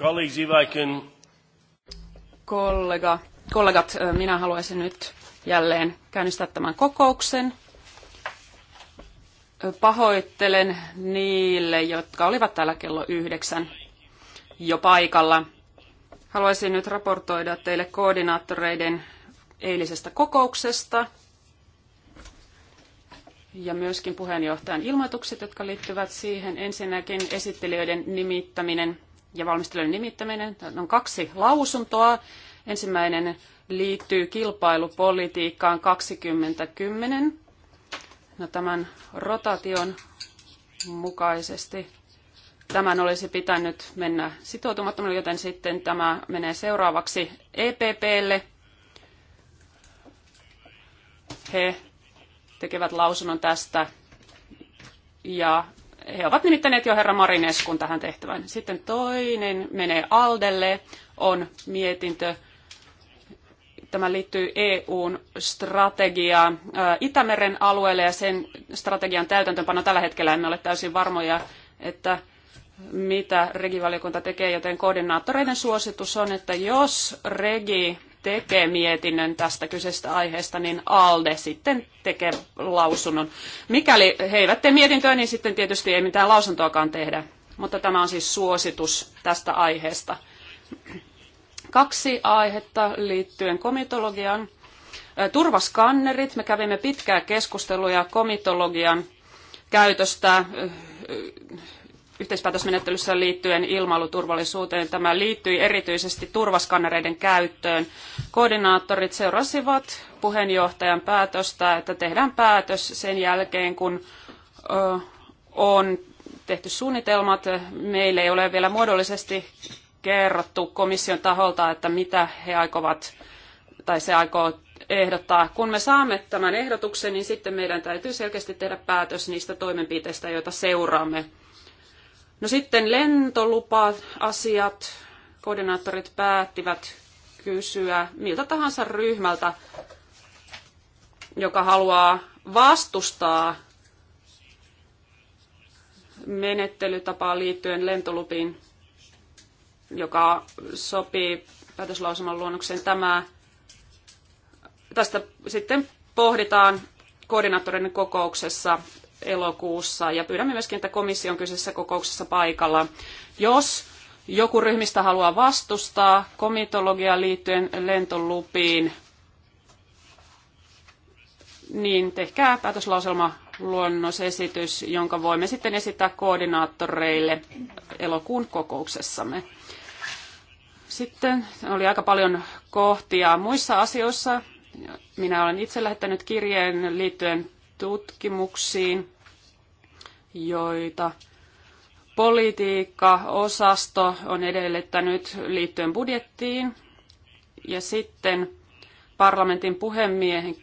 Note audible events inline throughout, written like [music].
Colleagues, if I can... Kollega, kollegat, minä haluaisin nyt jälleen käynnistää tämän kokouksen. Pahoittelen niille, jotka olivat täällä kello yhdeksän jo paikalla. Haluaisin nyt raportoida teille koordinaattoreiden eilisestä kokouksesta ja myöskin puheenjohtajan ilmoitukset, jotka liittyvät siihen. Ensinnäkin esittelijöiden nimittäminen ja valmistelijoiden nimittäminen. On kaksi lausuntoa. Ensimmäinen liittyy kilpailupolitiikkaan 2010. No, tämän rotation mukaisesti tämän olisi pitänyt mennä sitoutumattomalle, joten sitten tämä menee seuraavaksi EPPlle. He tekevät lausunnon tästä ja he ovat nimittäneet jo herra Marineskun tähän tehtävään. Sitten toinen menee Aldelle, on mietintö. Tämä liittyy EUn strategiaan äh, Itämeren alueelle ja sen strategian täytäntöönpano. Tällä hetkellä emme ole täysin varmoja, että mitä regivaliokunta tekee, joten koordinaattoreiden suositus on, että jos regi tekee mietinnön tästä kyseisestä aiheesta, niin ALDE sitten tekee lausunnon. Mikäli he eivät tee mietintöä, niin sitten tietysti ei mitään lausuntoakaan tehdä. Mutta tämä on siis suositus tästä aiheesta. Kaksi aihetta liittyen komitologiaan. Turvaskannerit. Me kävimme pitkää keskustelua komitologian käytöstä yhteispäätösmenettelyssä liittyen ilmailuturvallisuuteen. Tämä liittyi erityisesti turvaskannereiden käyttöön. Koordinaattorit seurasivat puheenjohtajan päätöstä, että tehdään päätös sen jälkeen, kun on tehty suunnitelmat. Meille ei ole vielä muodollisesti kerrottu komission taholta, että mitä he aikovat tai se aikoo ehdottaa. Kun me saamme tämän ehdotuksen, niin sitten meidän täytyy selkeästi tehdä päätös niistä toimenpiteistä, joita seuraamme. No sitten lentolupa-asiat. Koordinaattorit päättivät kysyä miltä tahansa ryhmältä, joka haluaa vastustaa menettelytapaan liittyen lentolupiin, joka sopii päätöslausuman luonnokseen tämä. Tästä sitten pohditaan koordinaattorin kokouksessa elokuussa ja pyydämme myöskin, että komissio on kyseisessä kokouksessa paikalla. Jos joku ryhmistä haluaa vastustaa komitologiaan liittyen lentolupiin, niin tehkää päätöslauselma luonnosesitys, jonka voimme sitten esittää koordinaattoreille elokuun kokouksessamme. Sitten oli aika paljon kohtia muissa asioissa. Minä olen itse lähettänyt kirjeen liittyen tutkimuksiin, joita politiikka-osasto on edellyttänyt liittyen budjettiin. Ja sitten parlamentin puhemiehen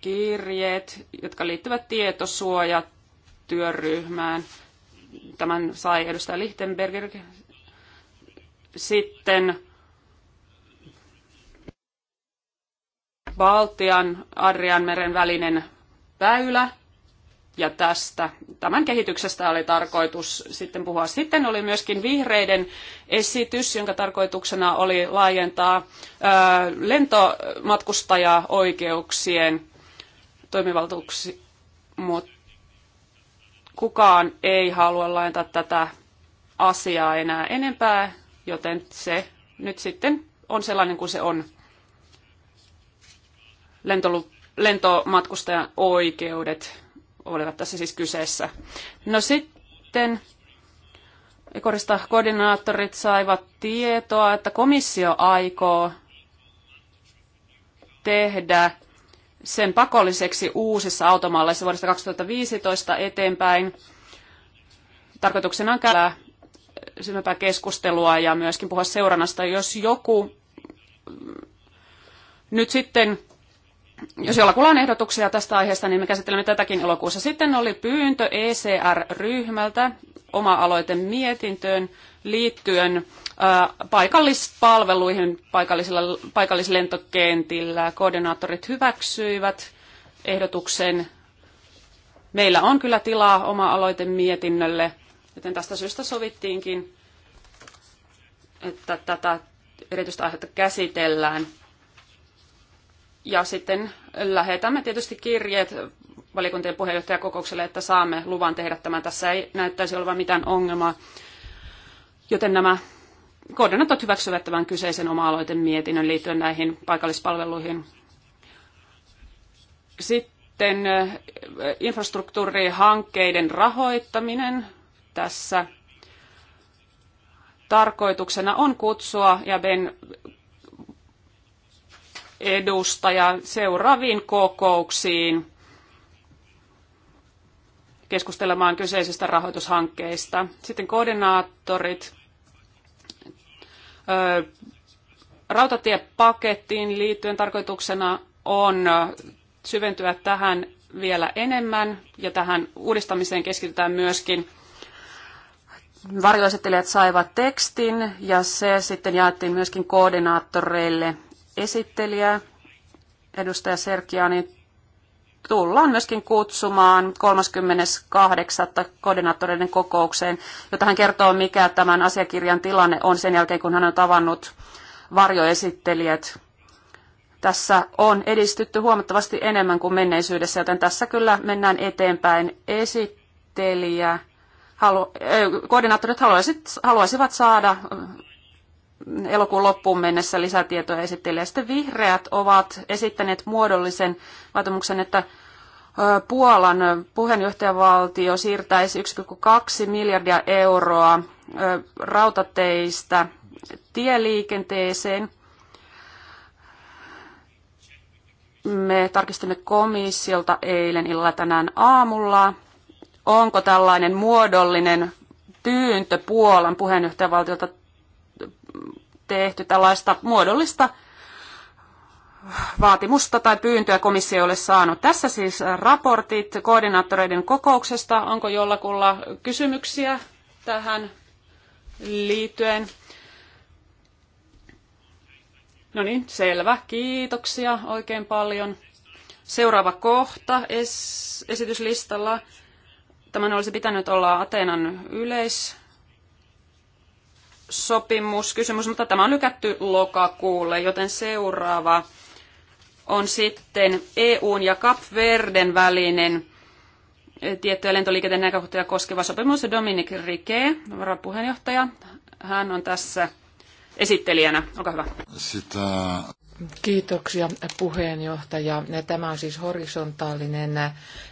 kirjeet, jotka liittyvät tietosuojatyöryhmään. Tämän sai edustaja Lichtenberger. Sitten Baltian Adrianmeren välinen väylä, ja tästä, tämän kehityksestä oli tarkoitus sitten puhua. Sitten oli myöskin vihreiden esitys, jonka tarkoituksena oli laajentaa ää, lentomatkustajaoikeuksien toimivaltuuksi, mutta kukaan ei halua laajentaa tätä asiaa enää enempää, joten se nyt sitten on sellainen kuin se on. Lentolu- lentomatkustajan oikeudet olivat tässä siis kyseessä. No sitten Ekorista koordinaattorit saivat tietoa, että komissio aikoo tehdä sen pakolliseksi uusissa automalleissa vuodesta 2015 eteenpäin. Tarkoituksena on käydä syvempää keskustelua ja myöskin puhua seurannasta. Jos joku nyt sitten jos jollakulla on ehdotuksia tästä aiheesta, niin me käsittelemme tätäkin elokuussa. Sitten oli pyyntö ECR-ryhmältä oma-aloite mietintöön liittyen äh, paikallispalveluihin paikallisilla, paikallislentokentillä. Koordinaattorit hyväksyivät ehdotuksen. Meillä on kyllä tilaa oma-aloite mietinnölle, joten tästä syystä sovittiinkin, että tätä erityistä aihetta käsitellään – ja sitten lähetämme tietysti kirjeet valiokuntien puheenjohtajakokoukselle, että saamme luvan tehdä tämän. Tässä ei näyttäisi olevan mitään ongelmaa, joten nämä koordinaatot hyväksyvät tämän kyseisen oma-aloiten mietinnön liittyen näihin paikallispalveluihin. Sitten eh, infrastruktuurihankkeiden rahoittaminen tässä tarkoituksena on kutsua ja Ben edustaja seuraaviin kokouksiin keskustelemaan kyseisistä rahoitushankkeista. Sitten koordinaattorit rautatiepakettiin liittyen tarkoituksena on syventyä tähän vielä enemmän ja tähän uudistamiseen keskitytään myöskin. Varjoesittelijät saivat tekstin ja se sitten jaettiin myöskin koordinaattoreille – esittelijä, edustaja niin tullaan myöskin kutsumaan 38. koordinaattoreiden kokoukseen, jota hän kertoo, mikä tämän asiakirjan tilanne on sen jälkeen, kun hän on tavannut varjoesittelijät. Tässä on edistytty huomattavasti enemmän kuin menneisyydessä, joten tässä kyllä mennään eteenpäin. Esittelijä, halu, koordinaattorit haluaisivat saada elokuun loppuun mennessä lisätietoja esittelee. Sitten vihreät ovat esittäneet muodollisen vaatimuksen, että Puolan puheenjohtajavaltio siirtäisi 1,2 miljardia euroa rautateistä tieliikenteeseen. Me tarkistimme komissiolta eilen illalla tänään aamulla, onko tällainen muodollinen pyyntö Puolan puheenjohtajavaltiolta tehty tällaista muodollista vaatimusta tai pyyntöä komissio ole saanut. Tässä siis raportit koordinaattoreiden kokouksesta. Onko jollakulla kysymyksiä tähän liittyen? No niin, selvä. Kiitoksia oikein paljon. Seuraava kohta es- esityslistalla. Tämän olisi pitänyt olla Ateenan yleis sopimuskysymys, mutta tämä on lykätty lokakuulle, joten seuraava on sitten EUn ja Verden välinen eh, tiettyjä lentoliikenteen näkökohtia koskeva sopimus. Dominik Rike, varapuheenjohtaja, hän on tässä esittelijänä. Olkaa hyvä. Sitä... Kiitoksia puheenjohtaja. Tämä on siis horisontaalinen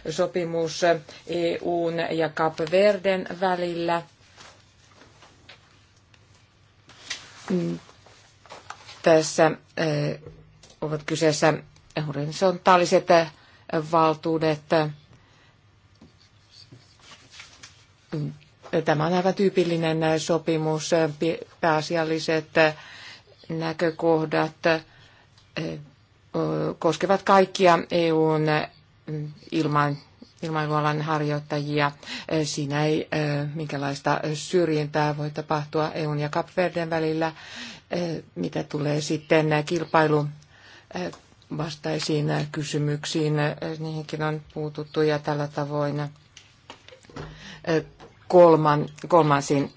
sopimus EUn ja Verden välillä – Mm. Tässä eh, ovat kyseessä horisontaaliset eh, valtuudet. Mm. Tämä on aivan tyypillinen sopimus, eh, pääasialliset näkökohdat koskevat kaikkia EUn ilman ilmailualan harjoittajia. Siinä ei minkälaista syrjintää voi tapahtua EUn ja Kapverden välillä, mitä tulee sitten kilpailu vastaisiin kysymyksiin. Niihinkin on puututtu ja tällä tavoin kolman, kolmansiin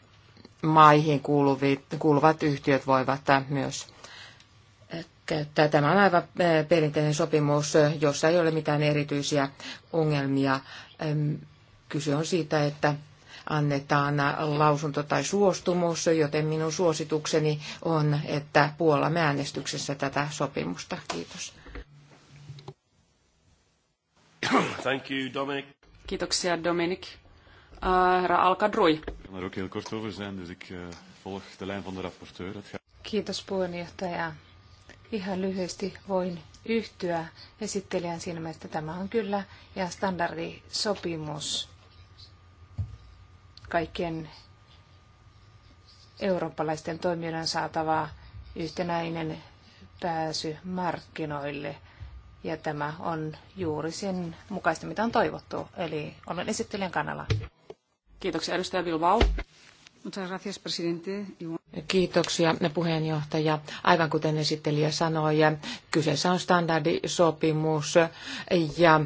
maihin kuuluvat, kuuluvat yhtiöt voivat myös käyttää. Tämä on aivan eh, perinteinen sopimus, eh, jossa ei ole mitään erityisiä ongelmia. Kyse on siitä, että annetaan lausunto tai suostumus, joten minun suositukseni on, että puolamme äänestyksessä tätä sopimusta. Kiitos. [coughs] Thank you, Dominic. Kiitoksia, Dominic. Uh, herra Alkadrui. Eh, Kiitos puheenjohtaja. Ihan lyhyesti voin yhtyä esittelijän siinä että tämä on kyllä ja standardisopimus kaikkien eurooppalaisten toimijoiden saatava yhtenäinen pääsy markkinoille. Ja tämä on juuri sen mukaista, mitä on toivottu. Eli olen esittelijän kannalla. Kiitoksia edustaja Bilbao. Kiitoksia puheenjohtaja. Aivan kuten esittelijä sanoi, kyseessä on standardisopimus ja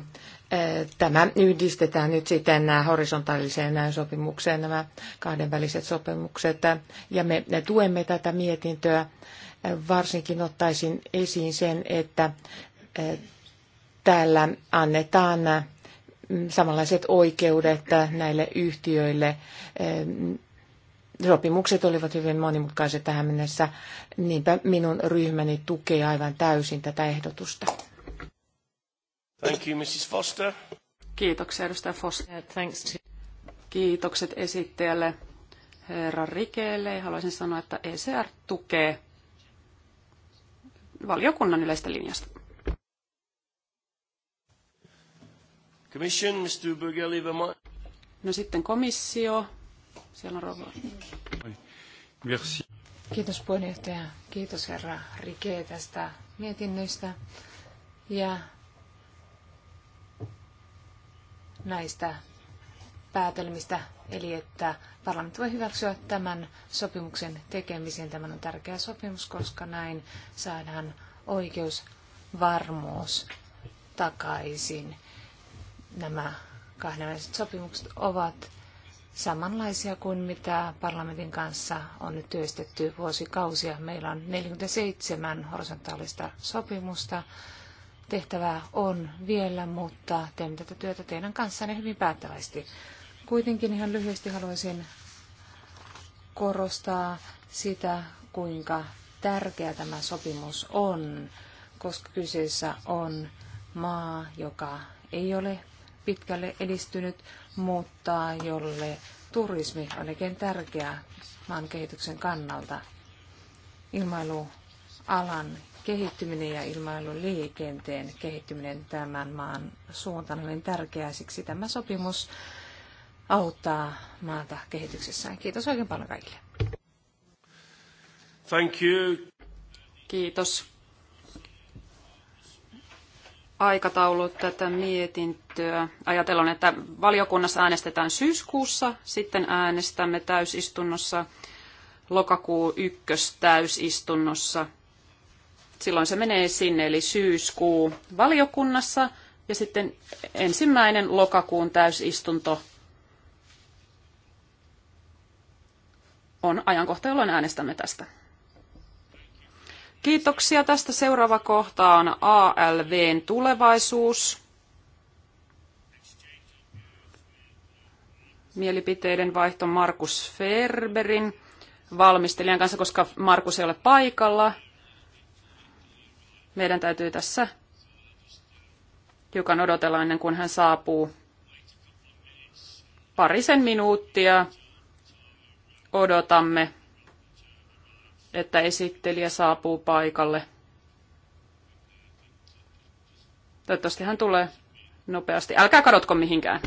e, Tämä yhdistetään nyt sitten horisontaaliseen sopimukseen nämä kahdenväliset sopimukset ja me tuemme tätä mietintöä. Varsinkin ottaisin esiin sen, että e, täällä annetaan mm, samanlaiset oikeudet näille yhtiöille e, Sopimukset olivat hyvin monimutkaiset tähän mennessä, niinpä minun ryhmäni tukee aivan täysin tätä ehdotusta. Thank you, Mrs. Foster. Kiitoksia, edustaja Foster. thanks Kiitokset esittäjälle herra Rikeelle. Haluaisin sanoa, että ECR tukee valiokunnan yleistä linjasta. Commission, Mr. No sitten komissio, siellä on Merci. Kiitos puheenjohtaja. Kiitos herra Rike tästä mietinnöstä ja näistä päätelmistä, eli että parlamentti voi hyväksyä tämän sopimuksen tekemisen. tämä on tärkeä sopimus, koska näin saadaan oikeusvarmuus takaisin. Nämä kahdenväliset sopimukset ovat samanlaisia kuin mitä parlamentin kanssa on nyt työstetty vuosikausia. Meillä on 47 horisontaalista sopimusta. Tehtävää on vielä, mutta teemme tätä työtä teidän kanssanne hyvin päättävästi. Kuitenkin ihan lyhyesti haluaisin korostaa sitä, kuinka tärkeä tämä sopimus on, koska kyseessä on maa, joka ei ole pitkälle edistynyt, mutta jolle turismi on oikein tärkeä maan kehityksen kannalta. Ilmailualan kehittyminen ja ilmailuliikenteen kehittyminen tämän maan suuntaan on tärkeää, siksi tämä sopimus auttaa maata kehityksessään. Kiitos oikein paljon kaikille. Thank you. Kiitos aikataulut tätä mietintöä. Ajatellaan, että valiokunnassa äänestetään syyskuussa, sitten äänestämme täysistunnossa lokakuun ykkös täysistunnossa. Silloin se menee sinne, eli syyskuu valiokunnassa ja sitten ensimmäinen lokakuun täysistunto on ajankohta, jolloin äänestämme tästä. Kiitoksia tästä. Seuraava kohta on ALVn tulevaisuus. Mielipiteiden vaihto Markus Ferberin valmistelijan kanssa, koska Markus ei ole paikalla. Meidän täytyy tässä hiukan odotella ennen kuin hän saapuu parisen minuuttia. Odotamme että esittelijä saapuu paikalle. Toivottavasti hän tulee nopeasti. Älkää kadotko mihinkään.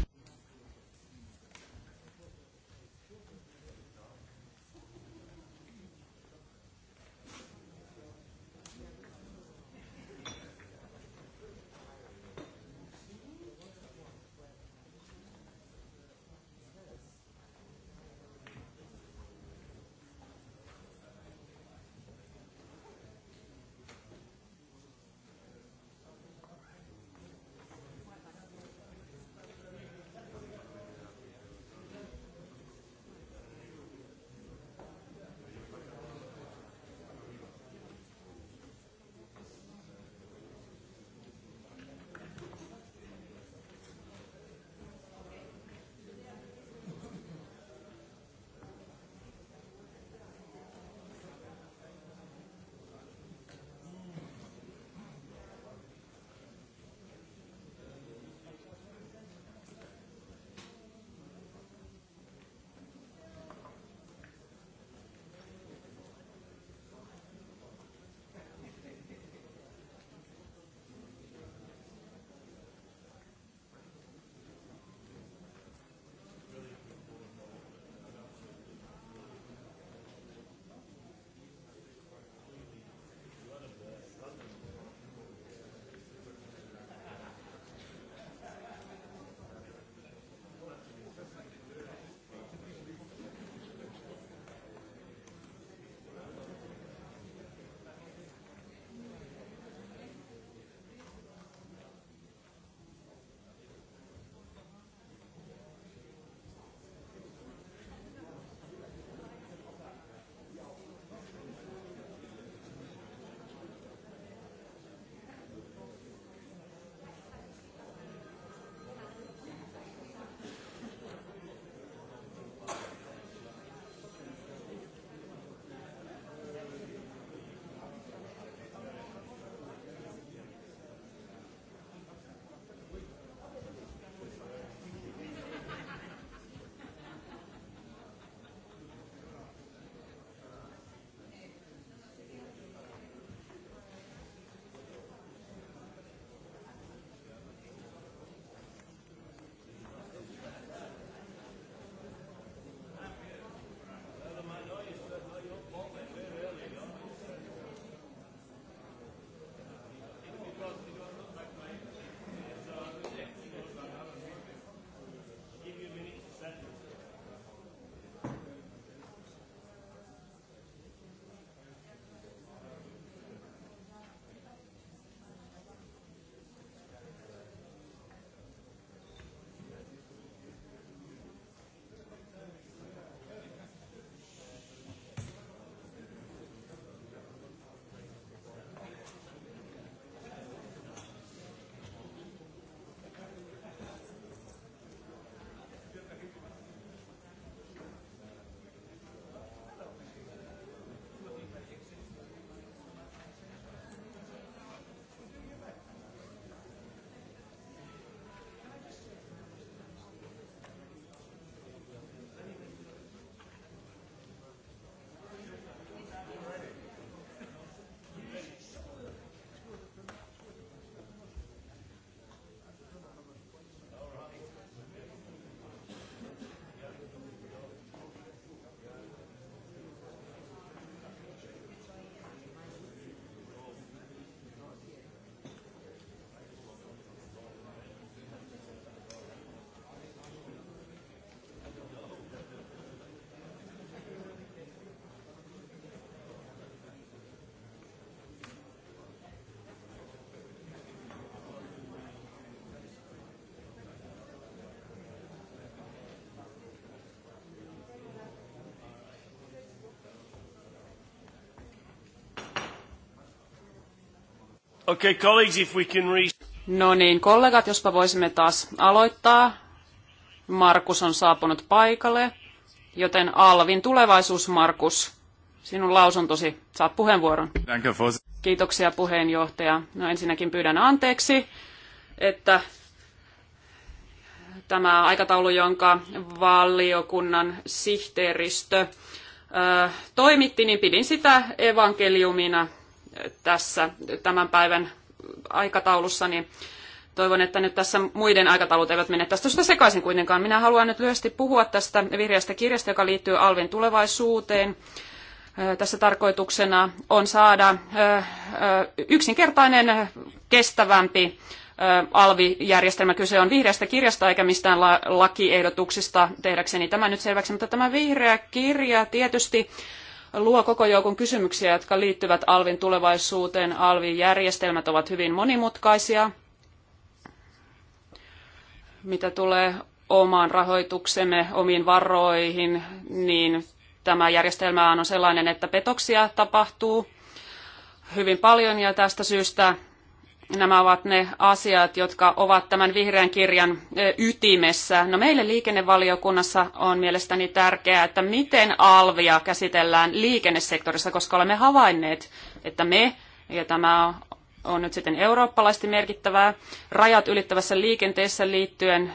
Okay, colleagues, if we can re- no niin, kollegat, jospa voisimme taas aloittaa. Markus on saapunut paikalle, joten Alvin tulevaisuus, Markus, sinun lausuntosi, saat puheenvuoron. Kiitoksia puheenjohtaja. No ensinnäkin pyydän anteeksi, että tämä aikataulu, jonka valiokunnan sihteeristö toimitti, niin pidin sitä evankeliumina tässä tämän päivän aikataulussa, niin toivon, että nyt tässä muiden aikataulut eivät mene tästä sitä sekaisin kuitenkaan. Minä haluan nyt lyhyesti puhua tästä vihreästä kirjasta, joka liittyy Alvin tulevaisuuteen. Tässä tarkoituksena on saada yksinkertainen, kestävämpi alvijärjestelmä. Kyse on vihreästä kirjasta eikä mistään lakiehdotuksista tehdäkseni tämä nyt selväksi, mutta tämä vihreä kirja tietysti luo koko joukon kysymyksiä, jotka liittyvät alvin tulevaisuuteen. Alvin järjestelmät ovat hyvin monimutkaisia, mitä tulee omaan rahoituksemme, omiin varoihin, niin tämä järjestelmä on sellainen, että petoksia tapahtuu hyvin paljon ja tästä syystä Nämä ovat ne asiat, jotka ovat tämän vihreän kirjan ytimessä. No meille liikennevaliokunnassa on mielestäni tärkeää, että miten alvia käsitellään liikennesektorissa, koska olemme havainneet, että me, ja tämä on nyt sitten eurooppalaisesti merkittävää, rajat ylittävässä liikenteessä liittyen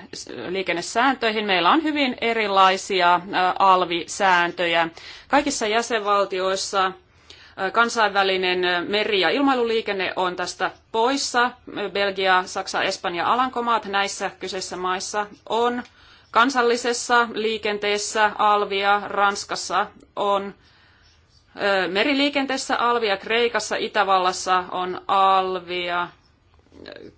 liikennesääntöihin. Meillä on hyvin erilaisia alvisääntöjä. Kaikissa jäsenvaltioissa kansainvälinen meri- ja ilmailuliikenne on tästä poissa. Belgia, Saksa, Espanja, Alankomaat näissä kyseisissä maissa on. Kansallisessa liikenteessä alvia, Ranskassa on meriliikenteessä alvia, Kreikassa, Itävallassa on alvia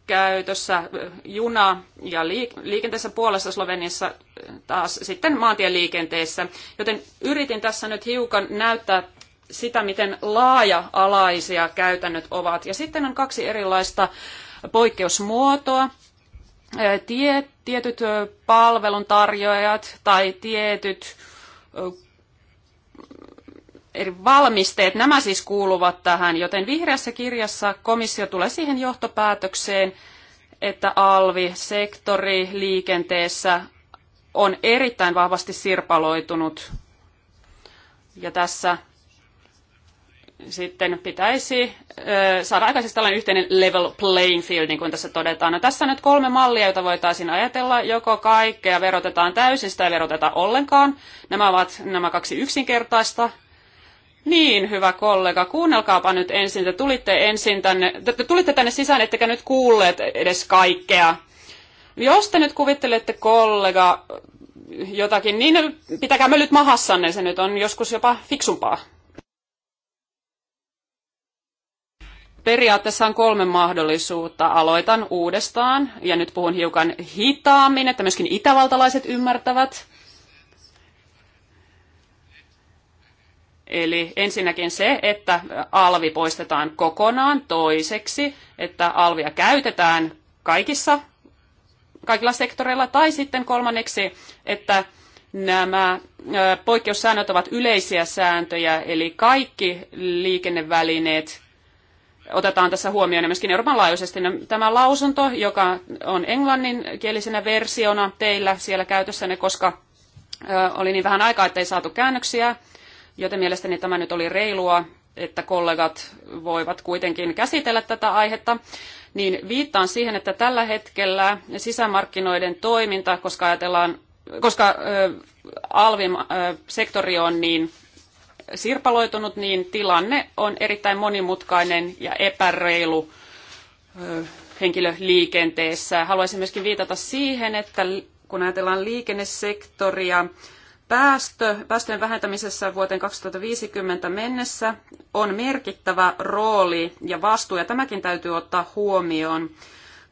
käytössä juna- ja liikenteessä puolessa Sloveniassa taas sitten maantieliikenteessä. Joten yritin tässä nyt hiukan näyttää sitä, miten laaja-alaisia käytännöt ovat. Ja sitten on kaksi erilaista poikkeusmuotoa. tietyt palveluntarjoajat tai tietyt eri valmisteet, nämä siis kuuluvat tähän, joten vihreässä kirjassa komissio tulee siihen johtopäätökseen, että alvi sektori liikenteessä on erittäin vahvasti sirpaloitunut. Ja tässä sitten pitäisi saada aikaiseksi tällainen yhteinen level playing field, niin kuin tässä todetaan. No, tässä on nyt kolme mallia, joita voitaisiin ajatella. Joko kaikkea verotetaan täysin, sitä ei veroteta ollenkaan. Nämä ovat nämä kaksi yksinkertaista. Niin, hyvä kollega, kuunnelkaapa nyt ensin. Te tulitte, ensin tänne, te tulitte tänne sisään, ettekä nyt kuulleet edes kaikkea. Jos te nyt kuvittelette kollega jotakin, niin pitäkää mölyt mahassanne, se nyt on joskus jopa fiksumpaa. Periaatteessa on kolme mahdollisuutta. Aloitan uudestaan, ja nyt puhun hiukan hitaammin, että myöskin itävaltalaiset ymmärtävät. Eli ensinnäkin se, että alvi poistetaan kokonaan. Toiseksi, että alvia käytetään kaikissa, kaikilla sektoreilla. Tai sitten kolmanneksi, että nämä poikkeussäännöt ovat yleisiä sääntöjä, eli kaikki liikennevälineet otetaan tässä huomioon ja myöskin Euroopan laajuisesti. No, tämä lausunto, joka on englanninkielisenä versiona teillä siellä käytössänne, koska oli niin vähän aikaa, että ei saatu käännöksiä, joten mielestäni tämä nyt oli reilua, että kollegat voivat kuitenkin käsitellä tätä aihetta, niin viittaan siihen, että tällä hetkellä sisämarkkinoiden toiminta, koska ajatellaan, koska alvin sektori on niin sirpaloitunut, niin tilanne on erittäin monimutkainen ja epäreilu henkilöliikenteessä. Haluaisin myöskin viitata siihen, että kun ajatellaan liikennesektoria, päästö, päästöjen vähentämisessä vuoteen 2050 mennessä on merkittävä rooli ja vastuu, ja tämäkin täytyy ottaa huomioon,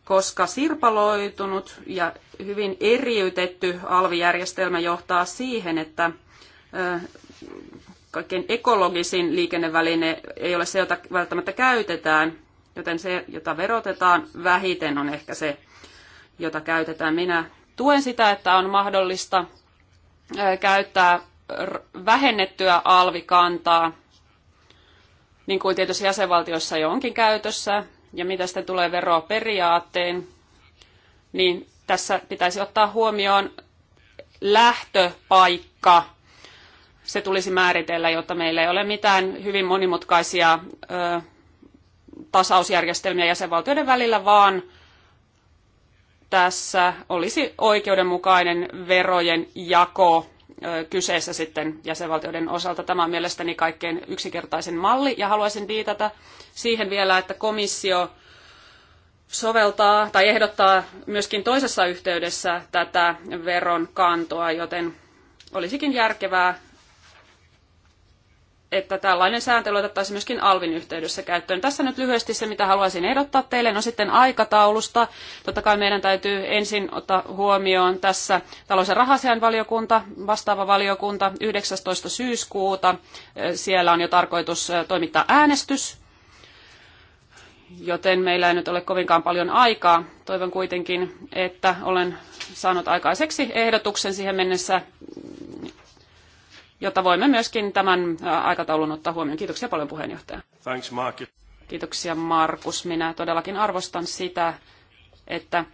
koska sirpaloitunut ja hyvin eriytetty alvijärjestelmä johtaa siihen, että kaikkein ekologisin liikenneväline ei ole se, jota välttämättä käytetään, joten se, jota verotetaan vähiten, on ehkä se, jota käytetään. Minä tuen sitä, että on mahdollista käyttää vähennettyä alvikantaa, niin kuin tietysti jäsenvaltioissa jo onkin käytössä, ja mitä sitten tulee veroa periaatteen, niin tässä pitäisi ottaa huomioon lähtöpaikka se tulisi määritellä, jotta meillä ei ole mitään hyvin monimutkaisia ö, tasausjärjestelmiä jäsenvaltioiden välillä, vaan tässä olisi oikeudenmukainen verojen jako kyseessä sitten jäsenvaltioiden osalta. Tämä on mielestäni kaikkein yksinkertaisin malli ja haluaisin viitata siihen vielä, että komissio soveltaa tai ehdottaa myöskin toisessa yhteydessä tätä veron kantoa, joten olisikin järkevää että tällainen sääntely otettaisiin myöskin Alvin yhteydessä käyttöön. Tässä nyt lyhyesti se, mitä haluaisin ehdottaa teille, no sitten aikataulusta. Totta kai meidän täytyy ensin ottaa huomioon tässä talous- ja rahasian valiokunta, vastaava valiokunta, 19. syyskuuta. Siellä on jo tarkoitus toimittaa äänestys, joten meillä ei nyt ole kovinkaan paljon aikaa. Toivon kuitenkin, että olen saanut aikaiseksi ehdotuksen siihen mennessä, jotta voimme myöskin tämän aikataulun ottaa huomioon. Kiitoksia paljon puheenjohtaja. Thanks, Mark. Kiitoksia Markus. Minä todellakin arvostan sitä, että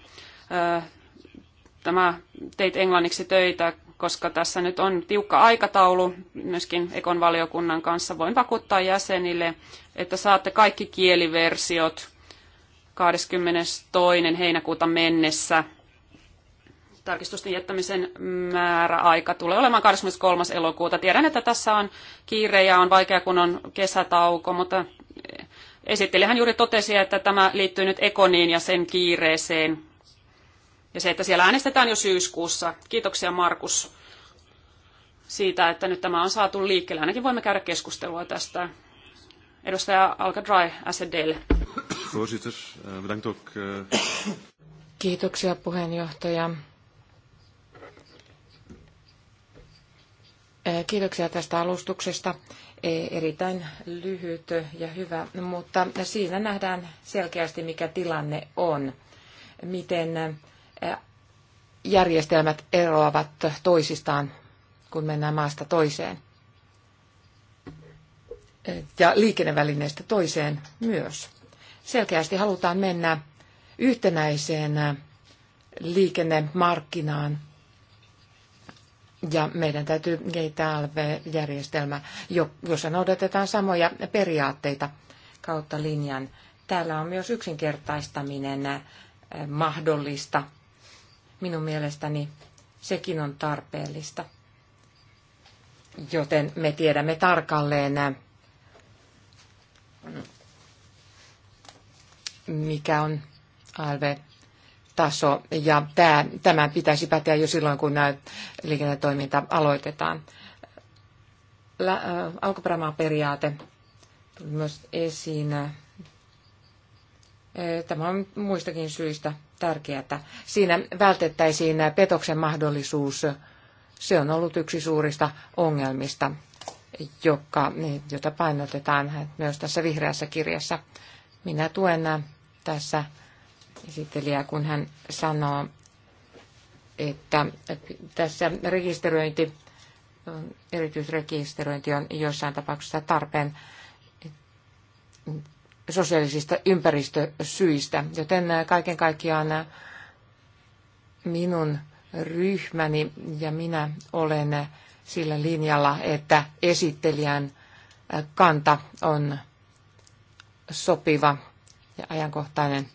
ö, tämä teit englanniksi töitä, koska tässä nyt on tiukka aikataulu myöskin Ekon valiokunnan kanssa. Voin vakuuttaa jäsenille, että saatte kaikki kieliversiot 22. heinäkuuta mennessä – tarkistusten jättämisen määräaika tulee olemaan 23. elokuuta. Tiedän, että tässä on kiire ja on vaikea, kun on kesätauko, mutta esittelijähän juuri totesi, että tämä liittyy nyt Ekoniin ja sen kiireeseen. Ja se, että siellä äänestetään jo syyskuussa. Kiitoksia Markus siitä, että nyt tämä on saatu liikkeelle. Ainakin voimme käydä keskustelua tästä. Edustaja Alcadry SDL. Voorzitter, eh, eh. Kiitoksia puheenjohtaja. Kiitoksia tästä alustuksesta. E, erittäin lyhyt ja hyvä, mutta siinä nähdään selkeästi, mikä tilanne on, miten järjestelmät eroavat toisistaan, kun mennään maasta toiseen. Ja liikennevälineestä toiseen myös. Selkeästi halutaan mennä yhtenäiseen liikennemarkkinaan, ja meidän täytyy kehittää ALV-järjestelmä, jossa noudatetaan samoja periaatteita kautta linjan. Täällä on myös yksinkertaistaminen eh, mahdollista. Minun mielestäni sekin on tarpeellista. Joten me tiedämme tarkalleen, eh, mikä on ALV taso, ja tämä, tämä pitäisi päteä jo silloin, kun liikennetoiminta aloitetaan. Lä, alkuperämaa periaate tuli myös esiin. Tämä on muistakin syistä tärkeää. Siinä vältettäisiin petoksen mahdollisuus. Se on ollut yksi suurista ongelmista, joka, jota painotetaan myös tässä vihreässä kirjassa. Minä tuen tässä esittelijä, kun hän sanoo, että tässä rekisteröinti, erityisrekisteröinti on joissain tapauksissa tarpeen sosiaalisista ympäristösyistä. Joten kaiken kaikkiaan minun ryhmäni ja minä olen sillä linjalla, että esittelijän kanta on sopiva ja ajankohtainen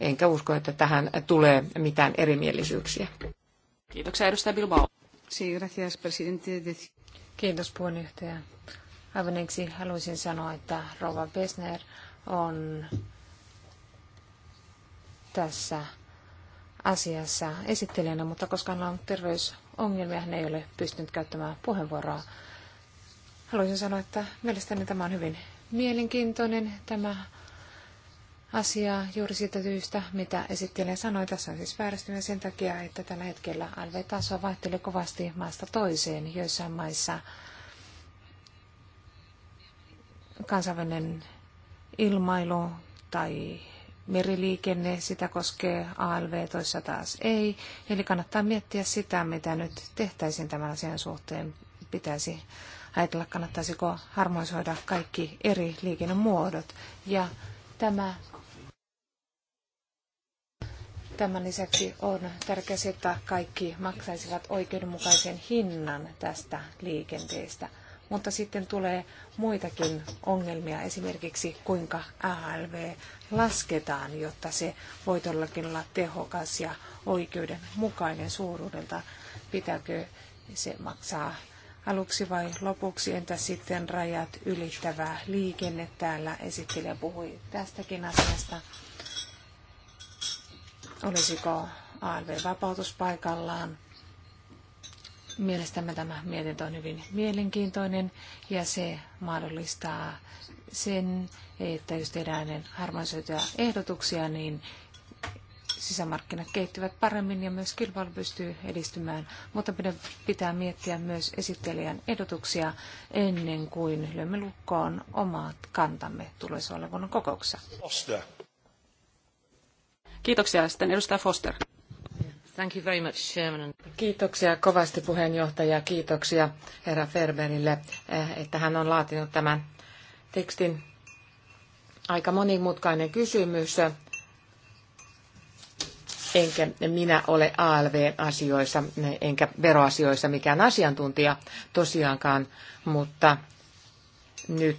enkä usko, että tähän tulee mitään erimielisyyksiä. Kiitoksia edustaja Bilbao. Kiitos puheenjohtaja. Aivan ensin haluaisin sanoa, että Rova Besner on tässä asiassa esittelijänä, mutta koska hän on terveysongelmia, hän ei ole pystynyt käyttämään puheenvuoroa. Haluaisin sanoa, että mielestäni tämä on hyvin mielenkiintoinen tämä asiaa juuri siitä syystä, mitä esittelijä sanoi. Tässä on siis vääristymä sen takia, että tällä hetkellä LV-taso vaihtelee kovasti maasta toiseen. Joissain maissa kansainvälinen ilmailu tai meriliikenne, sitä koskee ALV, toissa taas ei. Eli kannattaa miettiä sitä, mitä nyt tehtäisiin tämän asian suhteen. Pitäisi ajatella, kannattaisiko harmonisoida kaikki eri liikennemuodot. Ja tämä Tämän lisäksi on tärkeää, että kaikki maksaisivat oikeudenmukaisen hinnan tästä liikenteestä. Mutta sitten tulee muitakin ongelmia, esimerkiksi kuinka ALV lasketaan, jotta se voi todellakin olla tehokas ja oikeudenmukainen suuruudelta. Pitääkö se maksaa aluksi vai lopuksi, entä sitten rajat ylittävää liikenne? Täällä esittelijä puhui tästäkin asiasta. Olisiko ALV-vapautus paikallaan? Mielestämme tämä mietintö on hyvin mielenkiintoinen ja se mahdollistaa sen, että jos tehdään ennen harmonisoituja ehdotuksia, niin sisämarkkinat kehittyvät paremmin ja myös kilpailu pystyy edistymään, mutta pitää miettiä myös esittelijän ehdotuksia ennen kuin lyömme lukkoon omat kantamme tulevassa kokouksessa. Kiitoksia sitten edustaja Foster. Thank you very much, Chairman. Kiitoksia kovasti puheenjohtaja. Kiitoksia herra Ferberille, eh, että hän on laatinut tämän tekstin. Aika monimutkainen kysymys. Enkä minä ole ALV-asioissa, enkä veroasioissa mikään asiantuntija tosiaankaan, mutta nyt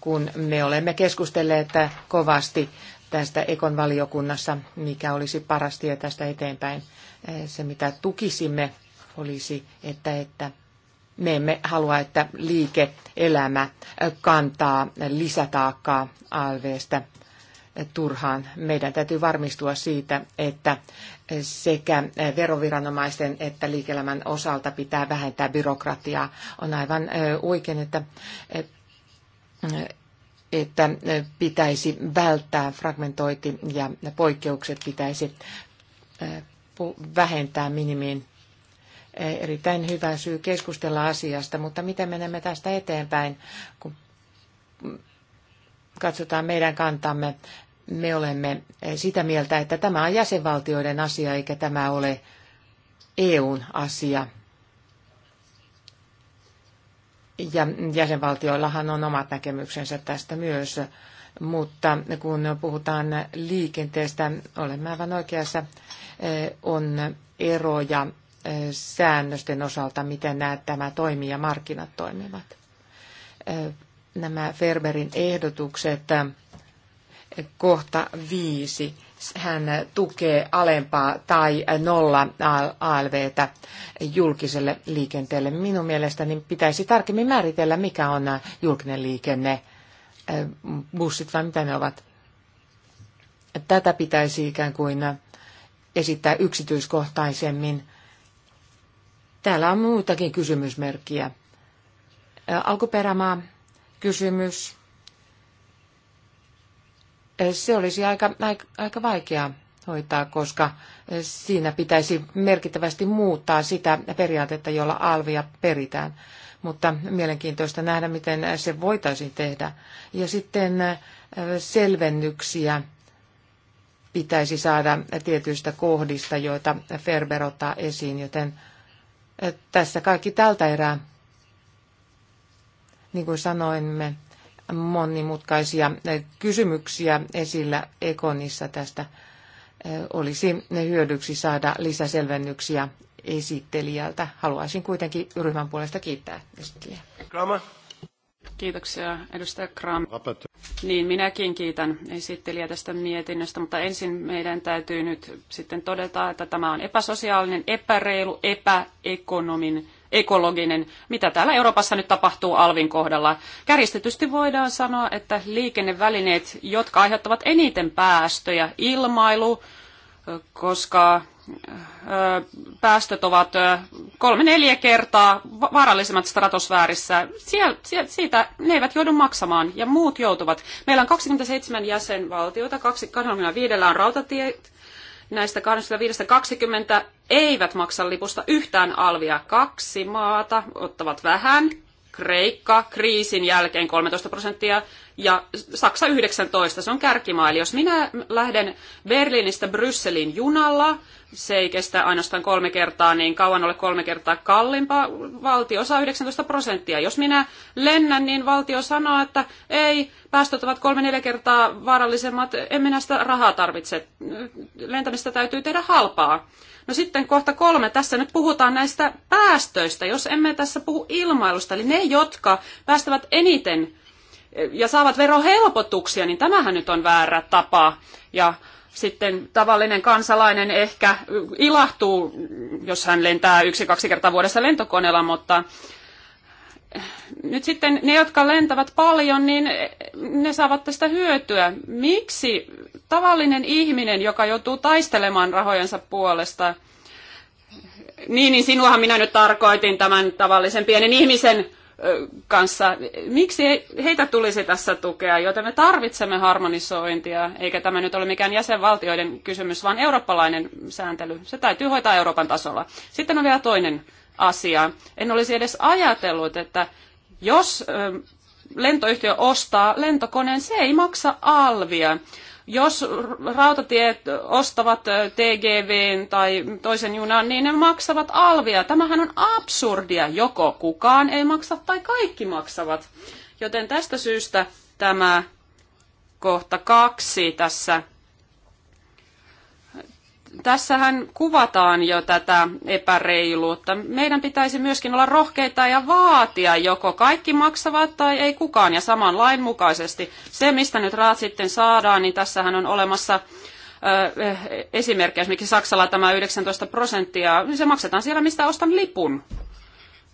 kun me olemme keskustelleet kovasti tästä Ekon valiokunnassa, mikä olisi paras tie tästä eteenpäin. Eh, se, mitä tukisimme, olisi, että, että me emme halua, että liike-elämä eh, kantaa lisätaakkaa ALVstä eh, turhaan. Meidän täytyy varmistua siitä, että sekä veroviranomaisten että liike osalta pitää vähentää byrokratiaa. On aivan oikein, että että pitäisi välttää fragmentointi ja poikkeukset pitäisi vähentää minimiin. Erittäin hyvä syy keskustella asiasta, mutta miten menemme tästä eteenpäin, kun katsotaan meidän kantamme. Me olemme sitä mieltä, että tämä on jäsenvaltioiden asia, eikä tämä ole EUn asia. Ja jäsenvaltioillahan on omat näkemyksensä tästä myös, mutta kun puhutaan liikenteestä, olemme aivan oikeassa, on eroja eh, säännösten osalta, miten nämä, tämä toimii ja markkinat toimivat. Eh, nämä Ferberin ehdotukset eh, kohta viisi hän tukee alempaa tai nolla ALVtä julkiselle liikenteelle. Minun mielestäni pitäisi tarkemmin määritellä, mikä on julkinen liikenne, bussit vai mitä ne ovat. Tätä pitäisi ikään kuin esittää yksityiskohtaisemmin. Täällä on muitakin kysymysmerkkiä. Alkuperämaa kysymys se olisi aika, aika, aika vaikeaa hoitaa, koska siinä pitäisi merkittävästi muuttaa sitä periaatetta, jolla alvia peritään. Mutta mielenkiintoista nähdä, miten se voitaisiin tehdä. Ja sitten äh, selvennyksiä pitäisi saada tietyistä kohdista, joita Ferber ottaa esiin, joten äh, tässä kaikki tältä erää. Niin kuin sanoimme, monimutkaisia kysymyksiä esillä Ekonissa tästä. Olisi hyödyksi saada lisäselvennyksiä esittelijältä. Haluaisin kuitenkin ryhmän puolesta kiittää esittelijää. Kiitoksia edustaja Kram. Niin, minäkin kiitän esittelijä tästä mietinnöstä, mutta ensin meidän täytyy nyt sitten todeta, että tämä on epäsosiaalinen, epäreilu, epäekonomin ekologinen. Mitä täällä Euroopassa nyt tapahtuu Alvin kohdalla? Kärjistetysti voidaan sanoa, että liikennevälineet, jotka aiheuttavat eniten päästöjä, ilmailu, koska päästöt ovat kolme-neljä kertaa vaarallisemmat stratosfäärissä. siitä ne eivät joudu maksamaan ja muut joutuvat. Meillä on 27 jäsenvaltiota, 25 on rautatiet, näistä 25-20 eivät maksa lipusta yhtään alvia. Kaksi maata ottavat vähän, Kreikka kriisin jälkeen 13 prosenttia ja Saksa 19, se on kärkimaa. Eli jos minä lähden Berliinistä Brysselin junalla, se ei kestä ainoastaan kolme kertaa, niin kauan ole kolme kertaa kalliimpaa, valtio saa 19 prosenttia. Jos minä lennän, niin valtio sanoo, että ei, päästöt ovat kolme-neljä kertaa vaarallisemmat, en minä sitä rahaa tarvitse, lentämistä täytyy tehdä halpaa. No sitten kohta kolme. Tässä nyt puhutaan näistä päästöistä, jos emme tässä puhu ilmailusta. Eli ne, jotka päästävät eniten eh, ja saavat verohelpotuksia, niin tämähän nyt on väärä tapa. Ja sitten tavallinen kansalainen ehkä eh, ilahtuu, mm, jos hän lentää yksi-kaksi kertaa vuodessa lentokoneella, mutta nyt sitten ne, jotka lentävät paljon, niin ne saavat tästä hyötyä. Miksi tavallinen ihminen, joka joutuu taistelemaan rahojensa puolesta, niin, niin sinuahan minä nyt tarkoitin tämän tavallisen pienen ihmisen kanssa. Miksi heitä tulisi tässä tukea, joten me tarvitsemme harmonisointia, eikä tämä nyt ole mikään jäsenvaltioiden kysymys, vaan eurooppalainen sääntely. Se täytyy hoitaa Euroopan tasolla. Sitten on vielä toinen asiaan. En olisi edes ajatellut, että jos lentoyhtiö ostaa lentokoneen, se ei maksa alvia. Jos rautatiet ostavat n tai toisen junan, niin ne maksavat alvia. Tämähän on absurdia. Joko kukaan ei maksa tai kaikki maksavat. Joten tästä syystä tämä kohta kaksi tässä tässähän kuvataan jo tätä epäreiluutta. Meidän pitäisi myöskin olla rohkeita ja vaatia joko kaikki maksavat tai ei kukaan ja saman lain mukaisesti. Se, mistä nyt rahat sitten saadaan, niin tässähän on olemassa eh, esimerkki, esimerkiksi Saksalla tämä 19 prosenttia, niin se maksetaan siellä, mistä ostan lipun.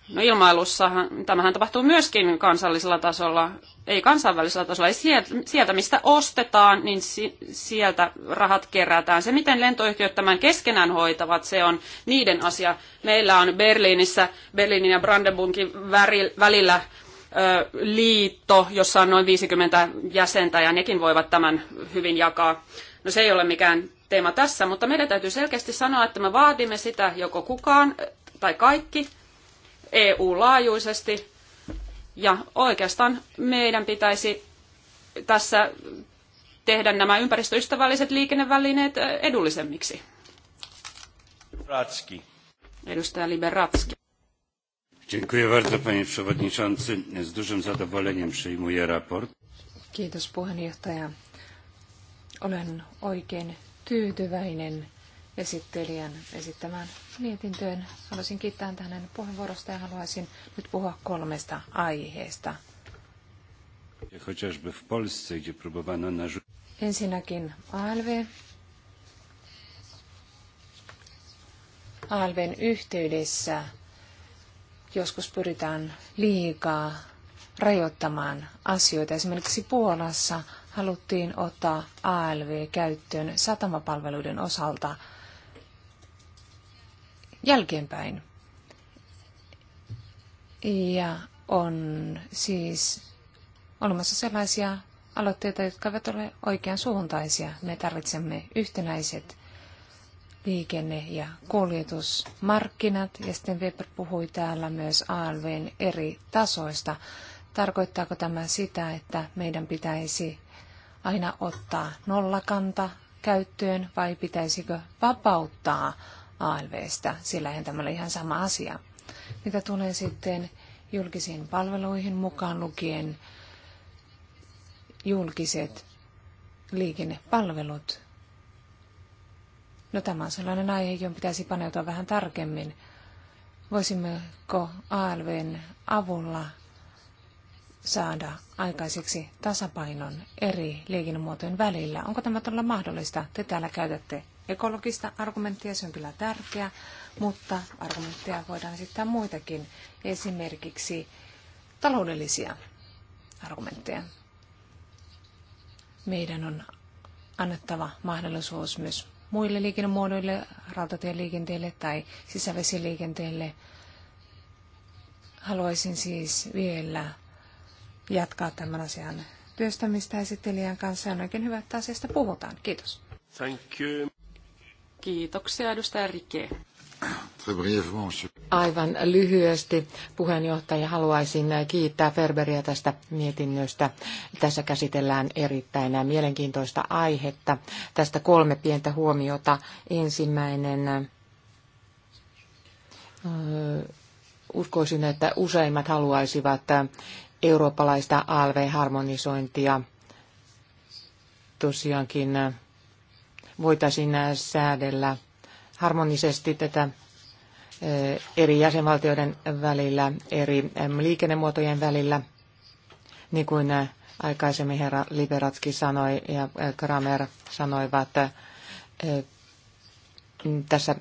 No ilmailussahan tämähän tapahtuu myöskin kansallisella tasolla, ei kansainvälisellä tasolla. Ei sieltä, mistä ostetaan, niin sieltä rahat kerätään. Se, miten lentoyhtiöt tämän keskenään hoitavat, se on niiden asia. Meillä on Berliinissä, Berliinin ja Brandenburgin välillä liitto, jossa on noin 50 jäsentä, ja nekin voivat tämän hyvin jakaa. No se ei ole mikään teema tässä, mutta meidän täytyy selkeästi sanoa, että me vaadimme sitä joko kukaan tai kaikki – EU-laajuisesti. Ja oikeastaan meidän pitäisi tässä tehdä nämä ympäristöystävälliset liikennevälineet äh, edullisemmiksi. Ratski. Edustaja Liberatski. Dziękuję bardzo panie przewodniczący. Z dużym zadowoleniem przyjmuję raport. Kiitos puheenjohtaja. Olen oikein tyytyväinen esittelijän esittämään mietintöön. Haluaisin kiittää hänen puheenvuorosta ja haluaisin nyt puhua kolmesta aiheesta. Ensinnäkin ALV. ALVn yhteydessä joskus pyritään liikaa rajoittamaan asioita. Esimerkiksi Puolassa haluttiin ottaa ALV käyttöön satamapalveluiden osalta – jälkeenpäin. Ja on siis olemassa sellaisia aloitteita, jotka eivät ole oikean suuntaisia. Me tarvitsemme yhtenäiset liikenne- ja kuljetusmarkkinat. Ja sitten Weber puhui täällä myös ALVn eri tasoista. Tarkoittaako tämä sitä, että meidän pitäisi aina ottaa nollakanta käyttöön vai pitäisikö vapauttaa ALVstä, sillä eihän tämä ole ihan sama asia. Mitä tulee sitten julkisiin palveluihin mukaan lukien julkiset liikennepalvelut. No tämä on sellainen aihe, johon pitäisi paneutua vähän tarkemmin. Voisimmeko ALVn avulla saada aikaiseksi tasapainon eri liikennemuotojen välillä? Onko tämä todella mahdollista? Te täällä käytätte ekologista argumenttia, se on kyllä tärkeä, mutta argumentteja voidaan esittää muitakin, esimerkiksi taloudellisia argumentteja. Meidän on annettava mahdollisuus myös muille liikennemuodoille, rautatieliikenteelle tai sisävesiliikenteelle. Haluaisin siis vielä jatkaa tämän asian työstämistä esittelijän kanssa. On oikein hyvä, että asiasta puhutaan. Kiitos. Thank you. Kiitoksia, edustaja Rike. Aivan lyhyesti puheenjohtaja haluaisin kiittää Ferberia tästä mietinnöstä. Tässä käsitellään erittäin mielenkiintoista aihetta. Tästä kolme pientä huomiota. Ensimmäinen uskoisin, että useimmat haluaisivat eurooppalaista ALV-harmonisointia. Tosiaankin voitaisiin äh, säädellä harmonisesti tätä äh, eri jäsenvaltioiden välillä, eri ähm, liikennemuotojen välillä, niin kuin äh, aikaisemmin herra Liberatski sanoi ja Kramer sanoivat, tässä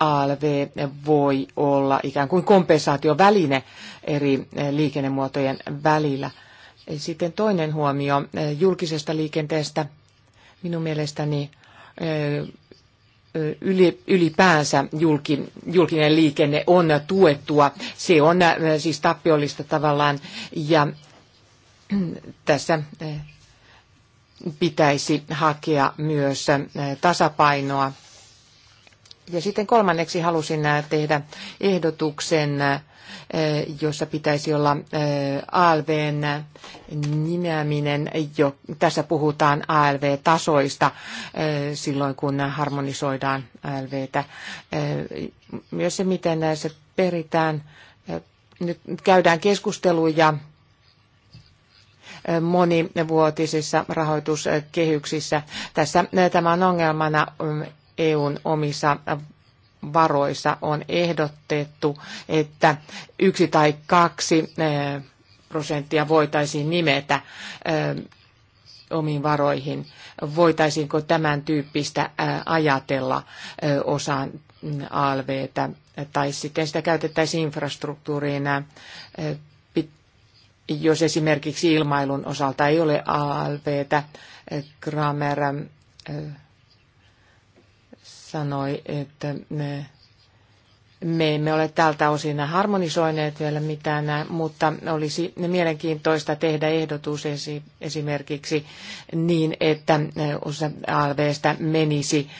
ALV voi olla ikään kuin kompensaatioväline eri liikennemuotojen välillä. Sitten toinen huomio julkisesta liikenteestä. Minun mielestäni ylipäänsä julkinen liikenne on tuettua. Se on siis tappiollista tavallaan ja [clears throat] tässä pitäisi hakea myös tasapainoa. Ja sitten kolmanneksi halusin tehdä ehdotuksen Eh, jossa pitäisi olla eh, ALVn nimeäminen. Jo, tässä puhutaan ALV-tasoista eh, silloin, kun harmonisoidaan ALVtä. Myös se, miten se peritään. Nyt käydään keskusteluja monivuotisissa rahoituskehyksissä. Tässä tämä on ongelmana EUn e omissa varoissa on ehdotettu, että yksi tai kaksi eh, prosenttia voitaisiin nimetä eh, omiin varoihin. Voitaisiinko tämän tyyppistä eh, ajatella osaan mm, ALVtä tai sitten sitä käytettäisiin infrastruktuuriin, jos esimerkiksi ilmailun osalta ei ole ALVtä. Kramer sanoi, että me, me emme ole tältä osin harmonisoineet vielä mitään, mutta olisi mielenkiintoista tehdä ehdotus esimerkiksi niin, että osa ALVstä menisi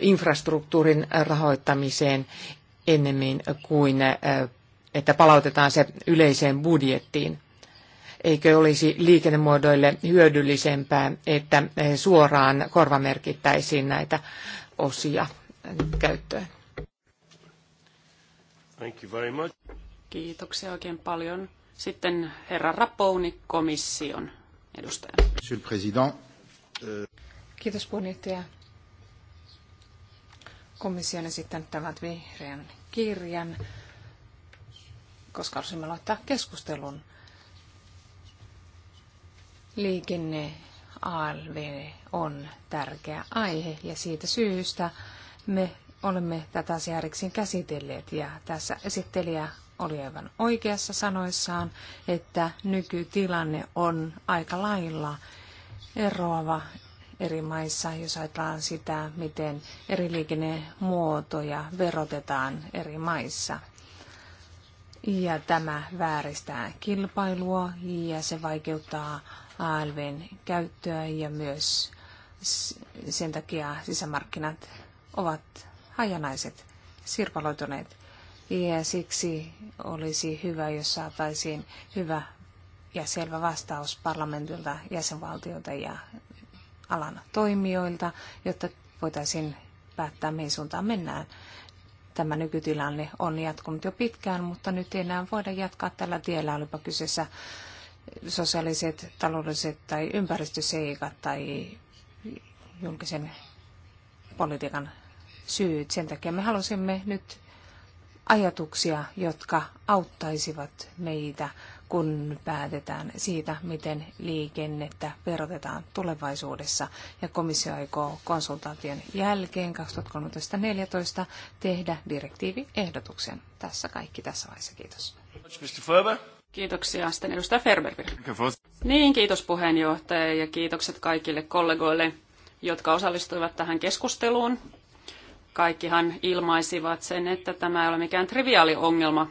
infrastruktuurin rahoittamiseen ennemmin kuin että palautetaan se yleiseen budjettiin. Eikö olisi liikennemuodoille hyödyllisempää, että suoraan korvamerkittäisiin näitä osia käyttöön. Thank you very much. Kiitoksia oikein paljon. Sitten herra Rapouni komission edustaja. Monsieur le Président. Euh, Kiitos puheenjohtaja. Komissio on esittänyt tämän vihreän kirjan, koska halusimme aloittaa keskustelun liikenne- ALV on tärkeä aihe ja siitä syystä me olemme tätä asiaa käsitelleet ja tässä esittelijä oli aivan oikeassa sanoissaan, että nykytilanne on aika lailla eroava eri maissa, jos ajatellaan sitä, miten eri liikennemuotoja verotetaan eri maissa. Ja tämä vääristää kilpailua ja se vaikeuttaa ALVn käyttöä ja myös sen takia sisämarkkinat ovat hajanaiset, sirpaloituneet. Ja siksi olisi hyvä, jos saataisiin hyvä ja selvä vastaus parlamentilta, jäsenvaltiolta ja alan toimijoilta, jotta voitaisiin päättää, mihin suuntaan mennään. Tämä nykytilanne on jatkunut jo pitkään, mutta nyt ei enää voida jatkaa tällä tiellä, olipa kyseessä sosiaaliset, taloudelliset tai ympäristöseikat tai julkisen politiikan syyt. Sen takia me halusimme nyt ajatuksia, jotka auttaisivat meitä, kun päätetään siitä, miten liikennettä verotetaan tulevaisuudessa. Ja komissio aikoo konsultaation jälkeen 2013-2014 tehdä direktiiviehdotuksen. Tässä kaikki tässä vaiheessa. Kiitos. Mr. Kiitoksia. Sitten edustaja Ferberg. Niin, kiitos puheenjohtaja ja kiitokset kaikille kollegoille, jotka osallistuivat tähän keskusteluun. Kaikkihan ilmaisivat sen, että tämä ei ole mikään triviaali ongelma,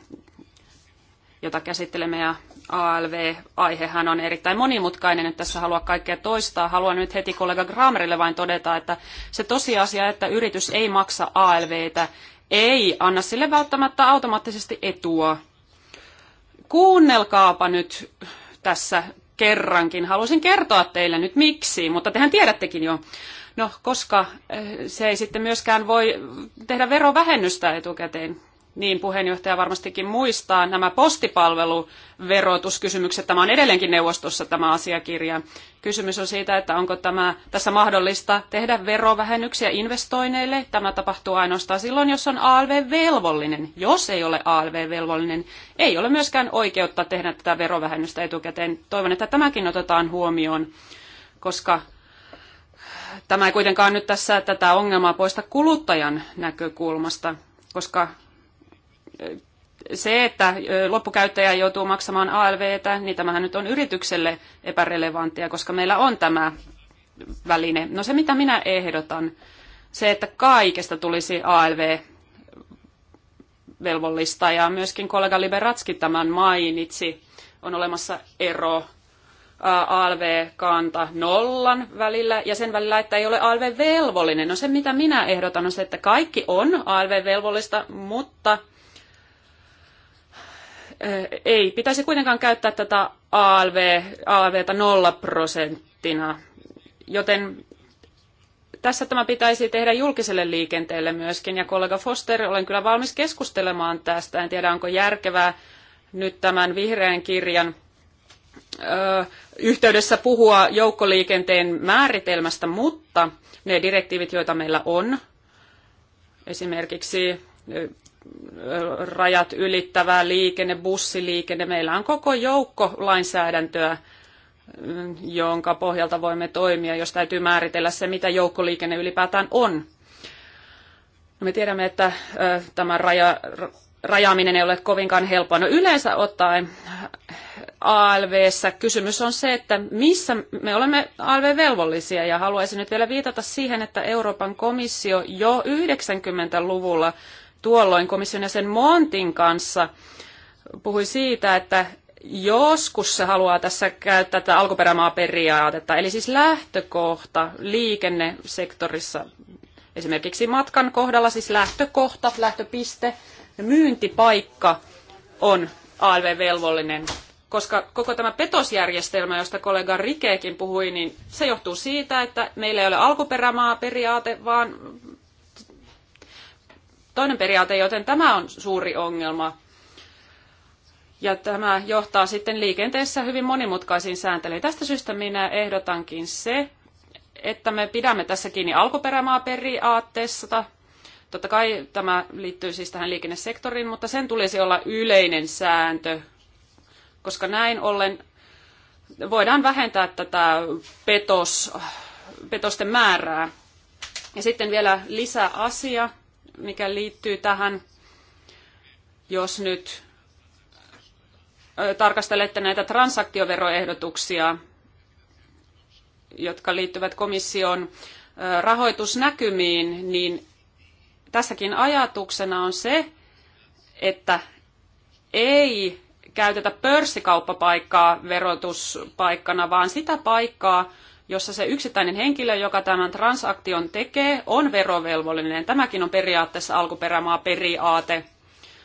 jota käsittelemme ja ALV-aihehan on erittäin monimutkainen, että tässä haluaa kaikkea toistaa. Haluan nyt heti kollega Gramerille vain todeta, että se tosiasia, että yritys ei maksa ALVtä, ei anna sille välttämättä automaattisesti etua kuunnelkaapa nyt tässä kerrankin. Haluaisin kertoa teille nyt miksi, mutta tehän tiedättekin jo. No, koska eh, se ei sitten myöskään voi tehdä verovähennystä etukäteen niin puheenjohtaja varmastikin muistaa nämä postipalveluverotuskysymykset. Tämä on edelleenkin neuvostossa tämä asiakirja. Kysymys on siitä, että onko tämä, tässä mahdollista tehdä verovähennyksiä investoinneille. Tämä tapahtuu ainoastaan silloin, jos on ALV-velvollinen. Jos ei ole ALV-velvollinen, ei ole myöskään oikeutta tehdä tätä verovähennystä etukäteen. Toivon, että tämäkin otetaan huomioon, koska tämä ei kuitenkaan nyt tässä tätä ongelmaa poista kuluttajan näkökulmasta, koska se, että loppukäyttäjä joutuu maksamaan ALVtä, niin tämähän nyt on yritykselle epärelevanttia, koska meillä on tämä väline. No se, mitä minä ehdotan, se, että kaikesta tulisi ALV velvollista ja myöskin kollega Liberatski tämän mainitsi, on olemassa ero ALV-kanta nollan välillä ja sen välillä, että ei ole ALV-velvollinen. No se, mitä minä ehdotan, on se, että kaikki on ALV-velvollista, mutta ei pitäisi kuitenkaan käyttää tätä ALV, ALVtä nolla prosenttina, joten tässä tämä pitäisi tehdä julkiselle liikenteelle myöskin, ja kollega Foster, olen kyllä valmis keskustelemaan tästä, en tiedä onko järkevää nyt tämän vihreän kirjan ö, yhteydessä puhua joukkoliikenteen määritelmästä, mutta ne direktiivit, joita meillä on, esimerkiksi rajat ylittävää liikenne, bussiliikenne. Meillä on koko joukko lainsäädäntöä, jonka pohjalta voimme toimia, jos täytyy määritellä se, mitä joukkoliikenne ylipäätään on. No, me tiedämme, että tämä raja, rajaaminen ei ole kovinkaan helppoa. No yleensä ottaen ALVssä kysymys on se, että missä me olemme ALV-velvollisia ja haluaisin nyt vielä viitata siihen, että Euroopan komissio jo 90-luvulla tuolloin komission jäsen Montin kanssa puhui siitä, että joskus se haluaa tässä käyttää tätä alkuperämaaperiaatetta, eli siis lähtökohta liikennesektorissa, esimerkiksi matkan kohdalla siis lähtökohta, lähtöpiste, myyntipaikka on ALV-velvollinen, koska koko tämä petosjärjestelmä, josta kollega Rikeekin puhui, niin se johtuu siitä, että meillä ei ole alkuperämaaperiaate, vaan toinen periaate, joten tämä on suuri ongelma. Ja tämä johtaa sitten liikenteessä hyvin monimutkaisiin sääntelyihin. Tästä syystä minä ehdotankin se, että me pidämme tässä kiinni alkuperämaaperiaatteesta. Totta kai tämä liittyy siis tähän liikennesektoriin, mutta sen tulisi olla yleinen sääntö, koska näin ollen voidaan vähentää tätä petos, petosten määrää. Ja sitten vielä lisäasia. asia mikä liittyy tähän, jos nyt tarkastelette näitä transaktioveroehdotuksia, jotka liittyvät komission rahoitusnäkymiin, niin tässäkin ajatuksena on se, että ei käytetä pörssikauppapaikkaa verotuspaikkana, vaan sitä paikkaa, jossa se yksittäinen henkilö, joka tämän transaktion tekee, on verovelvollinen. Tämäkin on periaatteessa alkuperämaa periaate.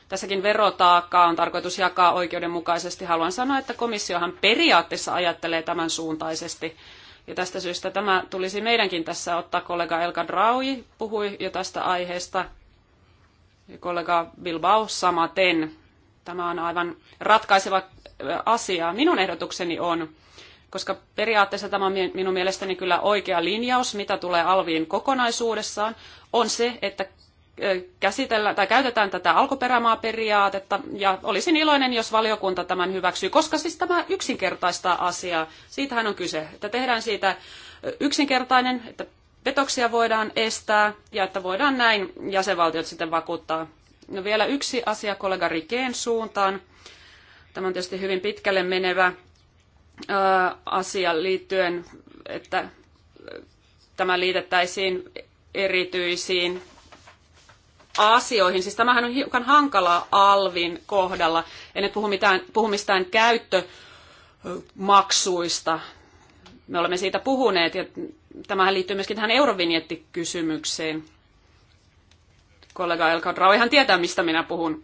Tässäkin verotaakkaa on tarkoitus jakaa oikeudenmukaisesti. Haluan sanoa, että komissiohan periaatteessa ajattelee tämän suuntaisesti. Ja tästä syystä tämä tulisi meidänkin tässä ottaa. Kollega Elka Draui puhui jo tästä aiheesta. Ja kollega Bilbao samaten. Tämä on aivan ratkaiseva asia. Minun ehdotukseni on, koska periaatteessa tämä on minun mielestäni kyllä oikea linjaus, mitä tulee alviin kokonaisuudessaan, on se, että käsitellään tai käytetään tätä alkuperämaaperiaatetta ja olisin iloinen, jos valiokunta tämän hyväksyy, koska siis tämä yksinkertaistaa asiaa. Siitähän on kyse, että tehdään siitä yksinkertainen, että petoksia voidaan estää ja että voidaan näin jäsenvaltiot sitten vakuuttaa. No vielä yksi asia kollega Rikeen suuntaan. Tämä on tietysti hyvin pitkälle menevä asia liittyen, että tämä liitettäisiin erityisiin asioihin. Siis tämähän on hiukan hankalaa alvin kohdalla. En nyt puhu, mitään, puhu mistään käyttömaksuista. Me olemme siitä puhuneet ja tämähän liittyy myöskin tähän eurovinjettikysymykseen. Kollega Elka Drau ihan tietää, mistä minä puhun.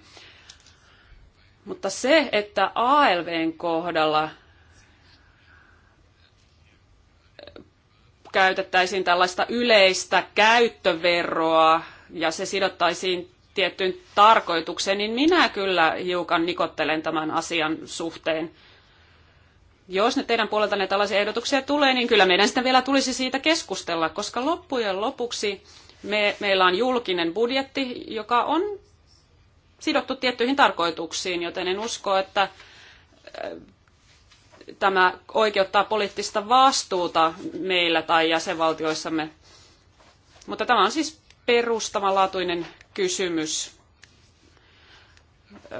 Mutta se, että ALVn kohdalla käytettäisiin tällaista yleistä käyttöveroa ja se sidottaisiin tiettyyn tarkoitukseen, niin minä kyllä hiukan nikottelen tämän asian suhteen. Jos nyt teidän puoleltanne tällaisia ehdotuksia tulee, niin kyllä meidän sitten vielä tulisi siitä keskustella, koska loppujen lopuksi me, meillä on julkinen budjetti, joka on sidottu tiettyihin tarkoituksiin, joten en usko, että tämä oikeuttaa poliittista vastuuta meillä tai jäsenvaltioissamme. Mutta tämä on siis perustavanlaatuinen kysymys.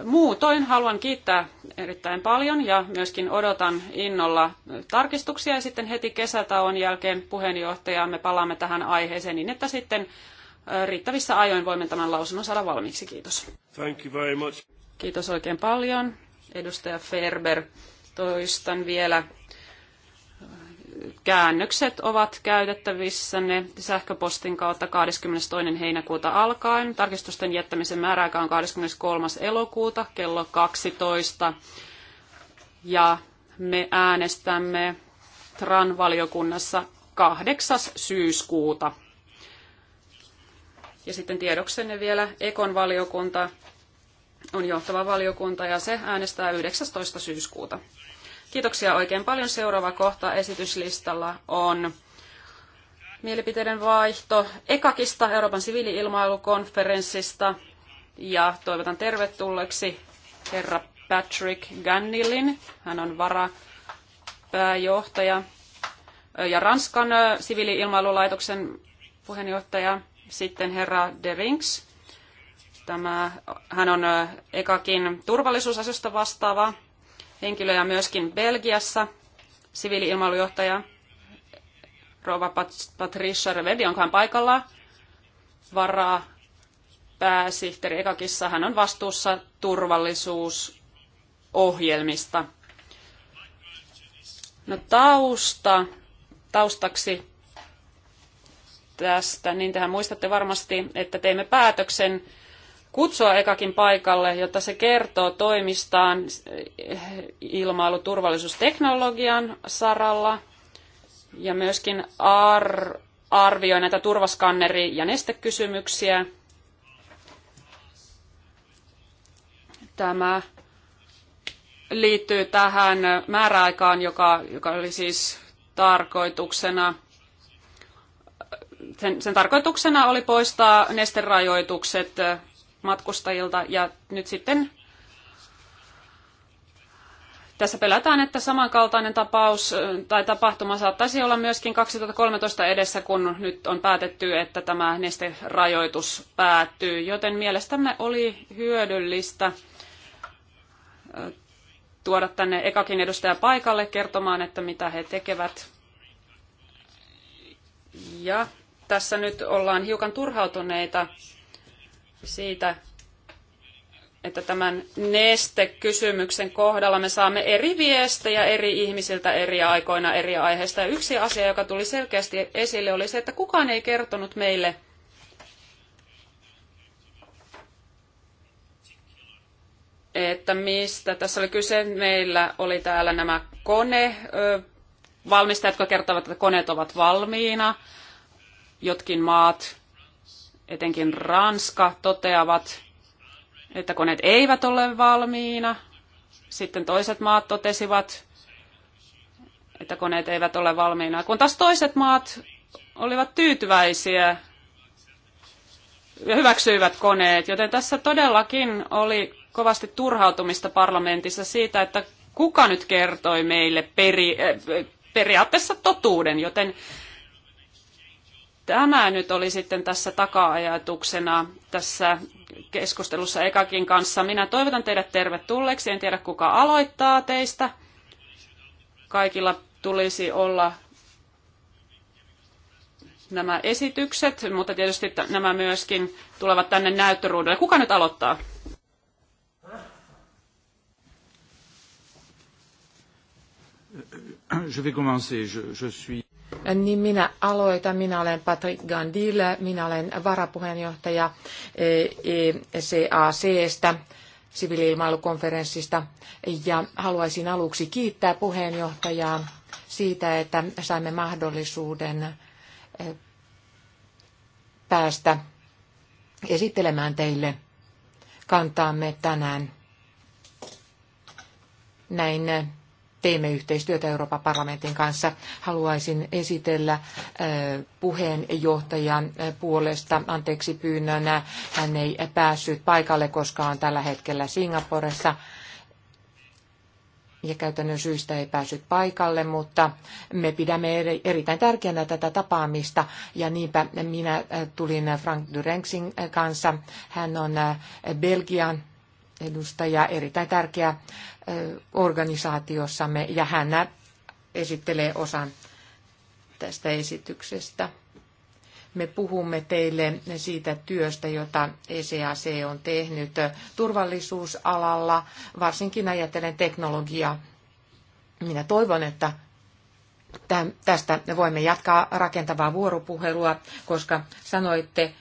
Muutoin haluan kiittää erittäin paljon ja myöskin odotan innolla tarkistuksia ja sitten heti kesätauon jälkeen puheenjohtajamme palaamme tähän aiheeseen niin, että sitten riittävissä ajoin voimme tämän lausunnon saada valmiiksi. Kiitos. Thank you very much. Kiitos oikein paljon, edustaja Ferber. Toistan vielä. Käännökset ovat käytettävissä ne sähköpostin kautta 22. heinäkuuta alkaen. Tarkistusten jättämisen määräaika on 23. elokuuta kello 12. Ja me äänestämme TRAN valiokunnassa 8. syyskuuta. Ja sitten tiedoksenne vielä Ekon valiokunta on johtava valiokunta ja se äänestää 19. syyskuuta. Kiitoksia oikein paljon. Seuraava kohta esityslistalla on mielipiteiden vaihto EKAKista, Euroopan siviiliilmailukonferenssista. Ja toivotan tervetulleeksi herra Patrick Gannilin. Hän on varapääjohtaja ja Ranskan siviiliilmailulaitoksen puheenjohtaja. Sitten herra De Rinks. Tämä, hän on EKAKin turvallisuusasioista vastaava henkilöjä myöskin Belgiassa, siviiliilmailujohtaja Rova Patricia Revedi, onkohan paikalla, varaa pääsihteeri Ekakissa, hän on vastuussa turvallisuusohjelmista. No tausta, taustaksi tästä, niin tehän muistatte varmasti, että teimme päätöksen kutsua ekakin paikalle, jotta se kertoo toimistaan eh, ilmailuturvallisuusteknologian saralla ja myöskin ar- arvioi näitä turvaskanneri- ja nestekysymyksiä. Tämä liittyy tähän määräaikaan, joka, joka oli siis tarkoituksena sen, sen tarkoituksena oli poistaa nesterajoitukset matkustajilta. Ja nyt sitten tässä pelätään, että samankaltainen tapaus äh, tai tapahtuma saattaisi olla myöskin 2013 edessä, kun nyt on päätetty, että tämä nesterajoitus päättyy. Joten mielestämme oli hyödyllistä äh, tuoda tänne ekakin edustaja paikalle kertomaan, että mitä he tekevät. Ja tässä nyt ollaan hiukan turhautuneita siitä, että tämän nestekysymyksen kohdalla me saamme eri viestejä eri ihmisiltä eri aikoina eri aiheista. Ja yksi asia, joka tuli selkeästi esille, oli se, että kukaan ei kertonut meille, että mistä tässä oli kyse. Meillä oli täällä nämä kone, valmistajat, jotka kertovat, että koneet ovat valmiina. Jotkin maat etenkin Ranska, toteavat, että koneet eivät ole valmiina. Sitten toiset maat totesivat, että koneet eivät ole valmiina. Kun taas toiset maat olivat tyytyväisiä ja hyväksyivät koneet, joten tässä todellakin oli kovasti turhautumista parlamentissa siitä, että kuka nyt kertoi meille peri, eh, periaatteessa totuuden, joten tämä nyt oli sitten tässä taka-ajatuksena tässä keskustelussa Ekakin kanssa. Minä toivotan teidät tervetulleeksi. En tiedä, kuka aloittaa teistä. Kaikilla tulisi olla nämä esitykset, mutta tietysti nämä myöskin tulevat tänne näyttöruudulle. Kuka nyt aloittaa? Je vais commencer. Je, je suis niin minä aloitan. Minä olen Patrick Gandil, minä olen varapuheenjohtaja ECACstä, e siviiliilmailukonferenssista, ja haluaisin aluksi kiittää puheenjohtajaa siitä, että saimme mahdollisuuden eh, päästä esittelemään teille kantaamme tänään näin eh, teemme yhteistyötä Euroopan parlamentin kanssa. Haluaisin esitellä äh, puheenjohtajan äh, puolesta anteeksi pyynnönä. Hän ei päässyt paikalle, koska on tällä hetkellä Singaporessa ja käytännön syistä ei päässyt paikalle, mutta me pidämme erittäin tärkeänä tätä tapaamista ja niinpä minä äh, tulin Frank Durenksin kanssa. Hän on Belgian edustaja, erittäin tärkeä organisaatiossamme ja hän esittelee osan tästä esityksestä. Me puhumme teille siitä työstä, jota ECAC on tehnyt turvallisuusalalla, varsinkin ajatellen teknologiaa. Minä toivon, että tästä me voimme jatkaa rakentavaa vuoropuhelua, koska sanoitte,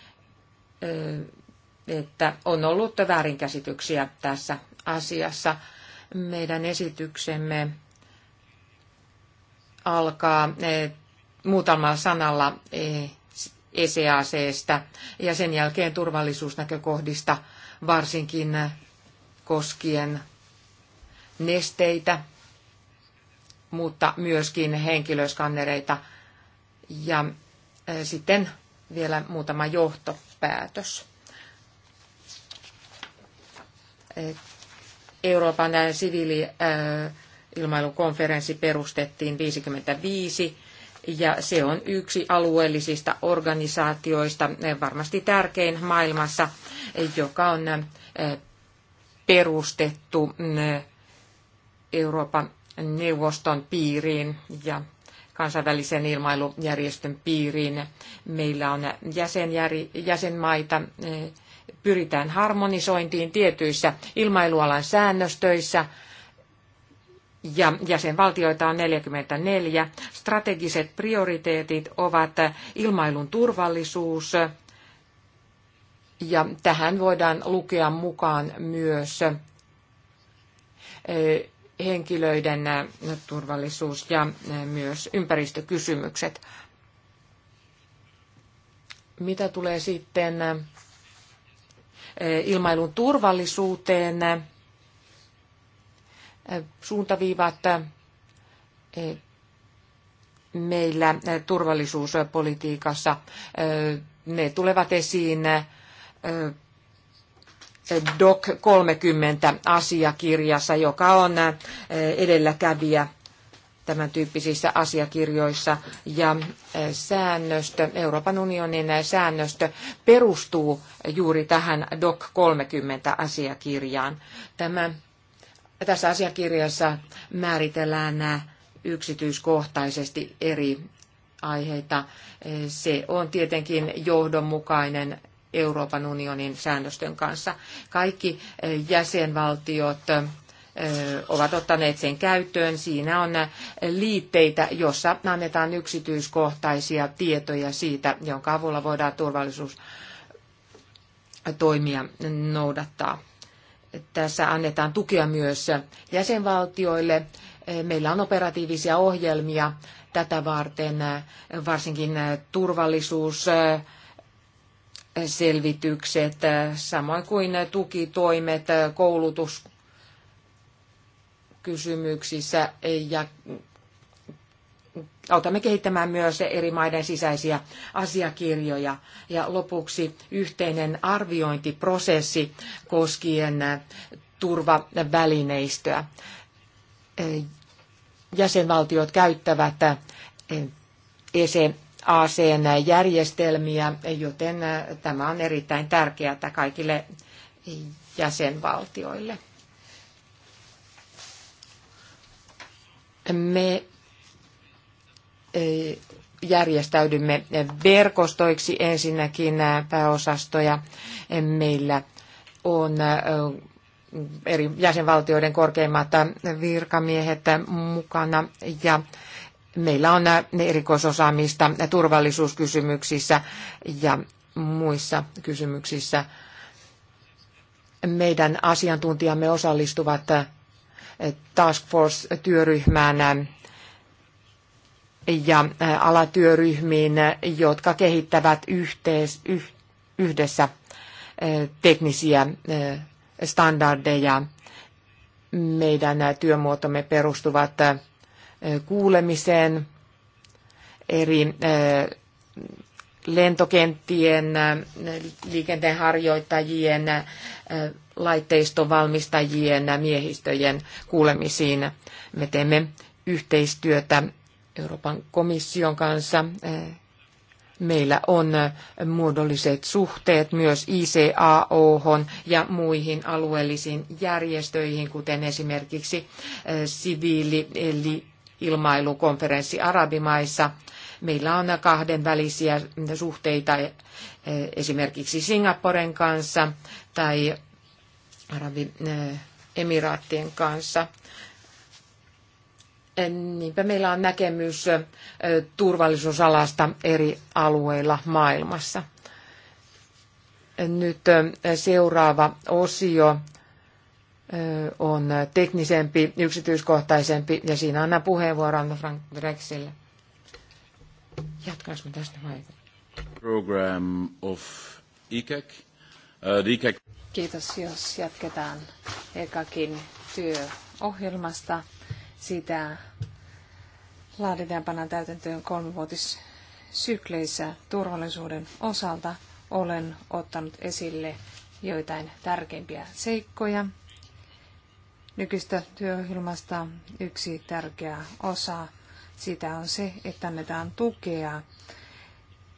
että on ollut väärinkäsityksiä tässä asiassa. Meidän esityksemme alkaa eh, muutamalla sanalla ECACstä eh, e ja sen jälkeen turvallisuusnäkökohdista, varsinkin koskien nesteitä, mutta myöskin henkilöskannereita ja eh, sitten vielä muutama johtopäätös. Euroopan äh, siviili-ilmailukonferenssi äh, perustettiin 55 ja se on yksi alueellisista organisaatioista, äh, varmasti tärkein maailmassa, joka on perustettu Euroopan neuvoston piiriin ja kansainvälisen ilmailujärjestön piiriin. Meillä on jäsenmaita, pyritään harmonisointiin tietyissä ilmailualan säännöstöissä ja jäsenvaltioita on 44. Strategiset prioriteetit ovat ilmailun turvallisuus ja tähän voidaan lukea mukaan myös henkilöiden turvallisuus ja myös ympäristökysymykset. Mitä tulee sitten Eh, ilmailun turvallisuuteen. Eh, suuntaviivat eh, meillä turvallisuuspolitiikassa, ne tulevat esiin DOC 30 asiakirjassa, joka on edelläkävijä tämän tyyppisissä asiakirjoissa ja eh, säännöstö, Euroopan unionin säännöstö perustuu juuri tähän DOC 30 asiakirjaan. Tämä, tässä asiakirjassa määritellään nämä yksityiskohtaisesti eri aiheita. Se on tietenkin johdonmukainen Euroopan unionin säännöstön kanssa. Kaikki eh, jäsenvaltiot ovat ottaneet sen käyttöön. Siinä on liitteitä, jossa annetaan yksityiskohtaisia tietoja siitä, jonka avulla voidaan turvallisuustoimia noudattaa. Tässä annetaan tukea myös jäsenvaltioille. Meillä on operatiivisia ohjelmia tätä varten, varsinkin turvallisuus selvitykset, samoin kuin tukitoimet, koulutus, kysymyksissä ja autamme kehittämään myös eri maiden sisäisiä asiakirjoja. Ja lopuksi yhteinen arviointiprosessi koskien turvavälineistöä. Jäsenvaltiot käyttävät e ASE:n järjestelmiä, joten tämä on erittäin tärkeää kaikille jäsenvaltioille. Me eh, järjestäydymme verkostoiksi ensinnäkin eh, pääosastoja. Eh, meillä on eri jäsenvaltioiden korkeimmat virkamiehet mukana ja meillä on erikoisosaamista turvallisuuskysymyksissä ja muissa kysymyksissä. Meidän asiantuntijamme osallistuvat task force-työryhmään ja alatyöryhmiin, jotka kehittävät yhteis, yhdessä e, teknisiä e, standardeja. Meidän työmuotomme perustuvat e, kuulemiseen eri lentokenttien, äh, liikenteen harjoittajien, äh, laitteistovalmistajien äh, miehistöjen kuulemisiin. Me teemme yhteistyötä Euroopan komission kanssa. Meillä on muodolliset suhteet myös ICAO ja muihin alueellisiin järjestöihin, kuten esimerkiksi siviili- eli ilmailukonferenssi Arabimaissa – Meillä on kahdenvälisiä suhteita eh, esimerkiksi Singaporen kanssa tai Arabiemiraattien eh, kanssa. Niinpä meillä on näkemys eh, turvallisuusalasta eri alueilla maailmassa. Nyt seuraava osio on teknisempi, yksityiskohtaisempi ja siinä annan puheenvuoron Frank Drexille. Jatkaisimme tästä vai? Program of ICAC. Uh, ICAC. Kiitos, jos jatketaan EKAKin työohjelmasta. Sitä laaditaan pannaan täytäntöön kolmivuotissykleissä turvallisuuden osalta. Olen ottanut esille joitain tärkeimpiä seikkoja. Nykyistä työohjelmasta yksi tärkeä osa sitä on se, että annetaan tukea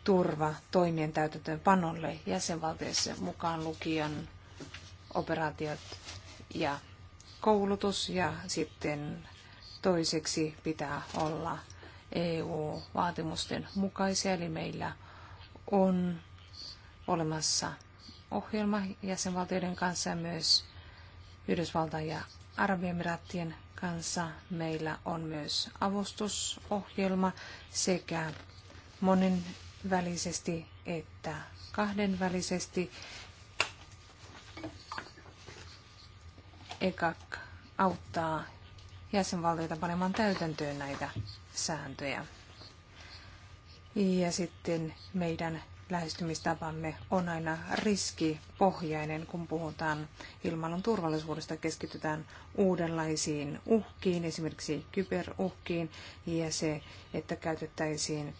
turva toimien täytäntöönpanolle jäsenvaltioissa mukaan lukion operaatiot ja koulutus ja sitten toiseksi pitää olla EU-vaatimusten mukaisia, eli meillä on olemassa ohjelma jäsenvaltioiden kanssa ja myös Yhdysvaltain ja Arabiemiraattien kanssa. Meillä on myös avustusohjelma sekä monenvälisesti että kahdenvälisesti. EKAK auttaa jäsenvaltioita panemaan täytäntöön näitä sääntöjä. Ja sitten meidän lähestymistapamme on aina riskipohjainen, kun puhutaan ilmailun turvallisuudesta. Keskitytään uudenlaisiin uhkiin, esimerkiksi kyberuhkiin, ja se, että käytettäisiin,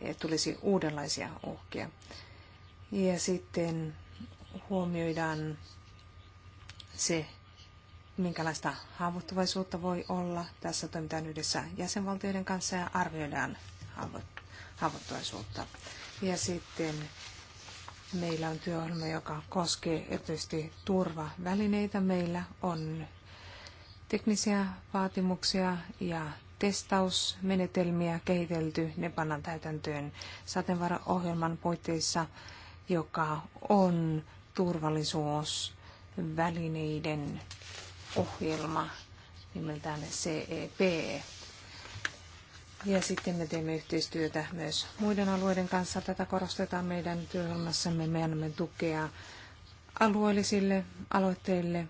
että tulisi uudenlaisia uhkia. Ja sitten huomioidaan se, minkälaista haavoittuvaisuutta voi olla. Tässä toimitaan yhdessä jäsenvaltioiden kanssa ja arvioidaan haavoittuvaisuutta. Ja sitten meillä on työohjelma, joka koskee erityisesti turvavälineitä. Meillä on teknisiä vaatimuksia ja testausmenetelmiä kehitelty. Ne pannaan täytäntöön sateenvaraohjelman puitteissa, joka on turvallisuusvälineiden ohjelma nimeltään CEP. Ja sitten me teemme yhteistyötä myös muiden alueiden kanssa. Tätä korostetaan meidän työohjelmassamme. Me annamme tukea alueellisille aloitteille,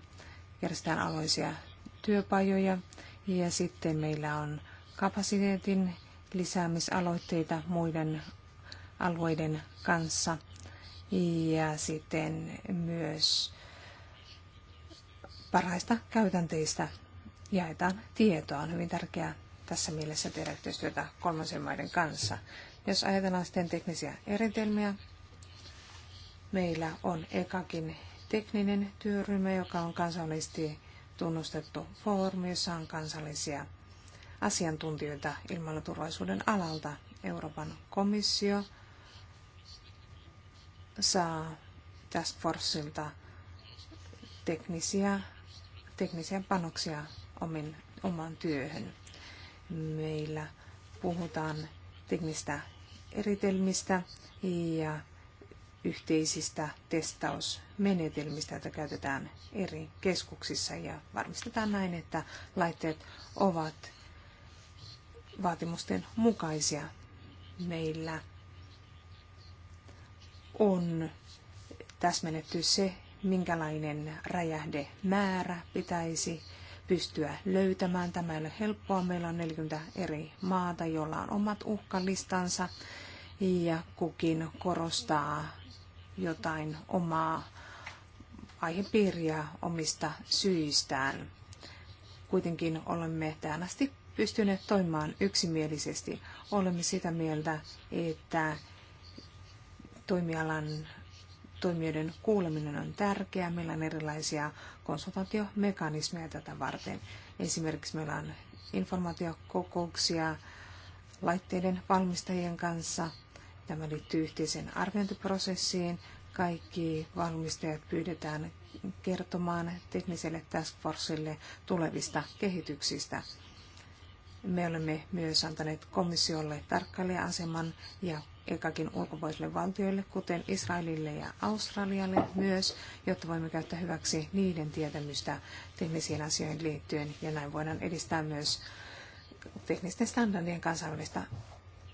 järjestetään alueellisia työpajoja ja sitten meillä on kapasiteetin lisäämisaloitteita muiden alueiden kanssa ja sitten myös parhaista käytänteistä jaetaan tietoa. On hyvin tärkeää tässä mielessä tehdä yhteistyötä kolmansien maiden kanssa. Jos ajatellaan sitten teknisiä eritelmiä, meillä on ekakin tekninen työryhmä, joka on kansallisesti tunnustettu foorumi, jossa on kansallisia asiantuntijoita ilmailuturvallisuuden alalta. Euroopan komissio saa Task Forceilta teknisiä, teknisiä panoksia omin, omaan työhön meillä puhutaan teknistä eritelmistä ja yhteisistä testausmenetelmistä, joita käytetään eri keskuksissa ja varmistetaan näin, että laitteet ovat vaatimusten mukaisia. Meillä on täsmennetty se, minkälainen räjähdemäärä pitäisi pystyä löytämään. Tämä ei ole helppoa. Meillä on 40 eri maata, joilla on omat uhkalistansa ja kukin korostaa jotain omaa aihepiiriä omista syistään. Kuitenkin olemme tähän asti pystyneet toimimaan yksimielisesti. Olemme sitä mieltä, että toimialan toimijoiden kuuleminen on tärkeää. Meillä on erilaisia konsultaatiomekanismeja tätä varten. Esimerkiksi meillä on informaatiokokouksia laitteiden valmistajien kanssa. Tämä liittyy yhteiseen arviointiprosessiin. Kaikki valmistajat pyydetään kertomaan tekniselle taskforcelle tulevista kehityksistä. Me olemme myös antaneet komissiolle tarkkailija-aseman ja ekakin ulkopuolisille valtioille, kuten Israelille ja Australialle myös, jotta voimme käyttää hyväksi niiden tietämystä teknisiin asioihin liittyen, ja näin voidaan edistää myös teknisten standardien kansainvälistä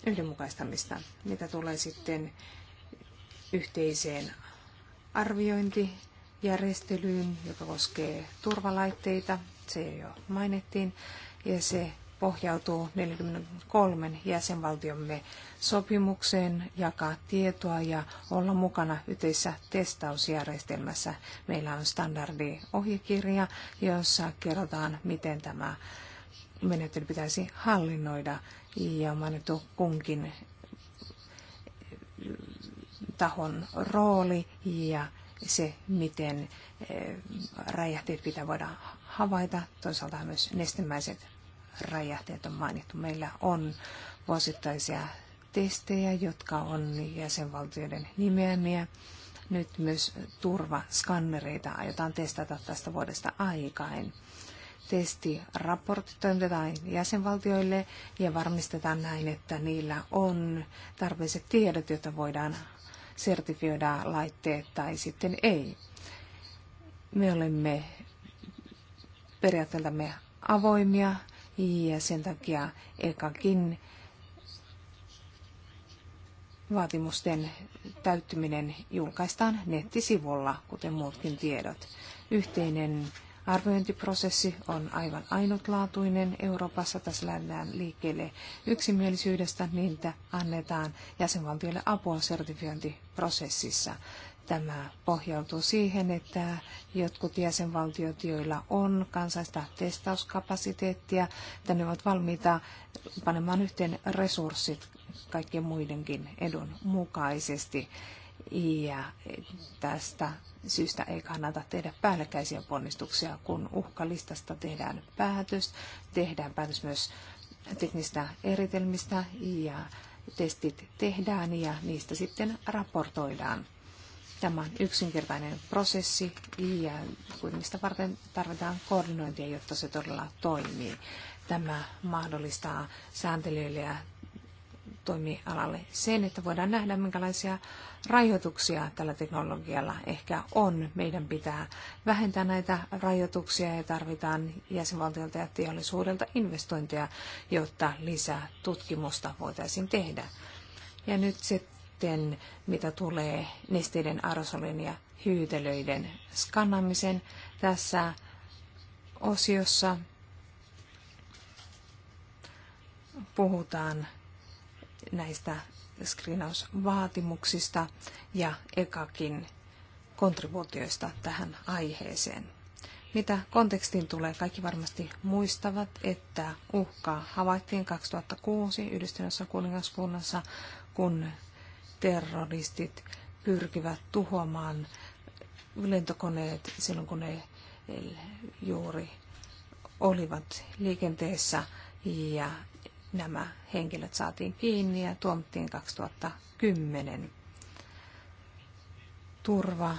yhdenmukaistamista, mitä tulee sitten yhteiseen arviointijärjestelyyn, joka koskee turvalaitteita, se jo mainittiin, ja se pohjautuu 43 jäsenvaltiomme sopimukseen jakaa tietoa ja olla mukana yhteisessä testausjärjestelmässä. Meillä on standardiohjekirja, jossa kerrotaan, miten tämä menettely pitäisi hallinnoida ja mainittu kunkin tahon rooli ja se, miten eh, räjähteet pitää voida havaita, toisaalta myös nestemäiset räjähteet on mainittu. Meillä on vuosittaisia testejä, jotka on jäsenvaltioiden nimeämiä. Nyt myös turvaskannereita aiotaan testata tästä vuodesta aikain. Testiraportti toimitetaan jäsenvaltioille ja varmistetaan näin, että niillä on tarpeelliset tiedot, joita voidaan sertifioida laitteet tai sitten ei. Me olemme periaatteeltamme avoimia ja sen takia ekakin vaatimusten täyttyminen julkaistaan nettisivulla, kuten muutkin tiedot. Yhteinen Arviointiprosessi on aivan ainutlaatuinen Euroopassa. Tässä lähdetään liikkeelle yksimielisyydestä, niitä annetaan jäsenvaltioille apua sertifiointiprosessissa. Tämä pohjautuu siihen, että jotkut jäsenvaltiot, joilla on kansaista testauskapasiteettia, että ne ovat valmiita panemaan yhteen resurssit kaikkien muidenkin edun mukaisesti. Ja tästä syystä ei kannata tehdä päällekkäisiä ponnistuksia, kun uhkalistasta tehdään päätös. Tehdään päätös myös teknistä eritelmistä ja testit tehdään ja niistä sitten raportoidaan. Tämä on yksinkertainen prosessi ja kuitenkin varten tarvitaan koordinointia, jotta se todella toimii. Tämä mahdollistaa sääntelyille ja toimialalle sen, että voidaan nähdä, minkälaisia rajoituksia tällä teknologialla ehkä on. Meidän pitää vähentää näitä rajoituksia ja tarvitaan jäsenvaltiolta ja teollisuudelta investointeja, jotta lisää tutkimusta voitaisiin tehdä. Ja nyt sitten sitten, mitä tulee nesteiden, aerosolien ja hyytelöiden skannaamisen tässä osiossa puhutaan näistä screenausvaatimuksista ja ekakin kontribuutioista tähän aiheeseen. Mitä kontekstiin tulee, kaikki varmasti muistavat, että uhkaa havaittiin 2006 yhdistyneessä kuningaskunnassa, kun terroristit pyrkivät tuhoamaan lentokoneet silloin, kun ne juuri olivat liikenteessä ja nämä henkilöt saatiin kiinni ja tuomittiin 2010. Turva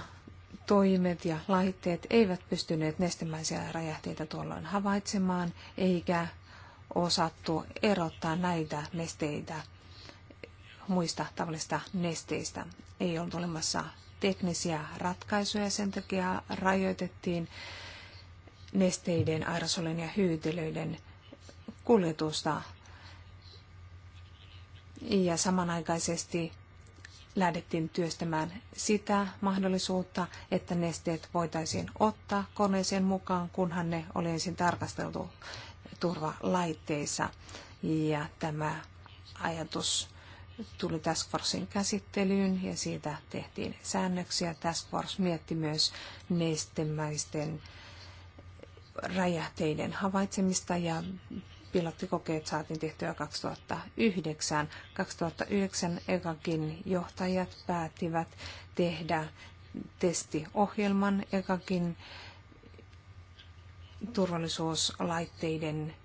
toimet ja laitteet eivät pystyneet nestemäisiä räjähteitä tuolloin havaitsemaan, eikä osattu erottaa näitä nesteitä muista tavallista nesteistä. Ei ollut olemassa teknisiä ratkaisuja, sen takia rajoitettiin nesteiden, aerosolien ja hyytelöiden kuljetusta. Ja samanaikaisesti lähdettiin työstämään sitä mahdollisuutta, että nesteet voitaisiin ottaa koneeseen mukaan, kunhan ne oli ensin tarkasteltu turvalaitteissa. Ja tämä ajatus tuli Task Forcein käsittelyyn ja siitä tehtiin säännöksiä. Task Force mietti myös nestemäisten räjähteiden havaitsemista ja pilottikokeet saatiin tehtyä 2009. 2009 EKAKin johtajat päättivät tehdä testiohjelman EKAKin turvallisuuslaitteiden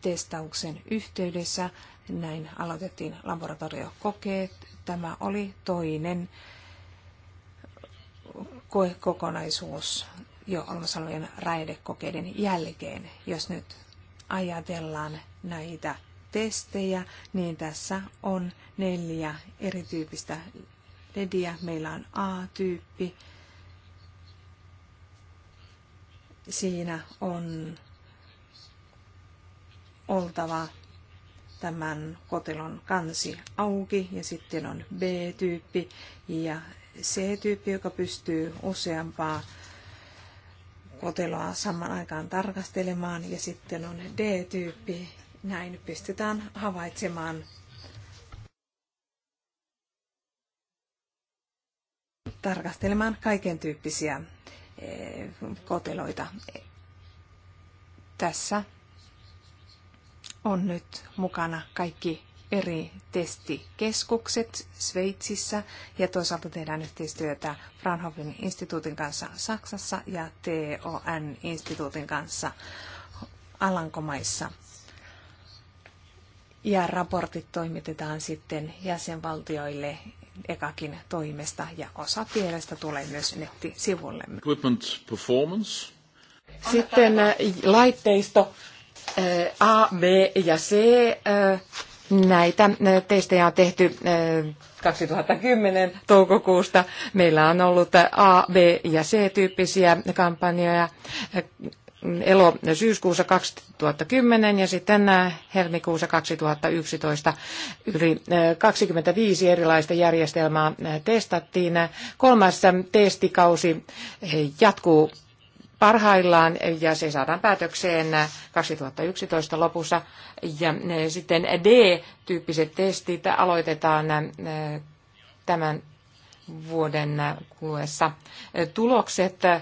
testauksen yhteydessä näin aloitettiin laboratoriokokeet. Tämä oli toinen koekokonaisuus jo olemassa olevien raidekokeiden jälkeen. Jos nyt ajatellaan näitä testejä, niin tässä on neljä erityyppistä lediä. Meillä on A-tyyppi. Siinä on oltava tämän kotelon kansi auki ja sitten on B-tyyppi ja C-tyyppi, joka pystyy useampaa koteloa saman aikaan tarkastelemaan ja sitten on D-tyyppi. Näin pystytään havaitsemaan tarkastelemaan kaiken tyyppisiä eh, koteloita. Tässä on nyt mukana kaikki eri testikeskukset Sveitsissä ja toisaalta tehdään yhteistyötä Fraunhoferin instituutin kanssa Saksassa ja TON-instituutin kanssa Alankomaissa. Ja raportit toimitetaan sitten jäsenvaltioille ekakin toimesta ja osa tiedosta tulee myös nettisivullemme. Sitten äh, laitteisto A, B ja C. Näitä testejä on tehty 2010 toukokuusta. Meillä on ollut A, B ja C-tyyppisiä kampanjoja elo syyskuussa 2010 ja sitten helmikuussa 2011 yli 25 erilaista järjestelmää testattiin. Kolmas testikausi jatkuu parhaillaan ja se saadaan päätökseen 2011 lopussa. Ja eh, sitten D-tyyppiset testit aloitetaan eh, tämän vuoden kuluessa. Tulokset eh,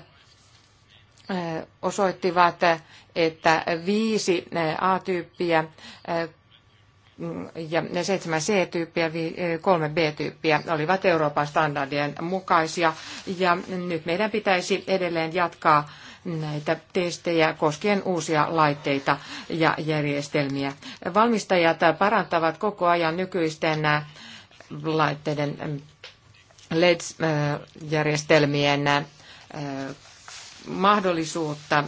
osoittivat, että viisi A-tyyppiä ja 7 C-tyyppiä, 3 B-tyyppiä olivat Euroopan standardien mukaisia. Ja nyt meidän pitäisi edelleen jatkaa näitä testejä koskien uusia laitteita ja järjestelmiä. Valmistajat parantavat koko ajan nykyisten äh, laitteiden ähm, LED-järjestelmien äh, äh, mahdollisuutta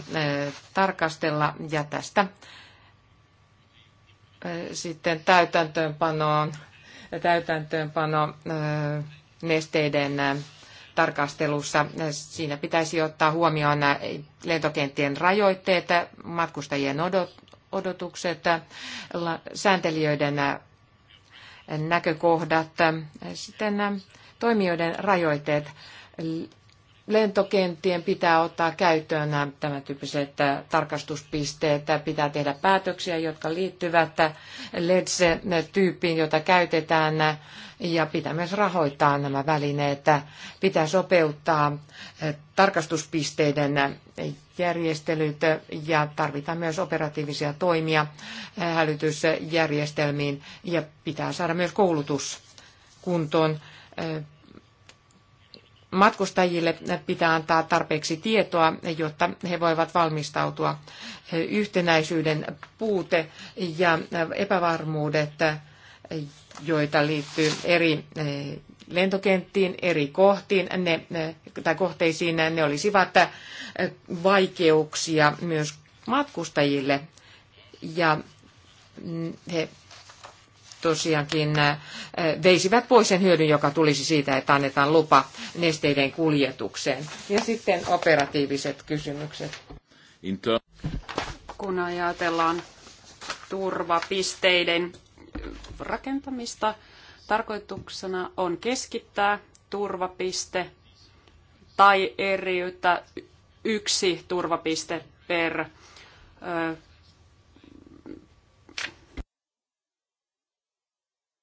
tarkastella ja tästä sitten täytäntöönpanoon, täytäntöönpano äh, nesteiden äh, tarkastelussa. Siinä pitäisi ottaa huomioon äh, lentokenttien rajoitteet, matkustajien odotukset, sääntelijöiden näkökohdat, sitten toimijoiden rajoitteet lentokenttien pitää ottaa käyttöön nämä tämän tyyppiset äh, tarkastuspisteet. Pitää tehdä päätöksiä, jotka liittyvät äh, LEDS-tyyppiin, jota käytetään, äh, ja pitää myös rahoittaa nämä välineet. Pitää sopeuttaa tarkastuspisteiden järjestelyt ja tarvitaan myös operatiivisia toimia hälytysjärjestelmiin ja pitää saada myös koulutus kuntoon matkustajille pitää antaa tarpeeksi tietoa, jotta he voivat valmistautua. Yhtenäisyyden puute ja epävarmuudet, joita liittyy eri eh, lentokenttiin, eri kohtiin ne, eh, tai kohteisiin, ne olisivat eh, vaikeuksia myös matkustajille. Ja mm, he tosiaankin äh, veisivät pois sen hyödyn, joka tulisi siitä, että annetaan lupa nesteiden kuljetukseen. Ja sitten operatiiviset kysymykset. Kun ajatellaan turvapisteiden rakentamista, tarkoituksena on keskittää turvapiste tai eriyttää yksi turvapiste per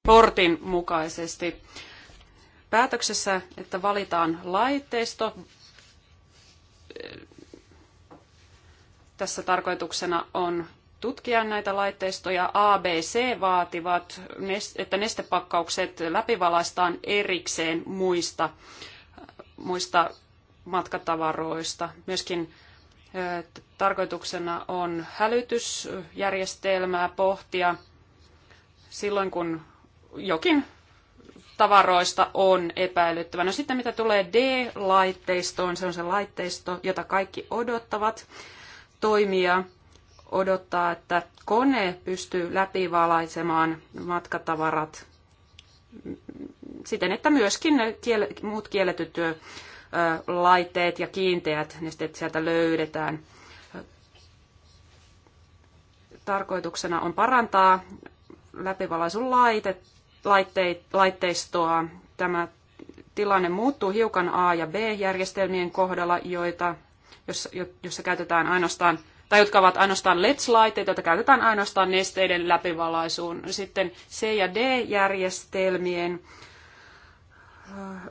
portin mukaisesti. Päätöksessä, että valitaan laitteisto, tässä tarkoituksena on tutkia näitä laitteistoja. ABC vaativat, että nestepakkaukset läpivalaistaan erikseen muista, muista matkatavaroista. Myöskin tarkoituksena on hälytysjärjestelmää pohtia silloin, kun jokin tavaroista on epäilyttävä. No sitten mitä tulee D-laitteistoon, se on se laitteisto, jota kaikki odottavat toimia, odottaa, että kone pystyy läpivalaisemaan matkatavarat siten, että myöskin ne kiel, muut kielletyt laitteet ja kiinteät sitten sieltä löydetään. Tarkoituksena on parantaa läpivalaisun laitetta laitteistoa. Tämä tilanne muuttuu hiukan A- ja B-järjestelmien kohdalla, joita, jossa, jossa käytetään ainoastaan tai jotka ovat ainoastaan LEDS-laitteita, joita käytetään ainoastaan nesteiden läpivalaisuun. Sitten C- ja D-järjestelmien äh,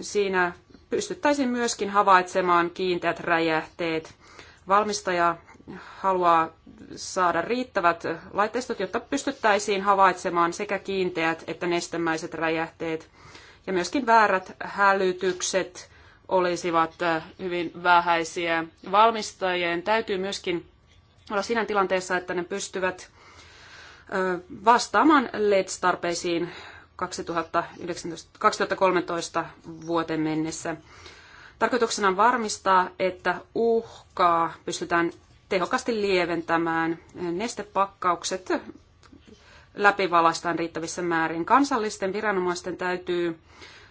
siinä pystyttäisiin myöskin havaitsemaan kiinteät räjähteet. Valmistaja haluaa saada riittävät laitteistot, jotta pystyttäisiin havaitsemaan sekä kiinteät että nestemäiset räjähteet. Ja myöskin väärät hälytykset olisivat äh, hyvin vähäisiä. Valmistajien täytyy myöskin olla siinä tilanteessa, että ne pystyvät äh, vastaamaan LED-tarpeisiin 2013 vuoteen mennessä. Tarkoituksena on varmistaa, että uhkaa pystytään tehokkaasti lieventämään. Nestepakkaukset läpivalaistaan riittävissä määrin. Kansallisten viranomaisten täytyy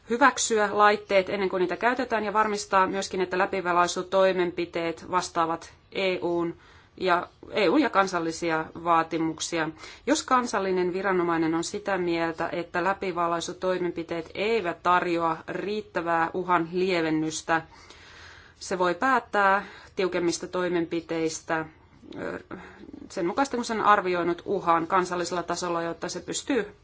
hyväksyä laitteet ennen kuin niitä käytetään ja varmistaa myöskin, että läpivalaisutoimenpiteet vastaavat EUn ja EU- ja kansallisia vaatimuksia. Jos kansallinen viranomainen on sitä mieltä, että läpivalaisutoimenpiteet eivät tarjoa riittävää uhan lievennystä, se voi päättää tiukemmista toimenpiteistä sen mukaista, kun se on arvioinut uhan kansallisella tasolla, jotta se pystyy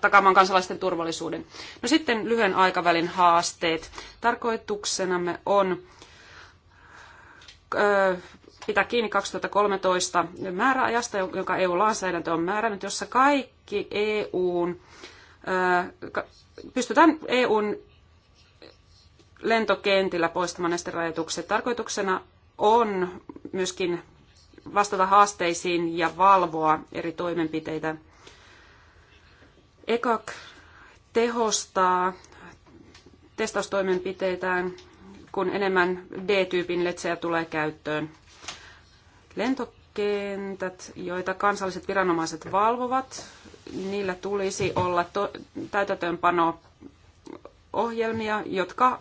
takaamaan kansalaisten turvallisuuden. No sitten lyhyen aikavälin haasteet. Tarkoituksenamme on pitää kiinni 2013 määräajasta, jonka EU-lainsäädäntö on määrännyt, jossa kaikki EUn, pystytään EUn lentokentillä poistamaan näistä rajoitukset. Tarkoituksena on myöskin vastata haasteisiin ja valvoa eri toimenpiteitä. ECAC tehostaa testaustoimenpiteitään, kun enemmän D-tyypin letsejä tulee käyttöön. Lentokentät, joita kansalliset viranomaiset valvovat, niillä tulisi olla to- täytäntöönpano ohjelmia, jotka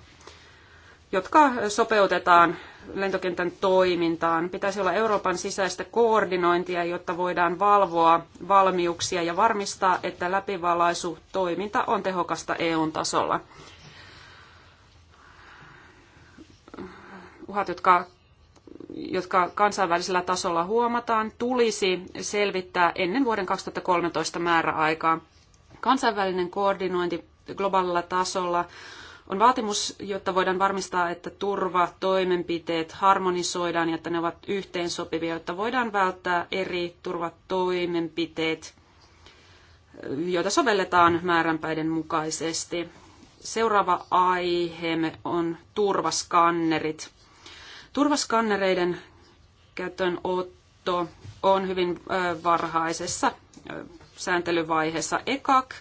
jotka sopeutetaan lentokentän toimintaan. Pitäisi olla Euroopan sisäistä koordinointia, jotta voidaan valvoa valmiuksia ja varmistaa, että läpivalaisu toiminta on tehokasta eu tasolla. Uhat, jotka, jotka kansainvälisellä tasolla huomataan, tulisi selvittää ennen vuoden 2013 määräaikaa. Kansainvälinen koordinointi globaalilla tasolla on vaatimus, jotta voidaan varmistaa, että turva, toimenpiteet harmonisoidaan ja että ne ovat yhteensopivia, jotta voidaan välttää eri turvatoimenpiteet, joita sovelletaan määränpäiden mukaisesti. Seuraava aiheemme on turvaskannerit. Turvaskannereiden käyttöönotto on hyvin varhaisessa sääntelyvaiheessa. ECAC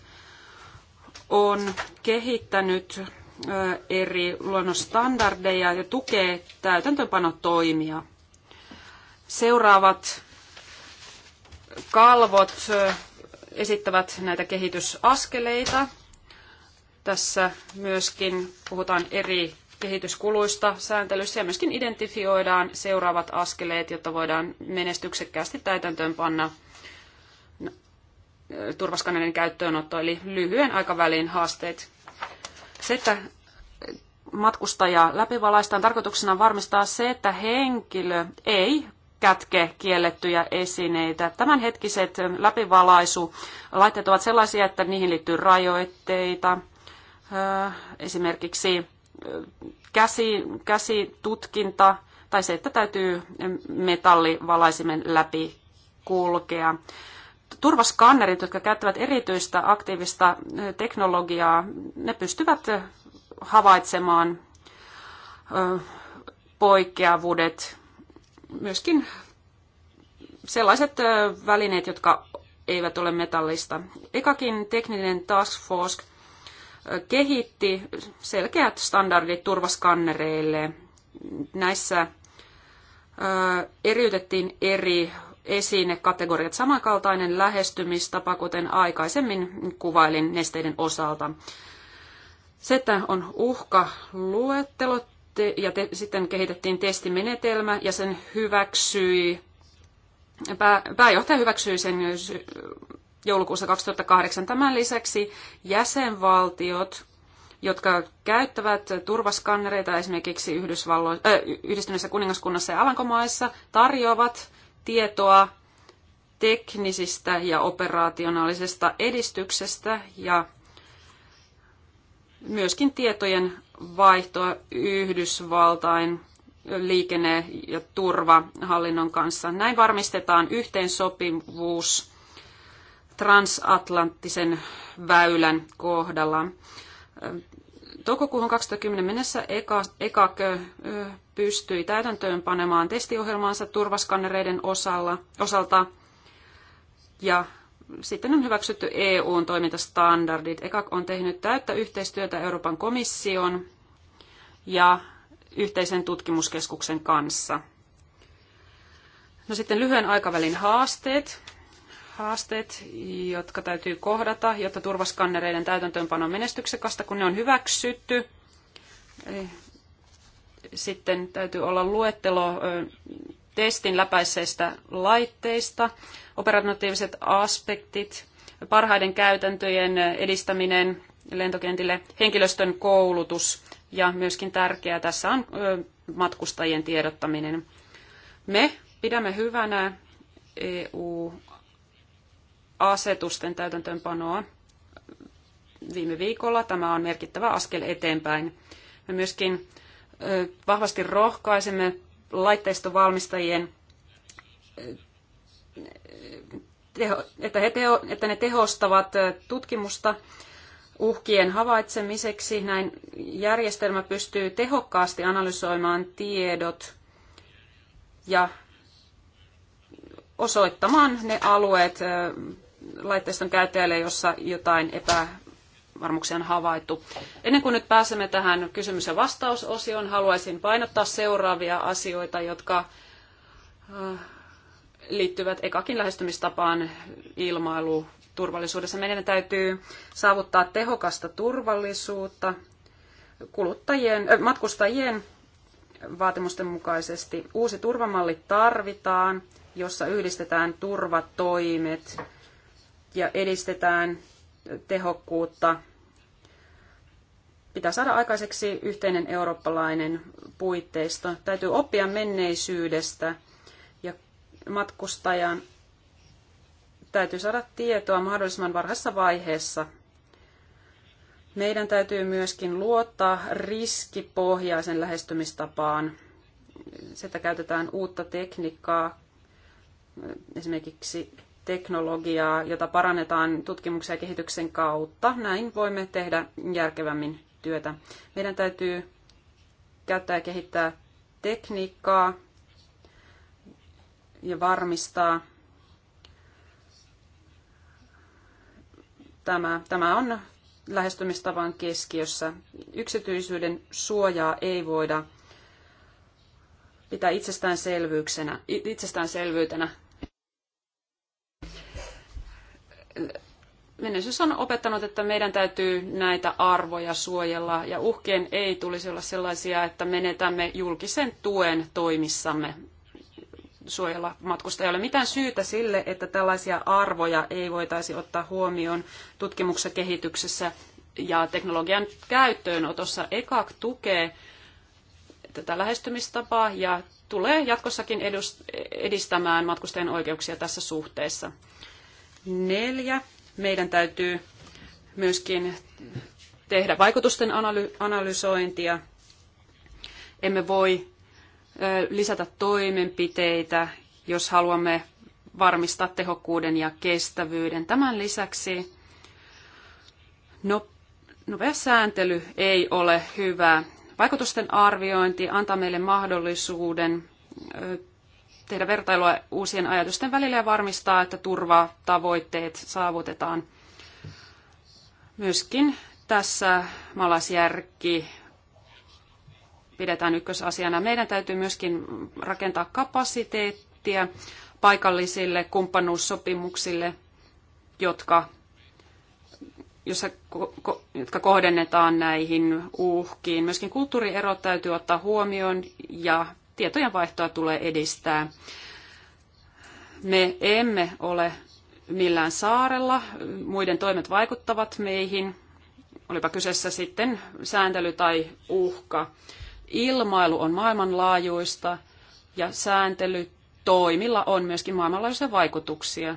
on kehittänyt eri luonnostandardeja ja tukee täytäntöpanotoimia. Seuraavat kalvot esittävät näitä kehitysaskeleita. Tässä myöskin puhutaan eri kehityskuluista sääntelyssä ja myöskin identifioidaan seuraavat askeleet, jotta voidaan menestyksekkäästi täytäntöönpanna turvaskanneiden käyttöönotto, eli lyhyen aikavälin haasteet. Se, että matkustaja läpivalaistaan tarkoituksena varmistaa se, että henkilö ei kätke kiellettyjä esineitä. Tämänhetkiset läpivalaisu ovat sellaisia, että niihin liittyy rajoitteita, öö, esimerkiksi öö, käsi, käsitutkinta tai se, että täytyy metallivalaisimen läpi kulkea turvaskannerit, jotka käyttävät erityistä aktiivista teknologiaa, ne pystyvät havaitsemaan poikkeavuudet, myöskin sellaiset välineet, jotka eivät ole metallista. Ekakin tekninen task force kehitti selkeät standardit turvaskannereille. Näissä eriytettiin eri esinekategoriat. Samankaltainen lähestymistapa, kuten aikaisemmin kuvailin nesteiden osalta. Se, että on uhka luettelo ja te, sitten kehitettiin testimenetelmä ja sen hyväksyi, pää, pääjohtaja hyväksyi sen joulukuussa 2008. Tämän lisäksi jäsenvaltiot, jotka käyttävät turvaskannereita esimerkiksi äh, yhdistyneessä kuningaskunnassa ja Alankomaissa, tarjoavat tietoa teknisistä ja operaationaalisesta edistyksestä ja myöskin tietojen vaihtoa Yhdysvaltain liikenne- ja turvahallinnon kanssa. Näin varmistetaan yhteensopivuus transatlanttisen väylän kohdalla. Toukokuuhun 2010 mennessä EKAK pystyi täytäntöön panemaan testiohjelmaansa turvaskannereiden osalla, osalta. Ja sitten on hyväksytty EUn toimintastandardit. ECAC on tehnyt täyttä yhteistyötä Euroopan komission ja yhteisen tutkimuskeskuksen kanssa. No sitten lyhyen aikavälin haasteet. Haasteet, jotka täytyy kohdata, jotta turvaskannereiden täytäntöönpano on menestyksekasta, kun ne on hyväksytty. Sitten täytyy olla luettelo testin läpäisseistä laitteista, operatiiviset aspektit, parhaiden käytäntöjen edistäminen lentokentille, henkilöstön koulutus ja myöskin tärkeää tässä on matkustajien tiedottaminen. Me pidämme hyvänä EU-asetusten täytäntöönpanoa viime viikolla. Tämä on merkittävä askel eteenpäin. Me myöskin vahvasti rohkaisemme laitteistovalmistajien, että, he teho, että ne tehostavat tutkimusta uhkien havaitsemiseksi. Näin järjestelmä pystyy tehokkaasti analysoimaan tiedot ja osoittamaan ne alueet laitteiston käyttäjälle, jossa jotain epä, epävarmuuksia on havaittu. Ennen kuin nyt pääsemme tähän kysymys- ja vastausosioon, haluaisin painottaa seuraavia asioita, jotka äh, liittyvät ekakin lähestymistapaan ilmailu turvallisuudessa. Meidän täytyy saavuttaa tehokasta turvallisuutta kuluttajien, äh, matkustajien vaatimusten mukaisesti. Uusi turvamalli tarvitaan, jossa yhdistetään turvatoimet ja edistetään tehokkuutta. Pitää saada aikaiseksi yhteinen eurooppalainen puitteisto. Täytyy oppia menneisyydestä ja matkustajan täytyy saada tietoa mahdollisimman varhaisessa vaiheessa. Meidän täytyy myöskin luottaa riskipohjaisen lähestymistapaan. Sitä käytetään uutta tekniikkaa, esimerkiksi teknologiaa, jota parannetaan tutkimuksen ja kehityksen kautta. Näin voimme tehdä järkevämmin työtä. Meidän täytyy käyttää ja kehittää tekniikkaa ja varmistaa tämä. Tämä on lähestymistavan keskiössä. Yksityisyyden suojaa ei voida pitää itsestäänselvyytenä menneisyys on opettanut, että meidän täytyy näitä arvoja suojella ja uhkien ei tulisi olla sellaisia, että menetämme julkisen tuen toimissamme suojella matkusta. Ei ole mitään syytä sille, että tällaisia arvoja ei voitaisi ottaa huomioon tutkimuksessa, kehityksessä ja teknologian käyttöönotossa. ECAC tukee tätä lähestymistapaa ja tulee jatkossakin edistämään matkustajien oikeuksia tässä suhteessa neljä. Meidän täytyy myöskin tehdä vaikutusten analysointia. Emme voi lisätä toimenpiteitä, jos haluamme varmistaa tehokkuuden ja kestävyyden. Tämän lisäksi no-, nopea sääntely ei ole hyvä. Vaikutusten arviointi antaa meille mahdollisuuden tehdä vertailua uusien ajatusten välillä ja varmistaa, että turvatavoitteet saavutetaan. Myöskin tässä malasjärki pidetään ykkösasiana. Meidän täytyy myöskin rakentaa kapasiteettia paikallisille kumppanuussopimuksille, jotka, jossa, ko, jotka kohdennetaan näihin uhkiin. Myöskin kulttuurierot täytyy ottaa huomioon ja tietojen vaihtoa tulee edistää. Me emme ole millään saarella, muiden toimet vaikuttavat meihin, olipa kyseessä sitten sääntely tai uhka. Ilmailu on maailmanlaajuista ja sääntely toimilla on myöskin maailmanlaajuisia vaikutuksia.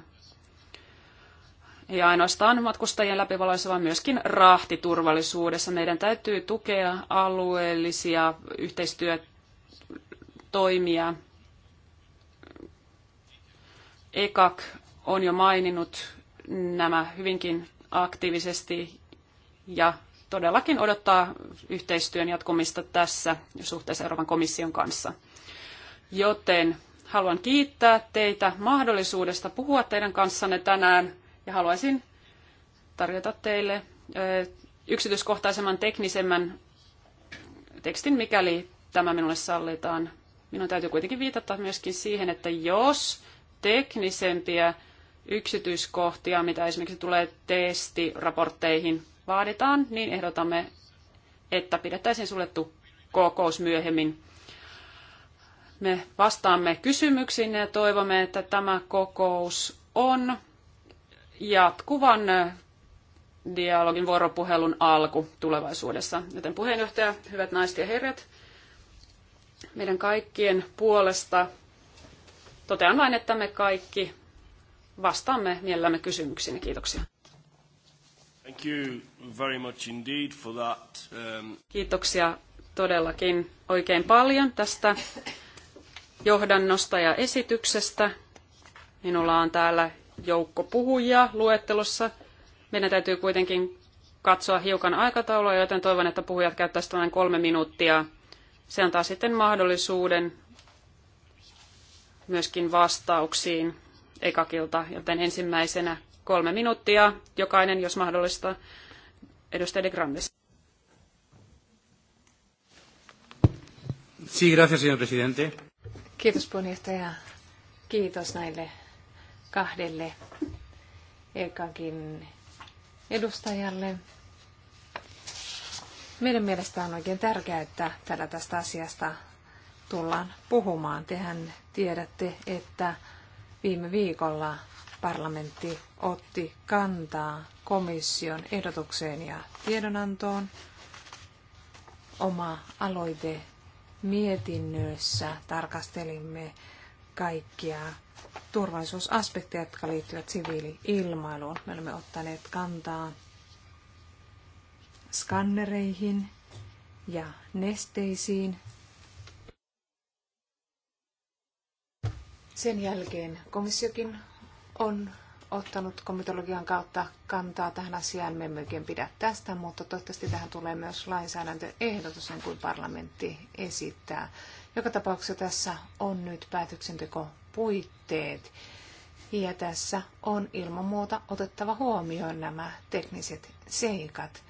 Ja ainoastaan matkustajien läpivaloissa, vaan myöskin rahtiturvallisuudessa. Meidän täytyy tukea alueellisia yhteistyötä toimia. EKAK on jo maininnut nämä hyvinkin aktiivisesti ja todellakin odottaa yhteistyön jatkumista tässä suhteessa Euroopan komission kanssa. Joten haluan kiittää teitä mahdollisuudesta puhua teidän kanssanne tänään ja haluaisin tarjota teille yksityiskohtaisemman teknisemmän tekstin, mikäli tämä minulle sallitaan minun täytyy kuitenkin viitata myöskin siihen, että jos teknisempiä yksityiskohtia, mitä esimerkiksi tulee testiraportteihin, vaaditaan, niin ehdotamme, että pidettäisiin suljettu kokous myöhemmin. Me vastaamme kysymyksiin ja toivomme, että tämä kokous on jatkuvan dialogin vuoropuhelun alku tulevaisuudessa. Joten puheenjohtaja, hyvät naiset ja herrat, meidän kaikkien puolesta. Totean vain, että me kaikki vastaamme mielellämme kysymyksiin. Kiitoksia. Thank you very much indeed for that. Um... Kiitoksia todellakin oikein paljon tästä johdannosta ja esityksestä. Minulla on täällä joukko puhujia luettelossa. Meidän täytyy kuitenkin katsoa hiukan aikataulua, joten toivon, että puhujat käyttäisivät tämän kolme minuuttia se antaa sitten mahdollisuuden myöskin vastauksiin ekakilta, joten ensimmäisenä kolme minuuttia jokainen, jos mahdollista, edustaja de Grandes. Sí, gracias, señor presidente. Kiitos puheenjohtaja. Kiitos näille kahdelle ekakin edustajalle. Meidän mielestä on oikein tärkeää, että tällä tästä asiasta tullaan puhumaan. Tehän tiedätte, että viime viikolla parlamentti otti kantaa komission ehdotukseen ja tiedonantoon. Oma aloite mietinnössä tarkastelimme kaikkia turvallisuusaspekteja, jotka liittyvät siviili-ilmailuun. Me olemme ottaneet kantaa skannereihin ja nesteisiin. Sen jälkeen komissiokin on ottanut komitologian kautta kantaa tähän asiaan. Me emme oikein pidä tästä, mutta toivottavasti tähän tulee myös lainsäädäntöehdotus, niin kuin parlamentti esittää. Joka tapauksessa tässä on nyt päätöksentekopuitteet. Ja tässä on ilman muuta otettava huomioon nämä tekniset seikat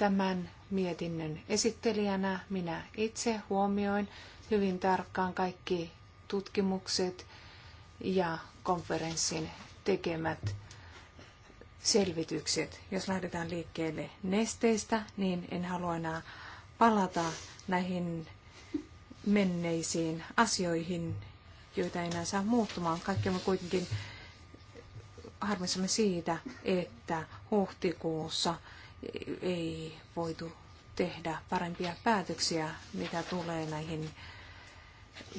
tämän mietinnön esittelijänä minä itse huomioin hyvin tarkkaan kaikki tutkimukset ja konferenssin tekemät selvitykset. Jos lähdetään liikkeelle nesteistä, niin en halua enää palata näihin menneisiin asioihin, joita ei enää saa muuttumaan. Kaikki me kuitenkin harmissamme siitä, että huhtikuussa ei voitu tehdä parempia päätöksiä, mitä tulee näihin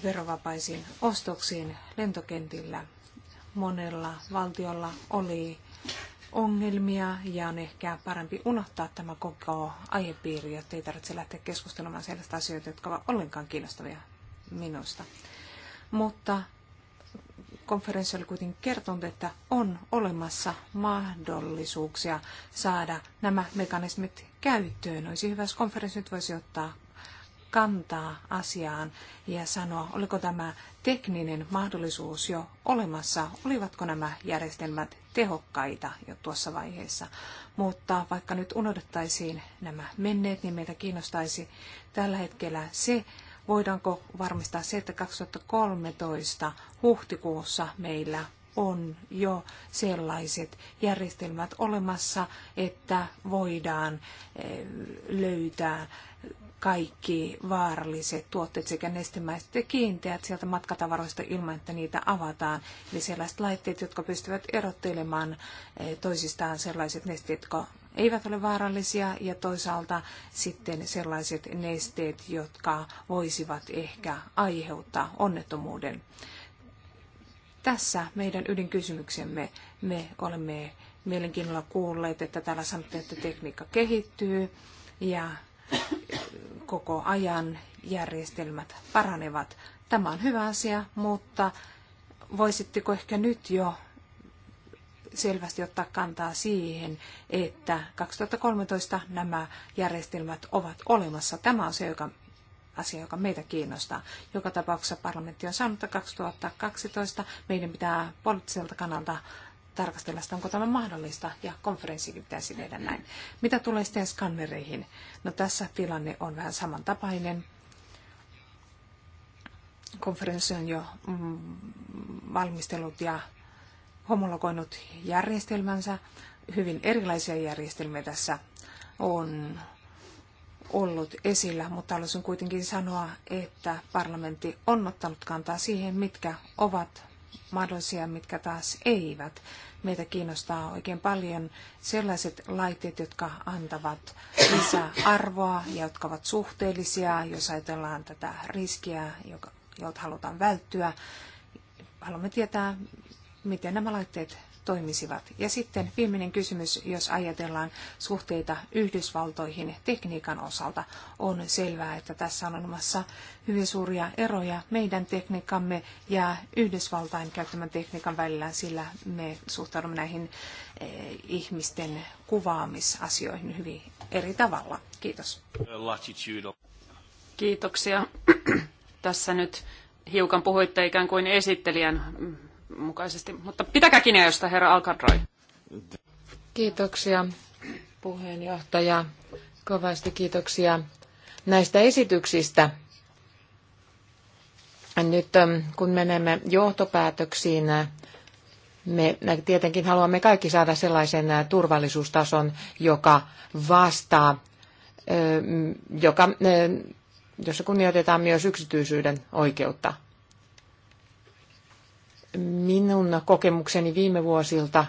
verovapaisiin ostoksiin lentokentillä. Monella valtiolla oli ongelmia ja on ehkä parempi unohtaa tämä koko aihepiiri, jotta ei tarvitse lähteä keskustelemaan sellaista asioita, jotka ovat ollenkaan kiinnostavia minusta. Mutta konferenssi oli kuitenkin kertonut, että on olemassa mahdollisuuksia saada nämä mekanismit käyttöön. Olisi hyvä, jos konferenssi nyt voisi ottaa kantaa asiaan ja sanoa, oliko tämä tekninen mahdollisuus jo olemassa, olivatko nämä järjestelmät tehokkaita jo tuossa vaiheessa. Mutta vaikka nyt unohdettaisiin nämä menneet, niin meitä kiinnostaisi tällä hetkellä se, voidaanko varmistaa se, että 2013 huhtikuussa meillä on jo sellaiset järjestelmät olemassa, että voidaan eh, löytää kaikki vaaralliset tuotteet sekä nestemäiset ja kiinteät sieltä matkatavaroista ilman, että niitä avataan. Eli sellaiset laitteet, jotka pystyvät erottelemaan eh, toisistaan sellaiset nesteet, jotka eivät ole vaarallisia ja toisaalta sitten sellaiset nesteet, jotka voisivat ehkä aiheuttaa onnettomuuden. Tässä meidän ydinkysymyksemme me olemme mielenkiinnolla kuulleet, että täällä sanottiin, että tekniikka kehittyy ja koko ajan järjestelmät paranevat. Tämä on hyvä asia, mutta voisitteko ehkä nyt jo selvästi ottaa kantaa siihen, että 2013 nämä järjestelmät ovat olemassa. Tämä on se, joka asia, joka meitä kiinnostaa. Joka tapauksessa parlamentti on saanut 2012. Meidän pitää poliittiselta kannalta tarkastella sitä, onko tämä mahdollista, ja konferenssikin pitäisi tehdä näin. Mitä tulee sitten skannereihin? No tässä tilanne on vähän samantapainen. Konferenssi on jo mm, valmistellut ja homologoinut järjestelmänsä. Hyvin erilaisia järjestelmiä tässä on ollut esillä, mutta haluaisin kuitenkin sanoa, että parlamentti on ottanut kantaa siihen, mitkä ovat mahdollisia, mitkä taas eivät. Meitä kiinnostaa oikein paljon sellaiset laitteet, jotka antavat lisää arvoa ja jotka ovat suhteellisia, jos ajatellaan tätä riskiä, jolta halutaan välttyä. Haluamme tietää, miten nämä laitteet toimisivat. Ja sitten viimeinen kysymys, jos ajatellaan suhteita Yhdysvaltoihin tekniikan osalta, on selvää, että tässä on olemassa hyvin suuria eroja meidän tekniikkamme ja Yhdysvaltain käyttämän tekniikan välillä, sillä me suhtaudumme näihin eh, ihmisten kuvaamisasioihin hyvin eri tavalla. Kiitos. Kiitoksia. [clears throat] Tässä nyt hiukan puhuitte ikään kuin esittelijän mukaisesti. Mutta pitäkää kiinni, josta herra Alcadroy. Kiitoksia puheenjohtaja. Kovasti kiitoksia näistä esityksistä. Nyt ähm, kun menemme johtopäätöksiin, me tietenkin haluamme kaikki saada sellaisen äh, turvallisuustason, joka vastaa, ähm, joka, äh, jossa kunnioitetaan myös yksityisyyden oikeutta minun kokemukseni viime vuosilta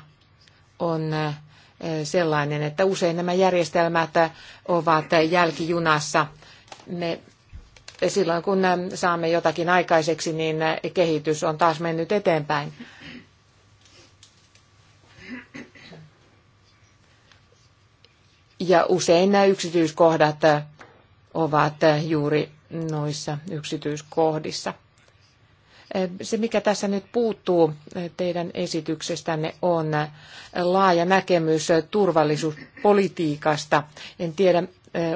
on sellainen, että usein nämä järjestelmät ovat jälkijunassa. Me silloin kun saamme jotakin aikaiseksi, niin kehitys on taas mennyt eteenpäin. Ja usein nämä yksityiskohdat ovat juuri noissa yksityiskohdissa. Se, mikä tässä nyt puuttuu teidän esityksestänne, on laaja näkemys turvallisuuspolitiikasta. En tiedä,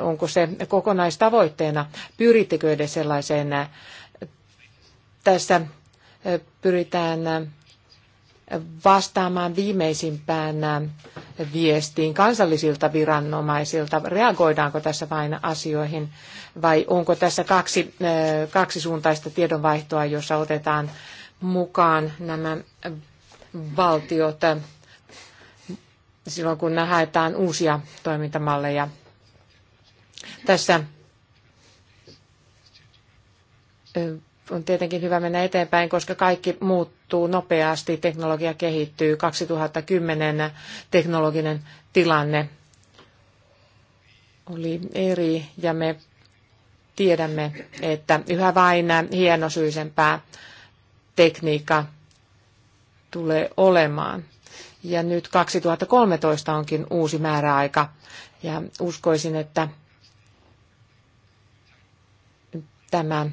onko se kokonaistavoitteena. Pyrittekö edes sellaiseen? Tässä pyritään vastaamaan viimeisimpään äh, viestiin kansallisilta viranomaisilta? Reagoidaanko tässä vain asioihin vai onko tässä kaksi, äh, kaksisuuntaista tiedonvaihtoa, jossa otetaan mukaan nämä valtiot äh, silloin, kun haetaan uusia toimintamalleja? Tässä on tietenkin hyvä mennä eteenpäin, koska kaikki muut muuttuu nopeasti, teknologia kehittyy, 2010 teknologinen tilanne oli eri ja me tiedämme, että yhä vain hienosyisempää tekniikka tulee olemaan. Ja nyt 2013 onkin uusi määräaika ja uskoisin, että tämä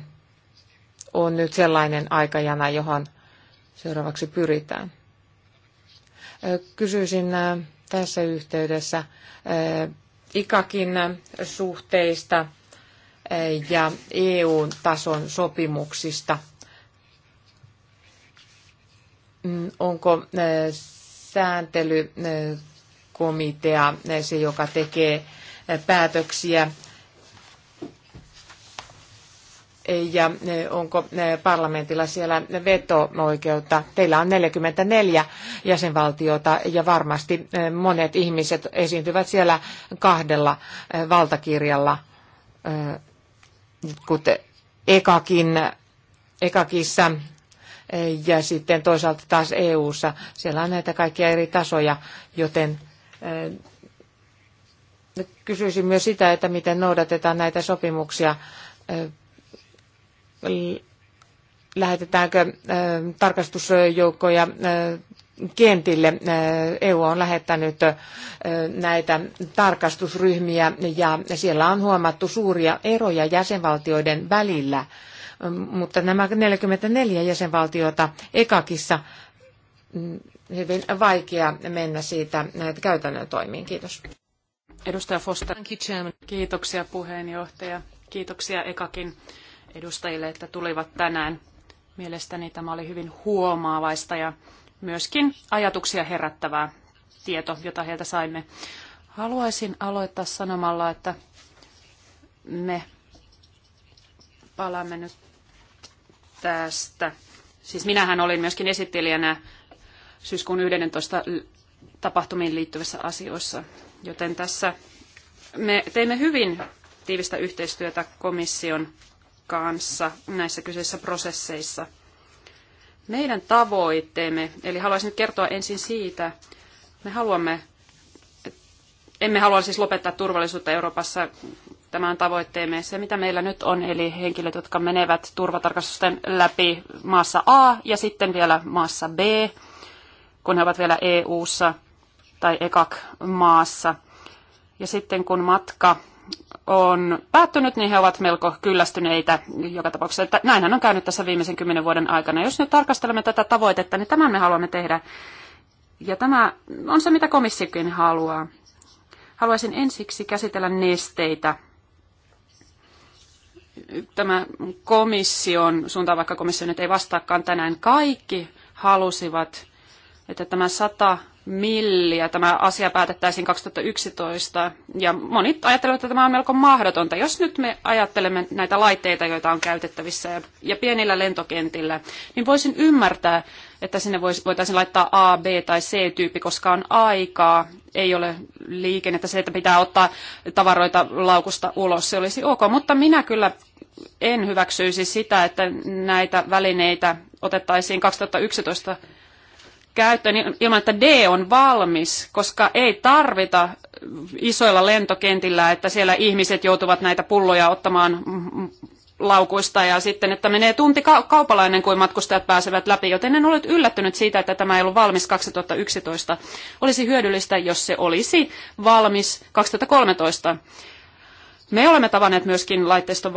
on nyt sellainen aikajana, johon seuraavaksi pyritään. Kysyisin tässä yhteydessä ikakin suhteista ja EU-tason sopimuksista. Mm, onko sääntelykomitea se, joka tekee päätöksiä ja e, onko e, parlamentilla siellä veto-oikeutta. Teillä on 44 jäsenvaltiota ja varmasti e, monet ihmiset esiintyvät siellä kahdella valtakirjalla, kuten Ekakin, Ekakissa ja sitten toisaalta taas EU:ssa. Siellä on näitä kaikkia eri tasoja, joten kysyisin myös sitä, että miten noudatetaan näitä sopimuksia lähetetäänkö tarkastusjoukkoja kentille. EU on lähettänyt näitä tarkastusryhmiä ja siellä on huomattu suuria eroja jäsenvaltioiden välillä, mutta nämä 44 jäsenvaltiota ekakissa mm, hyvin vaikea mennä siitä näitä käytännön toimiin. Kiitos. Edustaja Foster. Kiitoksia puheenjohtaja. Kiitoksia Ekakin edustajille, että tulivat tänään. Mielestäni tämä oli hyvin huomaavaista ja myöskin ajatuksia herättävää tieto, jota heiltä saimme. Haluaisin aloittaa sanomalla, että me palaamme nyt tästä. Siis minähän olin myöskin esittelijänä syyskuun 11 tapahtumiin liittyvissä asioissa, joten tässä me teimme hyvin tiivistä yhteistyötä komission kanssa näissä kyseisissä prosesseissa. Meidän tavoitteemme, eli haluaisin nyt kertoa ensin siitä, me haluamme, emme halua siis lopettaa turvallisuutta Euroopassa, tämä on tavoitteemme. Se, mitä meillä nyt on, eli henkilöt, jotka menevät turvatarkastusten läpi maassa A ja sitten vielä maassa B, kun he ovat vielä EU-ssa tai EKAK-maassa. Ja sitten kun matka on päättynyt, niin he ovat melko kyllästyneitä joka tapauksessa. Että näinhän on käynyt tässä viimeisen kymmenen vuoden aikana. Jos nyt tarkastelemme tätä tavoitetta, niin tämän me haluamme tehdä. Ja tämä on se, mitä komissiokin haluaa. Haluaisin ensiksi käsitellä nesteitä. Tämä komission suuntaan, vaikka komissio nyt ei vastaakaan tänään, kaikki halusivat, että tämä 100 milliä. Tämä asia päätettäisiin 2011 ja moni ajattelevat, että tämä on melko mahdotonta. Jos nyt me ajattelemme näitä laitteita, joita on käytettävissä ja, ja pienillä lentokentillä, niin voisin ymmärtää, että sinne voitaisiin laittaa A, B tai C-tyyppi, koska on aikaa, ei ole liikennettä, se, että pitää ottaa tavaroita laukusta ulos, se olisi ok. Mutta minä kyllä en hyväksyisi sitä, että näitä välineitä otettaisiin 2011 käyttöön ilman, että D on valmis, koska ei tarvita isoilla lentokentillä, että siellä ihmiset joutuvat näitä pulloja ottamaan laukuista ja sitten, että menee tunti kaupalainen, kuin matkustajat pääsevät läpi, joten en ole yllättynyt siitä, että tämä ei ollut valmis 2011. Olisi hyödyllistä, jos se olisi valmis 2013. Me olemme tavanneet myöskin laitteiston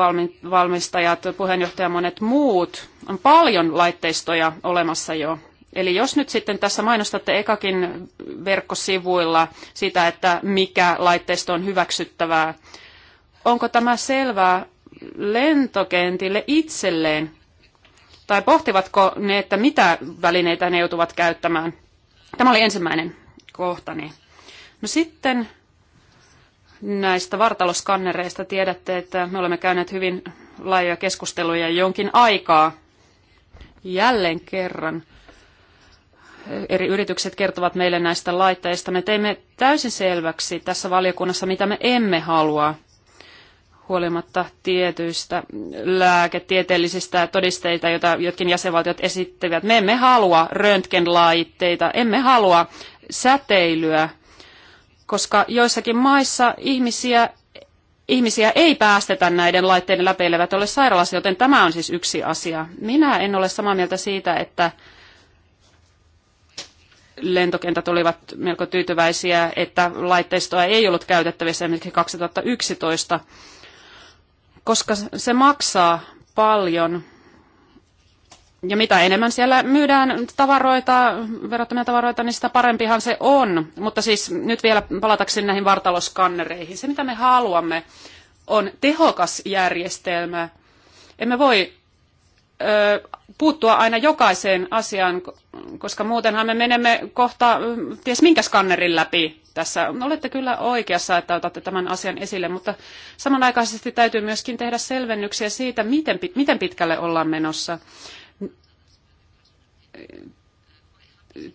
valmistajat, puheenjohtaja monet muut. On paljon laitteistoja olemassa jo. Eli jos nyt sitten tässä mainostatte ekakin verkkosivuilla sitä, että mikä laitteisto on hyväksyttävää, onko tämä selvää lentokentille itselleen? Tai pohtivatko ne, että mitä välineitä ne joutuvat käyttämään? Tämä oli ensimmäinen kohtani. No sitten näistä vartaloskannereista tiedätte, että me olemme käyneet hyvin laajoja keskusteluja jonkin aikaa. Jälleen kerran eri yritykset kertovat meille näistä laitteista. Me teimme täysin selväksi tässä valiokunnassa, mitä me emme halua huolimatta tietyistä lääketieteellisistä todisteita, joita jotkin jäsenvaltiot esittävät. Me emme halua röntgenlaitteita, emme halua säteilyä, koska joissakin maissa ihmisiä, ihmisiä ei päästetä näiden laitteiden läpeilevät ole sairaalassa, joten tämä on siis yksi asia. Minä en ole samaa mieltä siitä, että lentokentät olivat melko tyytyväisiä, että laitteistoa ei ollut käytettävissä esimerkiksi 2011, koska se maksaa paljon. Ja mitä enemmän siellä myydään tavaroita, verrattuna tavaroita, niin sitä parempihan se on. Mutta siis nyt vielä palatakseni näihin vartaloskannereihin. Se, mitä me haluamme, on tehokas järjestelmä. Emme voi puuttua aina jokaiseen asiaan, koska muutenhan me menemme kohta ties minkä skannerin läpi tässä. Olette kyllä oikeassa, että otatte tämän asian esille, mutta samanaikaisesti täytyy myöskin tehdä selvennyksiä siitä, miten, miten pitkälle ollaan menossa.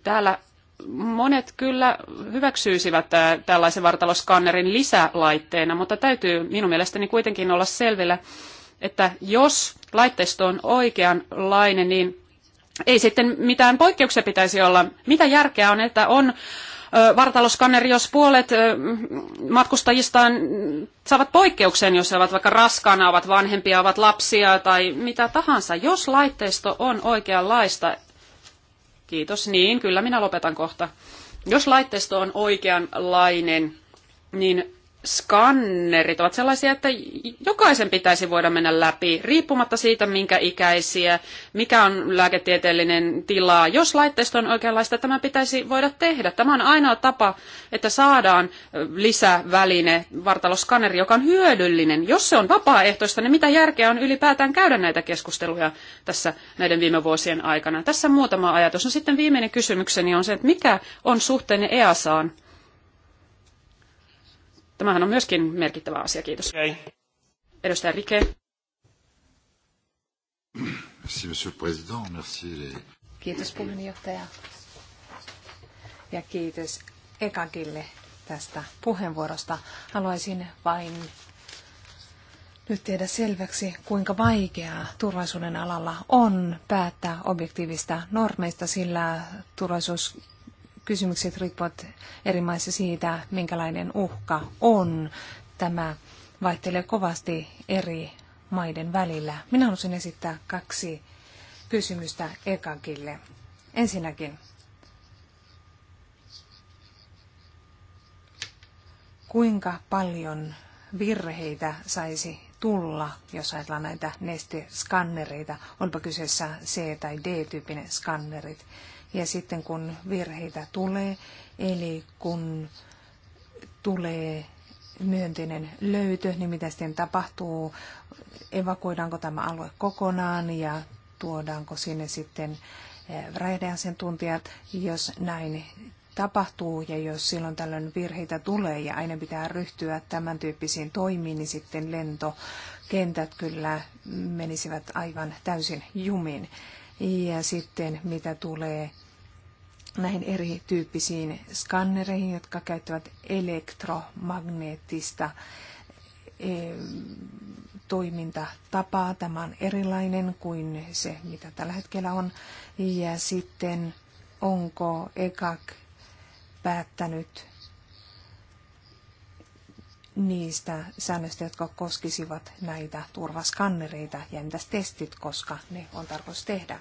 Täällä monet kyllä hyväksyisivät tällaisen vartaloskannerin lisälaitteena, mutta täytyy minun mielestäni kuitenkin olla selvillä, että jos laitteisto on oikeanlainen, niin ei sitten mitään poikkeuksia pitäisi olla. Mitä järkeä on, että on vartaloskanneri, jos puolet matkustajistaan saavat poikkeuksen, jos he ovat vaikka raskaana, ovat vanhempia, ovat lapsia tai mitä tahansa. Jos laitteisto on oikeanlaista, kiitos, niin kyllä minä lopetan kohta. Jos laitteisto on oikeanlainen, niin skannerit ovat sellaisia, että jokaisen pitäisi voida mennä läpi, riippumatta siitä, minkä ikäisiä, mikä on lääketieteellinen tila. Jos laitteisto on oikeanlaista, tämä pitäisi voida tehdä. Tämä on ainoa tapa, että saadaan lisäväline, vartaloskanneri, joka on hyödyllinen. Jos se on vapaaehtoista, niin mitä järkeä on ylipäätään käydä näitä keskusteluja tässä näiden viime vuosien aikana? Tässä muutama ajatus. No sitten viimeinen kysymykseni on se, että mikä on suhteen EASAan? Tämähän on myöskin merkittävä asia. Kiitos. Okay. Edustaja Rike. Merci, monsieur président. Merci. Kiitos puheenjohtaja. Ja kiitos Ekakille tästä puheenvuorosta. Haluaisin vain nyt tehdä selväksi, kuinka vaikeaa turvallisuuden alalla on päättää objektiivista normeista, sillä turvallisuus kysymykset riippuvat eri maissa siitä, minkälainen uhka on. Tämä vaihtelee kovasti eri maiden välillä. Minä haluaisin esittää kaksi kysymystä Ekakille. Ensinnäkin, kuinka paljon virheitä saisi tulla, jos ajatellaan näitä nestiskannereita, onpa kyseessä C- tai D-tyyppinen skannerit ja sitten kun virheitä tulee, eli kun tulee myönteinen löytö, niin mitä sitten tapahtuu, evakuoidaanko tämä alue kokonaan ja tuodaanko sinne sitten eh, räjähdeasiantuntijat, jos näin tapahtuu ja jos silloin tällöin virheitä tulee ja aina pitää ryhtyä tämän tyyppisiin toimiin, niin sitten lentokentät kyllä menisivät aivan täysin jumiin. Ja sitten mitä tulee näihin erityyppisiin skannereihin, jotka käyttävät elektromagneettista e, toimintatapaa. Tämä on erilainen kuin se, mitä tällä hetkellä on. Ja sitten onko EKAK päättänyt niistä säännöistä, jotka koskisivat näitä turvaskannereita ja entäs testit, koska ne on tarkoitus tehdä.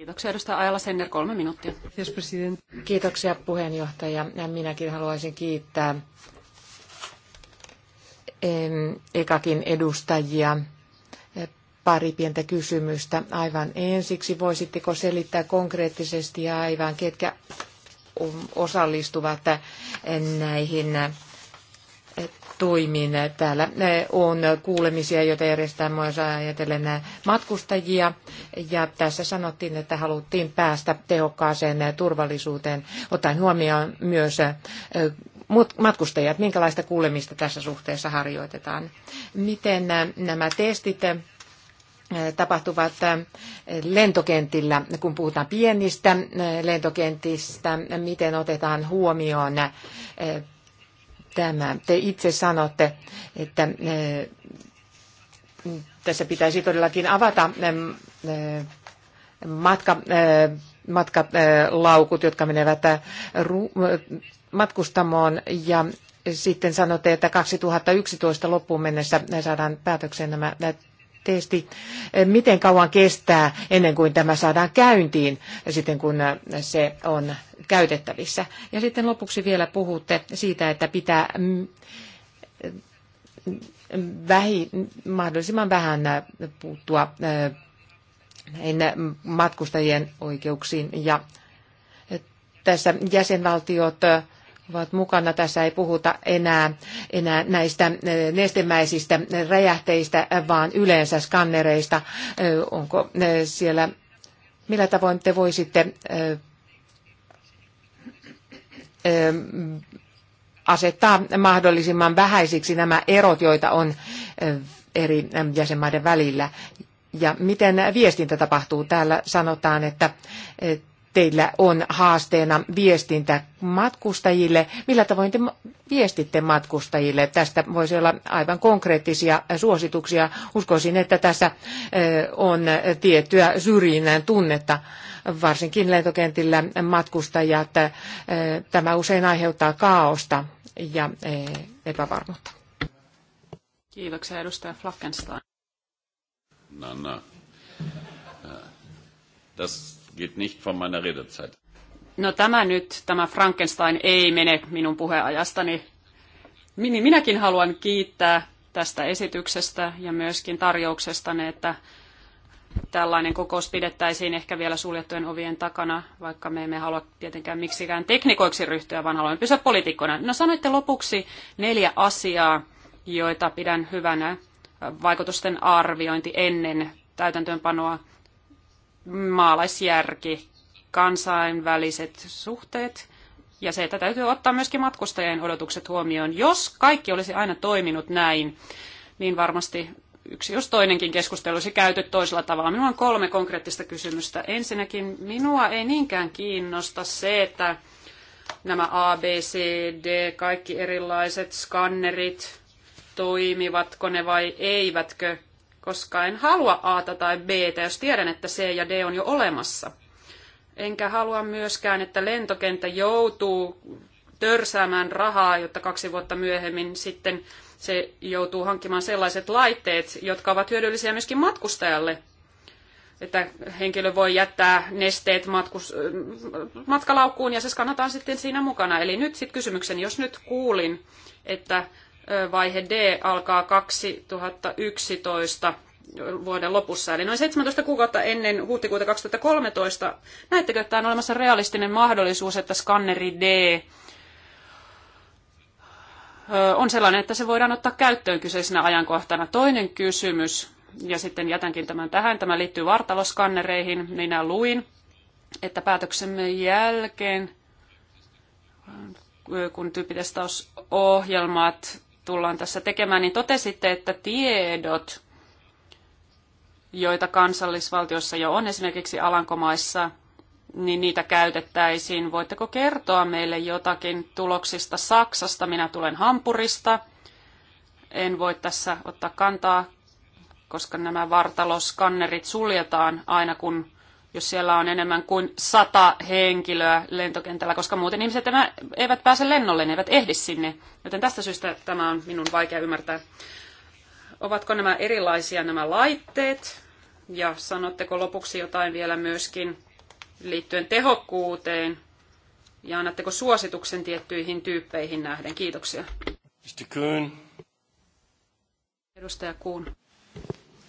Kiitoksia edustaja Ajala Senner, kolme minuuttia. Kiitoksia puheenjohtaja. Minäkin haluaisin kiittää Ekakin edustajia. Pari pientä kysymystä. Aivan ensiksi, voisitteko selittää konkreettisesti ja aivan, ketkä osallistuvat näihin toimin. Täällä eh, on kuulemisia, joita järjestetään myös ajatellen matkustajia. Ja tässä sanottiin, että haluttiin päästä tehokkaaseen turvallisuuteen, ottaen huomioon myös eh, matkustajat, minkälaista kuulemista tässä suhteessa harjoitetaan. Miten eh, nämä testit tapahtuvat lentokentillä, kun puhutaan pienistä lentokentistä, miten otetaan huomioon tämä. Te itse sanotte, että eh, tässä pitäisi todellakin avata eh, eh, matka, matkalaukut, jotka menevät matkustamoon ja sitten sanotte, että 2011 loppuun mennessä saadaan päätökseen nämä testi, eh, miten kauan kestää ennen kuin tämä saadaan käyntiin, sitten kun eh, se on käytettävissä. Ja sitten lopuksi vielä puhutte siitä, että pitää mm, mm, vähi, mahdollisimman vähän eh, puuttua matkustajien oikeuksiin ja tässä jäsenvaltiot ovat mukana. Tässä ei puhuta enää, enää näistä eh, nestemäisistä räjähteistä, eh, vaan yleensä skannereista. Eh, onko siellä, millä tavoin te voisitte asettaa mahdollisimman vähäisiksi nämä erot, joita on eri jäsenmaiden välillä. Ja miten viestintä tapahtuu? Täällä sanotaan, että teillä on haasteena viestintä matkustajille. Millä tavoin te viestitte matkustajille? Tästä voisi olla aivan konkreettisia suosituksia. Uskoisin, että tässä on tiettyä syrjinnän tunnetta. Varsinkin lentokentillä matkustajat, tämä usein aiheuttaa kaaosta ja epävarmuutta. Kiitoksia edustaja Flakenstein. No, no. Tässä äh, geht nicht von meiner Redezeit. No tämä nyt, tämä Frankenstein ei mene minun puheajastani. Minäkin haluan kiittää tästä esityksestä ja myöskin tarjouksestanne, että tällainen kokous pidettäisiin ehkä vielä suljettujen ovien takana, vaikka me emme halua tietenkään miksikään teknikoiksi ryhtyä, vaan haluamme pysyä poliitikkoina. No sanoitte lopuksi neljä asiaa, joita pidän hyvänä. Vaikutusten arviointi ennen täytäntöönpanoa, maalaisjärki, kansainväliset suhteet ja se, että täytyy ottaa myöskin matkustajien odotukset huomioon. Jos kaikki olisi aina toiminut näin, niin varmasti yksi jos toinenkin keskustelu olisi käyty toisella tavalla. Minulla on kolme konkreettista kysymystä. Ensinnäkin minua ei niinkään kiinnosta se, että nämä A, B, C, D, kaikki erilaiset skannerit, toimivatko ne vai eivätkö koska en halua A tai B, jos tiedän, että C ja D on jo olemassa. Enkä halua myöskään, että lentokenttä joutuu törsäämään rahaa, jotta kaksi vuotta myöhemmin sitten se joutuu hankkimaan sellaiset laitteet, jotka ovat hyödyllisiä myöskin matkustajalle, että henkilö voi jättää nesteet matkus, matkalaukkuun ja se skannataan sitten siinä mukana. Eli nyt sitten kysymyksen, jos nyt kuulin, että vaihe D alkaa 2011 vuoden lopussa, eli noin 17 kuukautta ennen huhtikuuta 2013. Näettekö, että on olemassa realistinen mahdollisuus, että skanneri D on sellainen, että se voidaan ottaa käyttöön kyseisenä ajankohtana. Toinen kysymys, ja sitten jätänkin tämän tähän, tämä liittyy vartaloskannereihin. Minä luin, että päätöksemme jälkeen, kun tyyppitestausohjelmat tullaan tässä tekemään, niin totesitte, että tiedot, joita kansallisvaltiossa jo on, esimerkiksi Alankomaissa, niin niitä käytettäisiin. Voitteko kertoa meille jotakin tuloksista Saksasta? Minä tulen Hampurista. En voi tässä ottaa kantaa, koska nämä vartaloskannerit suljetaan aina kun jos siellä on enemmän kuin sata henkilöä lentokentällä, koska muuten ihmiset eivät pääse lennolle, ne eivät ehdi sinne. Joten tästä syystä tämä on minun vaikea ymmärtää. Ovatko nämä erilaisia nämä laitteet? Ja sanotteko lopuksi jotain vielä myöskin liittyen tehokkuuteen? Ja annatteko suosituksen tiettyihin tyyppeihin nähden? Kiitoksia. Mr. Kuhn. Edustaja Kuhn.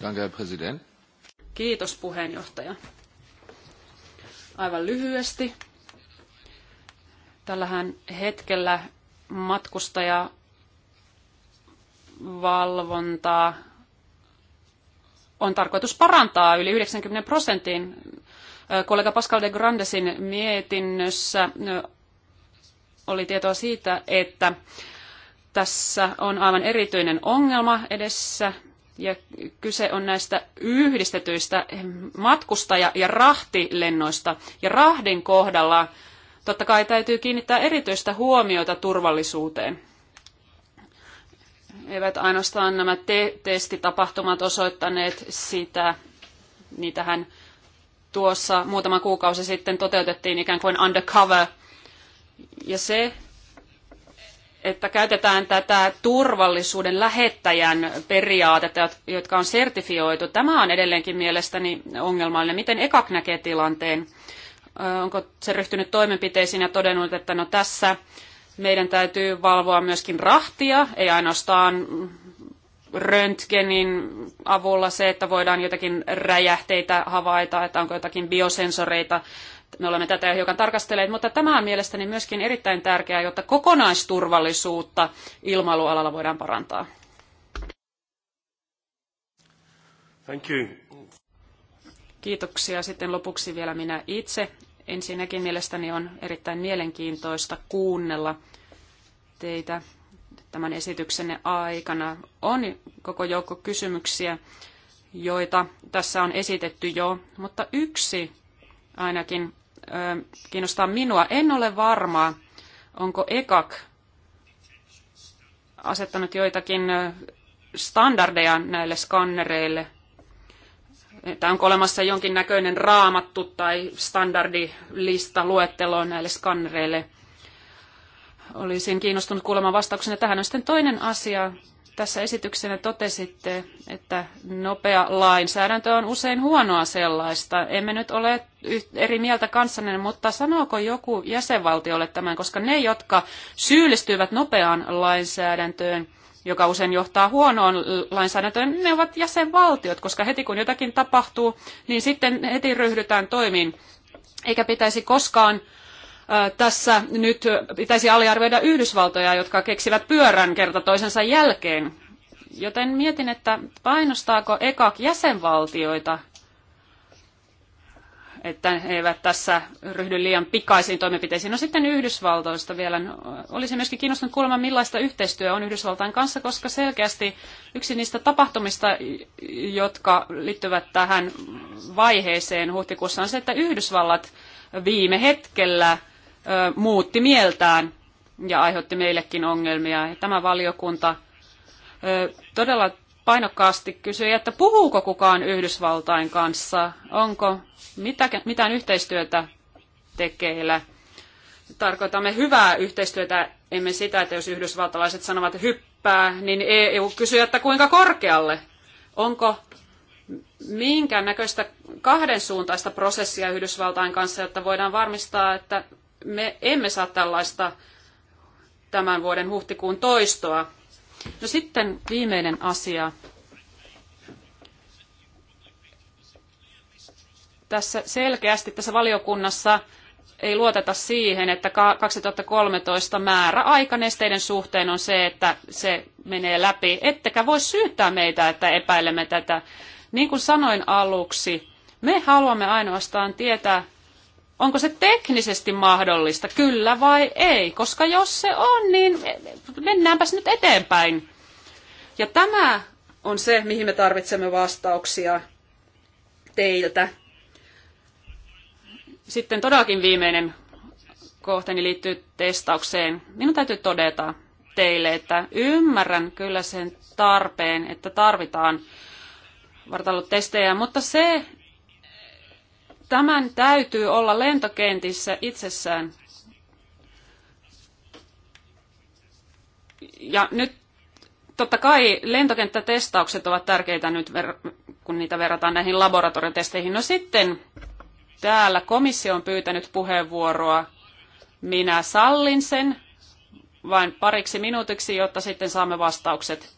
Danke, Herr Kiitos puheenjohtaja aivan lyhyesti. Tällähän hetkellä matkustaja valvontaa on tarkoitus parantaa yli 90 prosentin. Kollega Pascal de Grandesin mietinnössä oli tietoa siitä, että tässä on aivan erityinen ongelma edessä, ja kyse on näistä yhdistetyistä matkustaja- ja rahtilennoista. Ja rahdin kohdalla totta kai täytyy kiinnittää erityistä huomiota turvallisuuteen. Eivät ainoastaan nämä te- testitapahtumat osoittaneet sitä, niitähän tuossa muutama kuukausi sitten toteutettiin ikään kuin undercover. Ja se, että käytetään tätä turvallisuuden lähettäjän periaatetta, jotka on sertifioitu. Tämä on edelleenkin mielestäni ongelmallinen. Miten EKAK näkee tilanteen? Onko se ryhtynyt toimenpiteisiin ja todennut, että no tässä meidän täytyy valvoa myöskin rahtia, ei ainoastaan röntgenin avulla se, että voidaan jotakin räjähteitä havaita, että onko jotakin biosensoreita me olemme tätä jo hiukan tarkastelleet, mutta tämä on mielestäni myöskin erittäin tärkeää, jotta kokonaisturvallisuutta ilmailualalla voidaan parantaa. Thank you. Kiitoksia. Sitten lopuksi vielä minä itse. Ensinnäkin mielestäni on erittäin mielenkiintoista kuunnella teitä tämän esityksenne aikana. On koko joukko kysymyksiä, joita tässä on esitetty jo, mutta yksi ainakin kiinnostaa minua. En ole varma, onko EKAK asettanut joitakin standardeja näille skannereille. Että onko olemassa jonkinnäköinen raamattu tai standardilista luettelo näille skannereille. Olisin kiinnostunut kuulemaan vastauksena tähän. On no sitten toinen asia, tässä esityksenä totesitte, että nopea lainsäädäntö on usein huonoa sellaista. Emme nyt ole eri mieltä kanssanne, mutta sanooko joku jäsenvaltiolle tämän, koska ne, jotka syyllistyvät nopeaan lainsäädäntöön, joka usein johtaa huonoon lainsäädäntöön, ne ovat jäsenvaltiot, koska heti kun jotakin tapahtuu, niin sitten heti ryhdytään toimiin. Eikä pitäisi koskaan tässä nyt pitäisi aliarvioida Yhdysvaltoja, jotka keksivät pyörän kerta toisensa jälkeen. Joten mietin, että painostaako EKAK jäsenvaltioita, että he eivät tässä ryhdy liian pikaisiin toimenpiteisiin. No sitten Yhdysvaltoista vielä. No, Olisin myöskin kiinnostunut kuulemaan, millaista yhteistyö on Yhdysvaltain kanssa, koska selkeästi yksi niistä tapahtumista, jotka liittyvät tähän vaiheeseen huhtikuussa, on se, että Yhdysvallat viime hetkellä – muutti mieltään ja aiheutti meillekin ongelmia. Ja tämä valiokunta todella painokkaasti kysyi, että puhuuko kukaan Yhdysvaltain kanssa, onko mitään yhteistyötä tekeillä. Tarkoitamme hyvää yhteistyötä, emme sitä, että jos yhdysvaltalaiset sanovat että hyppää, niin EU kysyy, että kuinka korkealle. Onko minkäännäköistä näköistä kahden suuntaista prosessia Yhdysvaltain kanssa, jotta voidaan varmistaa, että me emme saa tällaista tämän vuoden huhtikuun toistoa. No sitten viimeinen asia. Tässä selkeästi tässä valiokunnassa ei luoteta siihen, että 2013 määrä aikanesteiden suhteen on se, että se menee läpi. Ettekä voi syyttää meitä, että epäilemme tätä. Niin kuin sanoin aluksi, me haluamme ainoastaan tietää, onko se teknisesti mahdollista, kyllä vai ei, koska jos se on, niin mennäänpäs nyt eteenpäin. Ja tämä on se, mihin me tarvitsemme vastauksia teiltä. Sitten todellakin viimeinen kohtani liittyy testaukseen. Minun täytyy todeta teille, että ymmärrän kyllä sen tarpeen, että tarvitaan vartalotestejä, mutta se, Tämän täytyy olla lentokentissä itsessään. Ja nyt totta kai lentokenttätestaukset ovat tärkeitä nyt, kun niitä verrataan näihin laboratoriotesteihin. No sitten täällä komissio on pyytänyt puheenvuoroa. Minä sallin sen vain pariksi minuutiksi, jotta sitten saamme vastaukset.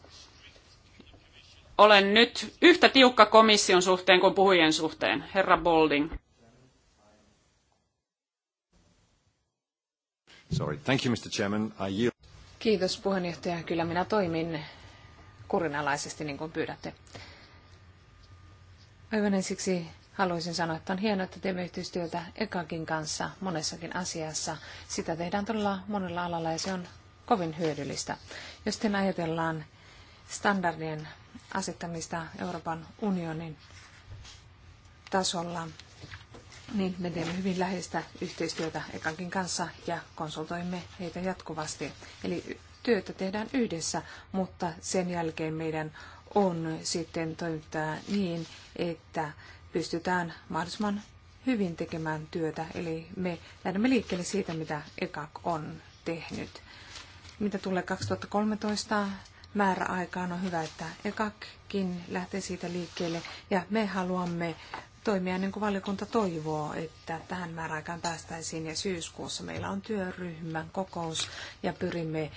Olen nyt yhtä tiukka komission suhteen kuin puhujien suhteen. Herra Bolding. Sorry. Thank you, Mr. Chairman. I yield. Kiitos puheenjohtaja. Kyllä minä toimin kurinalaisesti niin kuin pyydätte. Aivan ensiksi haluaisin sanoa, että on hienoa, että teemme yhteistyötä Ekakin kanssa monessakin asiassa. Sitä tehdään todella monella alalla ja se on kovin hyödyllistä. Jos te ajatellaan standardien asettamista Euroopan unionin tasolla niin me teemme hyvin läheistä yhteistyötä Ekankin kanssa ja konsultoimme heitä jatkuvasti. Eli työtä tehdään yhdessä, mutta sen jälkeen meidän on sitten toimittaa niin, että pystytään mahdollisimman hyvin tekemään työtä. Eli me lähdemme liikkeelle siitä, mitä EKAK on tehnyt. Mitä tulee 2013 määräaikaan, on hyvä, että EKAKkin lähtee siitä liikkeelle. Ja me haluamme toimia niin kuin valiokunta toivoo, että tähän määräaikaan päästäisiin ja syyskuussa meillä on työryhmän kokous ja pyrimme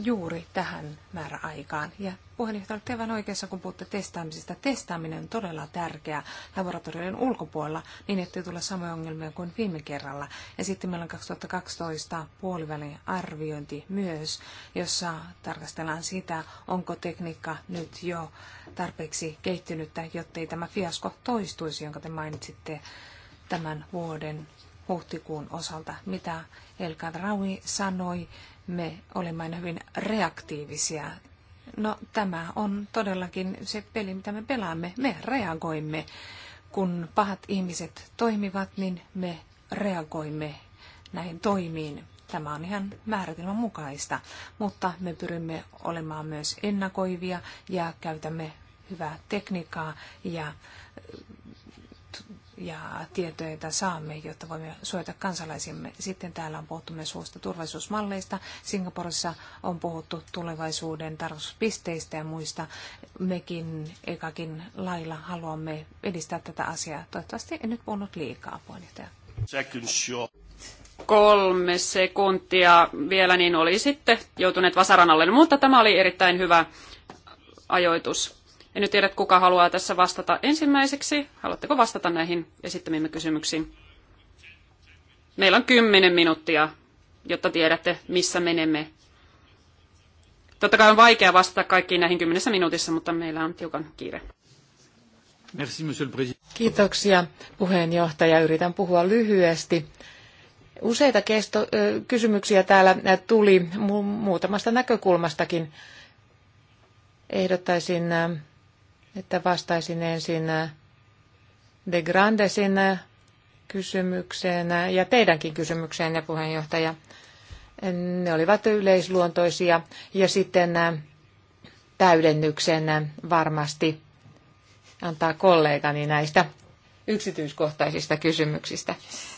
juuri tähän määräaikaan. Ja puheenjohtaja, olette aivan oikeassa, kun puhutte testaamisesta. Testaaminen on todella tärkeää laboratorioiden ulkopuolella, niin ettei tule samoja ongelmia kuin viime kerralla. Ja sitten meillä on 2012 puolivälin arviointi myös, jossa tarkastellaan sitä, onko tekniikka nyt jo tarpeeksi kehittynyttä, ei tämä fiasko toistuisi, jonka te mainitsitte tämän vuoden huhtikuun osalta, mitä Elkan Raui sanoi me olemme aina hyvin reaktiivisia. No tämä on todellakin se peli, mitä me pelaamme. Me reagoimme. Kun pahat ihmiset toimivat, niin me reagoimme näihin toimiin. Tämä on ihan määritelmän mukaista, mutta me pyrimme olemaan myös ennakoivia ja käytämme hyvää tekniikkaa ja ja tietoja, joita saamme, jotta voimme suojata kansalaisimme. Sitten täällä on puhuttu myös uusista turvallisuusmalleista. Singaporessa on puhuttu tulevaisuuden tarkastuspisteistä ja muista. Mekin ekakin lailla haluamme edistää tätä asiaa. Toivottavasti en nyt puhunut liikaa, puheenjohtaja. Kolme sekuntia vielä, niin oli sitten joutuneet vasaran alle. No, mutta tämä oli erittäin hyvä ajoitus. En nyt tiedä, kuka haluaa tässä vastata ensimmäiseksi. Haluatteko vastata näihin esittämiimme kysymyksiin? Meillä on kymmenen minuuttia, jotta tiedätte, missä menemme. Totta kai on vaikea vastata kaikkiin näihin kymmenessä minuutissa, mutta meillä on tiukan kiire. Merci, Kiitoksia puheenjohtaja. Yritän puhua lyhyesti. Useita kesto, kysymyksiä täällä tuli mu- muutamasta näkökulmastakin. Ehdottaisin että vastaisin ensin äh, De Grandesin äh, äh, kysymykseen ja teidänkin ja puheenjohtaja. Ne olivat yleisluontoisia ja sitten täydennyksen varmasti antaa kollegani näistä yksityiskohtaisista kysymyksistä.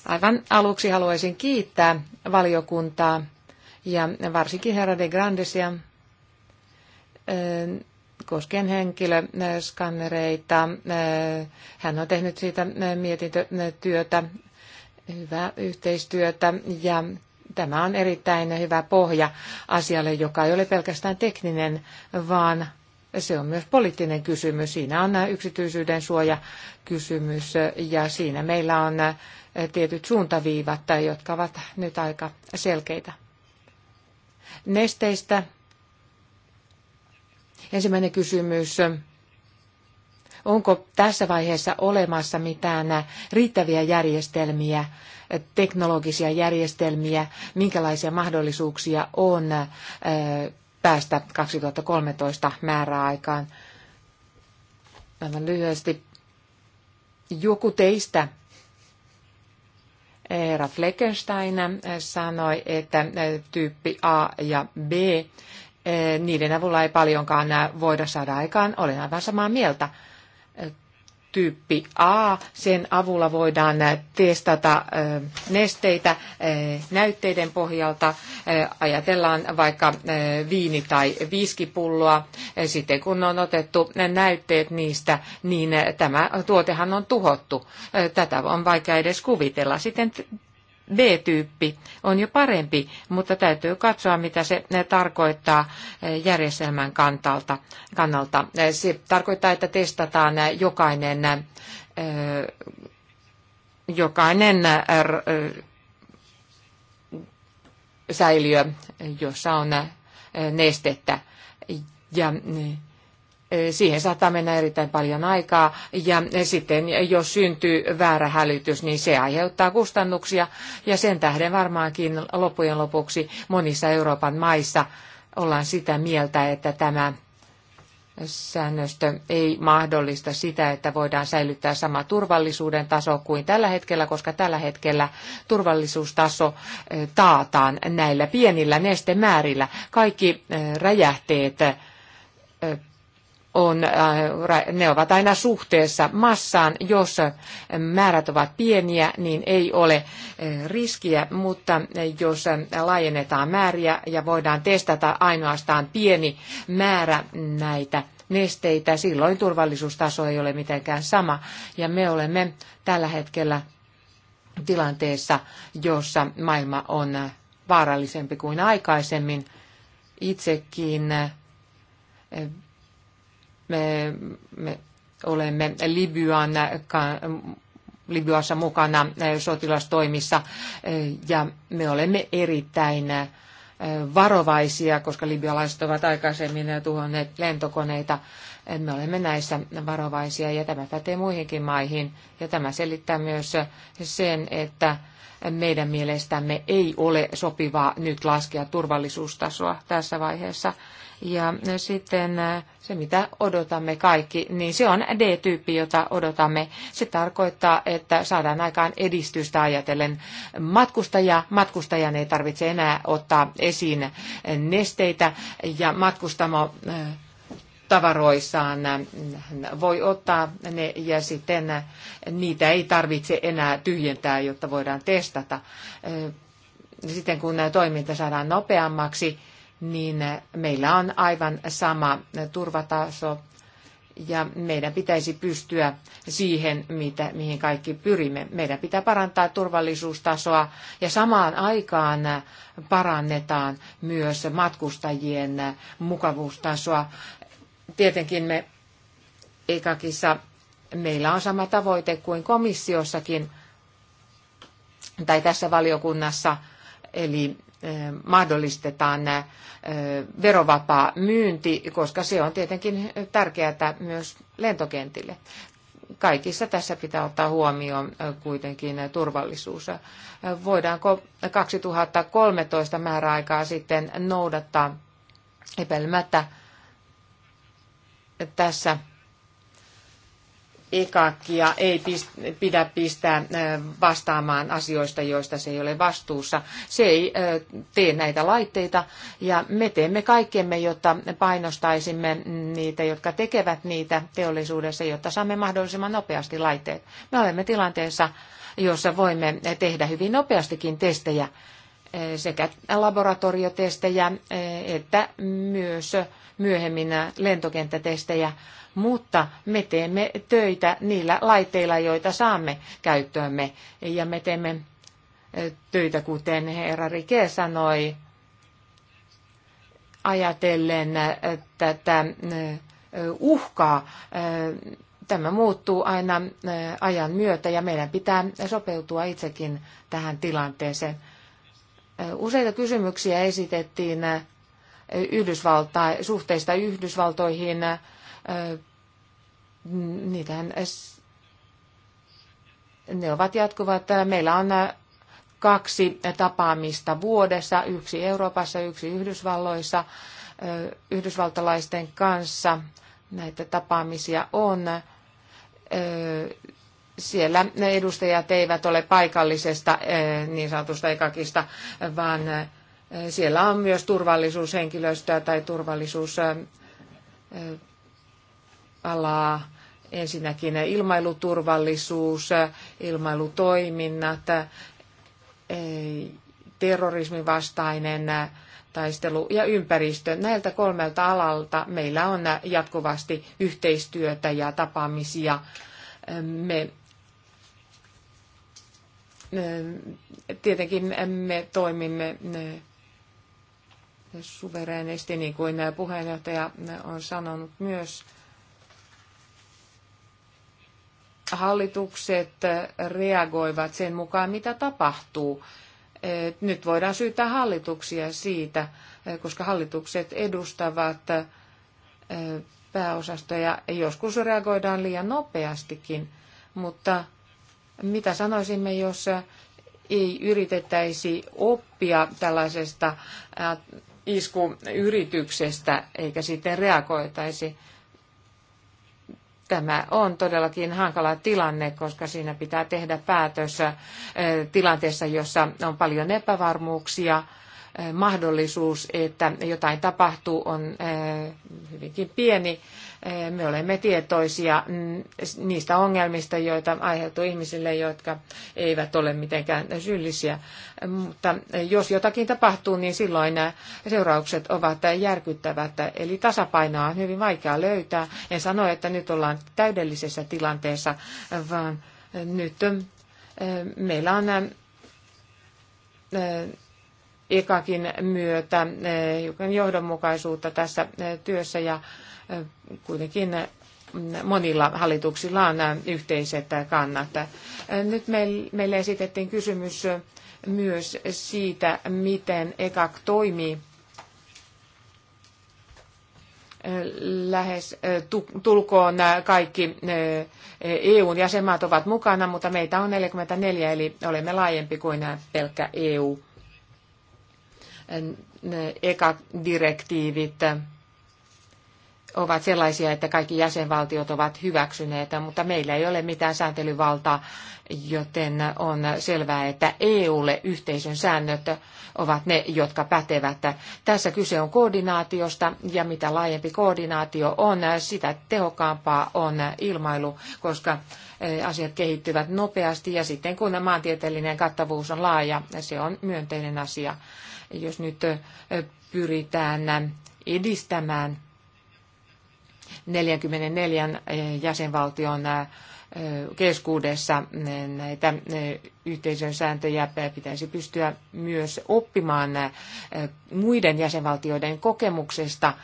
Aivan aluksi haluaisin kiittää valiokuntaa ja varsinkin herra de Grandesia koskien henkilöskannereita. Hän on tehnyt siitä mietintötyötä, hyvää yhteistyötä ja tämä on erittäin hyvä pohja asialle, joka ei ole pelkästään tekninen, vaan se on myös poliittinen kysymys. Siinä on yksityisyyden suoja kysymys ja siinä meillä on tietyt suuntaviivat, jotka ovat nyt aika selkeitä. Nesteistä Ensimmäinen kysymys. Onko tässä vaiheessa olemassa mitään riittäviä järjestelmiä, teknologisia järjestelmiä, minkälaisia mahdollisuuksia on äh, päästä 2013 määräaikaan? Aivan lyhyesti. Joku teistä Eera Fleckenstein sanoi, että tyyppi A ja B Eh, niiden avulla ei paljonkaan eh, voida saada aikaan. Olen aivan samaa mieltä. Eh, tyyppi A, sen avulla voidaan testata nesteitä näytteiden pohjalta. Ajatellaan vaikka viini- tai viiskipulloa. Sitten kun on otettu näytteet niistä, niin tämä tuotehan on tuhottu. Tätä on vaikea edes kuvitella. Sitten B-tyyppi on jo parempi, mutta täytyy katsoa, mitä se tarkoittaa eh, järjestelmän kantalta, kannalta. Eh, se tarkoittaa, että testataan eh, jokainen, jokainen säiliö, jossa on nestettä. Ja siihen saattaa mennä erittäin paljon aikaa ja sitten jos syntyy väärä hälytys, niin se aiheuttaa kustannuksia ja sen tähden varmaankin loppujen lopuksi monissa Euroopan maissa ollaan sitä mieltä, että tämä säännöstö ei mahdollista sitä, että voidaan säilyttää sama turvallisuuden taso kuin tällä hetkellä, koska tällä hetkellä turvallisuustaso eh, taataan näillä pienillä nestemäärillä. Kaikki eh, räjähteet on, äh, ne ovat aina suhteessa massaan. Jos määrät ovat pieniä, niin ei ole äh, riskiä, mutta jos äh, laajennetaan määriä ja voidaan testata ainoastaan pieni määrä näitä nesteitä, silloin turvallisuustaso ei ole mitenkään sama. Ja me olemme tällä hetkellä tilanteessa, jossa maailma on vaarallisempi kuin aikaisemmin. Itsekin me, me olemme Libyan, Libyassa mukana eh, sotilastoimissa eh, ja me olemme erittäin eh, varovaisia, koska libyalaiset ovat aikaisemmin tuhonneet lentokoneita. Me olemme näissä varovaisia ja tämä pätee muihinkin maihin. Ja tämä selittää myös sen, että meidän mielestämme ei ole sopivaa nyt laskea turvallisuustasoa tässä vaiheessa. Ja sitten se, mitä odotamme kaikki, niin se on D-tyyppi, jota odotamme. Se tarkoittaa, että saadaan aikaan edistystä ajatellen matkustaja. Matkustajan ei tarvitse enää ottaa esiin nesteitä ja matkustamo tavaroissaan voi ottaa ne ja sitten niitä ei tarvitse enää tyhjentää, jotta voidaan testata. Sitten kun toiminta saadaan nopeammaksi, niin meillä on aivan sama turvataso ja meidän pitäisi pystyä siihen, mitä, mihin kaikki pyrimme. Meidän pitää parantaa turvallisuustasoa ja samaan aikaan parannetaan myös matkustajien mukavuustasoa. Tietenkin me Ekakissa meillä on sama tavoite kuin komissiossakin tai tässä valiokunnassa, eli mahdollistetaan verovapaa myynti, koska se on tietenkin tärkeää myös lentokentille. Kaikissa tässä pitää ottaa huomioon kuitenkin turvallisuus. Voidaanko 2013 määräaikaa sitten noudattaa epäilemättä tässä ekakia ei pidä pistää vastaamaan asioista, joista se ei ole vastuussa. Se ei tee näitä laitteita ja me teemme kaikkemme, jotta painostaisimme niitä, jotka tekevät niitä teollisuudessa, jotta saamme mahdollisimman nopeasti laitteet. Me olemme tilanteessa, jossa voimme tehdä hyvin nopeastikin testejä sekä laboratoriotestejä että myös myöhemmin lentokenttätestejä mutta me teemme töitä niillä laitteilla, joita saamme käyttöömme. Ja me teemme töitä, kuten herra Rike sanoi, ajatellen tätä uhkaa. Tämä muuttuu aina ajan myötä ja meidän pitää sopeutua itsekin tähän tilanteeseen. Useita kysymyksiä esitettiin Yhdysvalta, suhteista Yhdysvaltoihin niitähän ne ovat jatkuvat. Meillä on kaksi tapaamista vuodessa, yksi Euroopassa, yksi Yhdysvalloissa, yhdysvaltalaisten kanssa. Näitä tapaamisia on. Siellä ne edustajat eivät ole paikallisesta niin sanotusta ekakista, vaan siellä on myös turvallisuushenkilöstöä tai turvallisuus alaa. Ensinnäkin ilmailuturvallisuus, ilmailutoiminnat, eh, terrorismin vastainen taistelu ja ympäristö. Näiltä kolmelta alalta meillä on jatkuvasti yhteistyötä ja tapaamisia. Me tietenkin me toimimme suvereenisti, niin kuin puheenjohtaja on sanonut myös. hallitukset reagoivat sen mukaan, mitä tapahtuu. Nyt voidaan syyttää hallituksia siitä, koska hallitukset edustavat eh, pääosastoja. Joskus reagoidaan liian nopeastikin, mutta mitä sanoisimme, jos ei yritettäisi oppia tällaisesta eh, iskuyrityksestä eikä sitten reagoitaisi Tämä on todellakin hankala tilanne, koska siinä pitää tehdä päätös eh, tilanteessa, jossa on paljon epävarmuuksia. Eh, mahdollisuus, että jotain tapahtuu, on eh, hyvinkin pieni Eh, me olemme tietoisia mm, niistä ongelmista, joita aiheutuu ihmisille, jotka eivät ole mitenkään syyllisiä. Mutta jos jotakin tapahtuu, niin silloin nämä seuraukset ovat järkyttävät. Eli tasapainoa on hyvin vaikea löytää. En sano, että nyt ollaan täydellisessä tilanteessa, vaan nyt eh, meillä on eh, ekakin myötä johdonmukaisuutta tässä työssä ja kuitenkin monilla hallituksilla on yhteiset kannat. Nyt meille esitettiin kysymys myös siitä, miten EKAK toimii lähes tulkoon kaikki EUn jäsenmaat ovat mukana, mutta meitä on 44, eli olemme laajempi kuin pelkkä EU. ECA-direktiivit ovat sellaisia, että kaikki jäsenvaltiot ovat hyväksyneet, mutta meillä ei ole mitään sääntelyvaltaa, joten on selvää, että EUlle yhteisön säännöt ovat ne, jotka pätevät. Tässä kyse on koordinaatiosta, ja mitä laajempi koordinaatio on, sitä tehokkaampaa on ilmailu, koska e, asiat kehittyvät nopeasti, ja sitten kun maantieteellinen kattavuus on laaja, se on myönteinen asia. Jos nyt e, pyritään edistämään 44 eh, jäsenvaltion eh, keskuudessa eh, näitä yhteisön sääntöjä pitäisi pystyä myös oppimaan muiden jäsenvaltioiden kokemuksesta.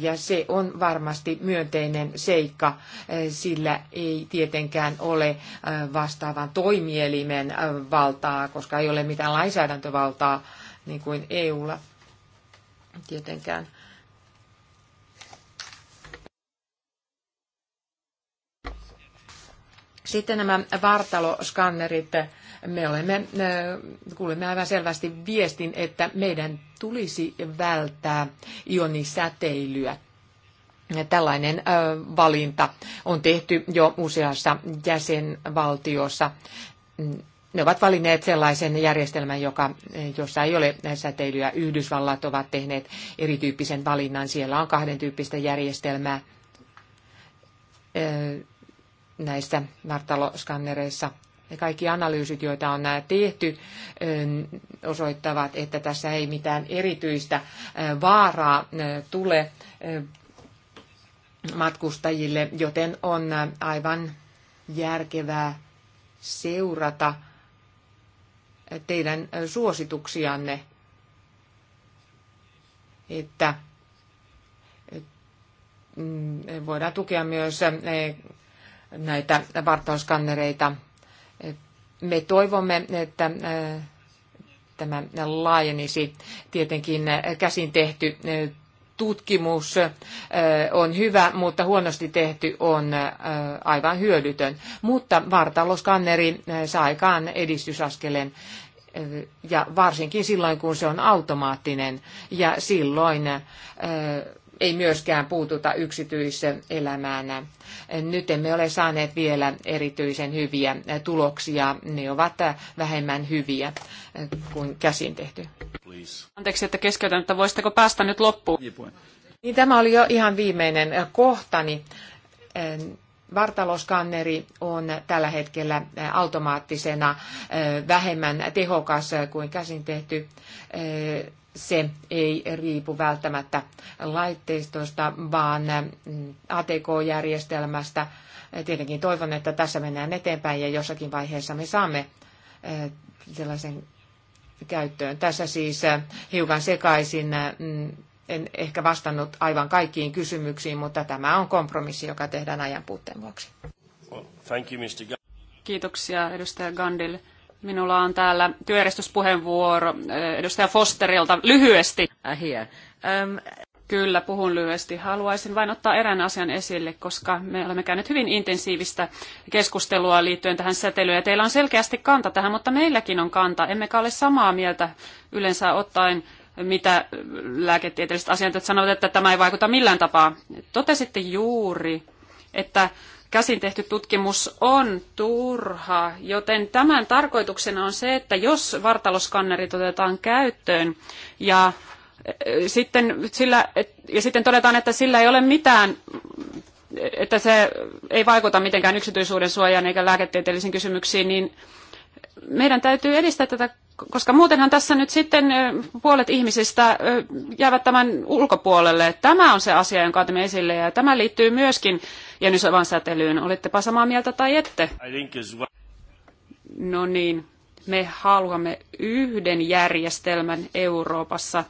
Ja se on varmasti myönteinen seikka, sillä ei tietenkään ole vastaavan toimielimen valtaa, koska ei ole mitään lainsäädäntövaltaa niin kuin EUlla tietenkään. Sitten nämä vartaloskannerit, me olemme, kuulemme aivan selvästi viestin, että meidän tulisi välttää ionisäteilyä. Tällainen valinta on tehty jo useassa jäsenvaltiossa. Ne ovat valinneet sellaisen järjestelmän, joka, jossa ei ole säteilyä. Yhdysvallat ovat tehneet erityyppisen valinnan. Siellä on kahden tyyppistä järjestelmää näissä vartaloskannereissa. Ja kaikki analyysit, joita on tehty, osoittavat, että tässä ei mitään erityistä vaaraa tule matkustajille, joten on aivan järkevää seurata teidän suosituksianne, että mm, voidaan tukea myös näitä vartaloskannereita. Me toivomme, että äh, tämä laajenisi. Tietenkin äh, käsin tehty äh, tutkimus on hyvä, mutta huonosti tehty on aivan hyödytön. Mutta vartaloskanneri saa aikaan edistysaskeleen ja varsinkin silloin, kun se on automaattinen ja silloin ei myöskään puututa elämään. Nyt emme ole saaneet vielä erityisen hyviä tuloksia. Ne ovat vähemmän hyviä kuin käsin tehty. Please. Anteeksi, että keskeytän, mutta voisitteko päästä nyt loppuun? Niin, tämä oli jo ihan viimeinen kohtani. Vartaloskanneri on tällä hetkellä automaattisena vähemmän tehokas kuin käsin tehty se ei riipu välttämättä laitteistosta, vaan mm, ATK-järjestelmästä. Tietenkin toivon, että tässä mennään eteenpäin ja jossakin vaiheessa me saamme eh, sellaisen käyttöön. Tässä siis eh, hiukan sekaisin, mm, en ehkä vastannut aivan kaikkiin kysymyksiin, mutta tämä on kompromissi, joka tehdään ajan puutteen vuoksi. Kiitoksia edustaja Gandil. Minulla on täällä työjärjestyspuheenvuoro eh, edustaja Fosterilta lyhyesti. Um... Kyllä, puhun lyhyesti. Haluaisin vain ottaa erään asian esille, koska me olemme käyneet hyvin intensiivistä keskustelua liittyen tähän säteilyyn. Ja teillä on selkeästi kanta tähän, mutta meilläkin on kanta. Emmekä ole samaa mieltä yleensä ottaen mitä lääketieteelliset asiantuntijat sanovat, että tämä ei vaikuta millään tapaa. Totesitte juuri, että käsin tehty tutkimus on turha, joten tämän tarkoituksena on se, että jos vartaloskannerit otetaan käyttöön ja e, sitten, sillä, ja sitten todetaan, että sillä ei ole mitään, että se ei vaikuta mitenkään yksityisyyden suojaan eikä lääketieteellisiin kysymyksiin, niin meidän täytyy edistää tätä, koska muutenhan tässä nyt sitten puolet ihmisistä jäävät tämän ulkopuolelle. Tämä on se asia, jonka otamme esille ja tämä liittyy myöskin Jenysovan säteilyyn. Olittepa samaa mieltä tai ette? No niin, me haluamme yhden järjestelmän Euroopassa.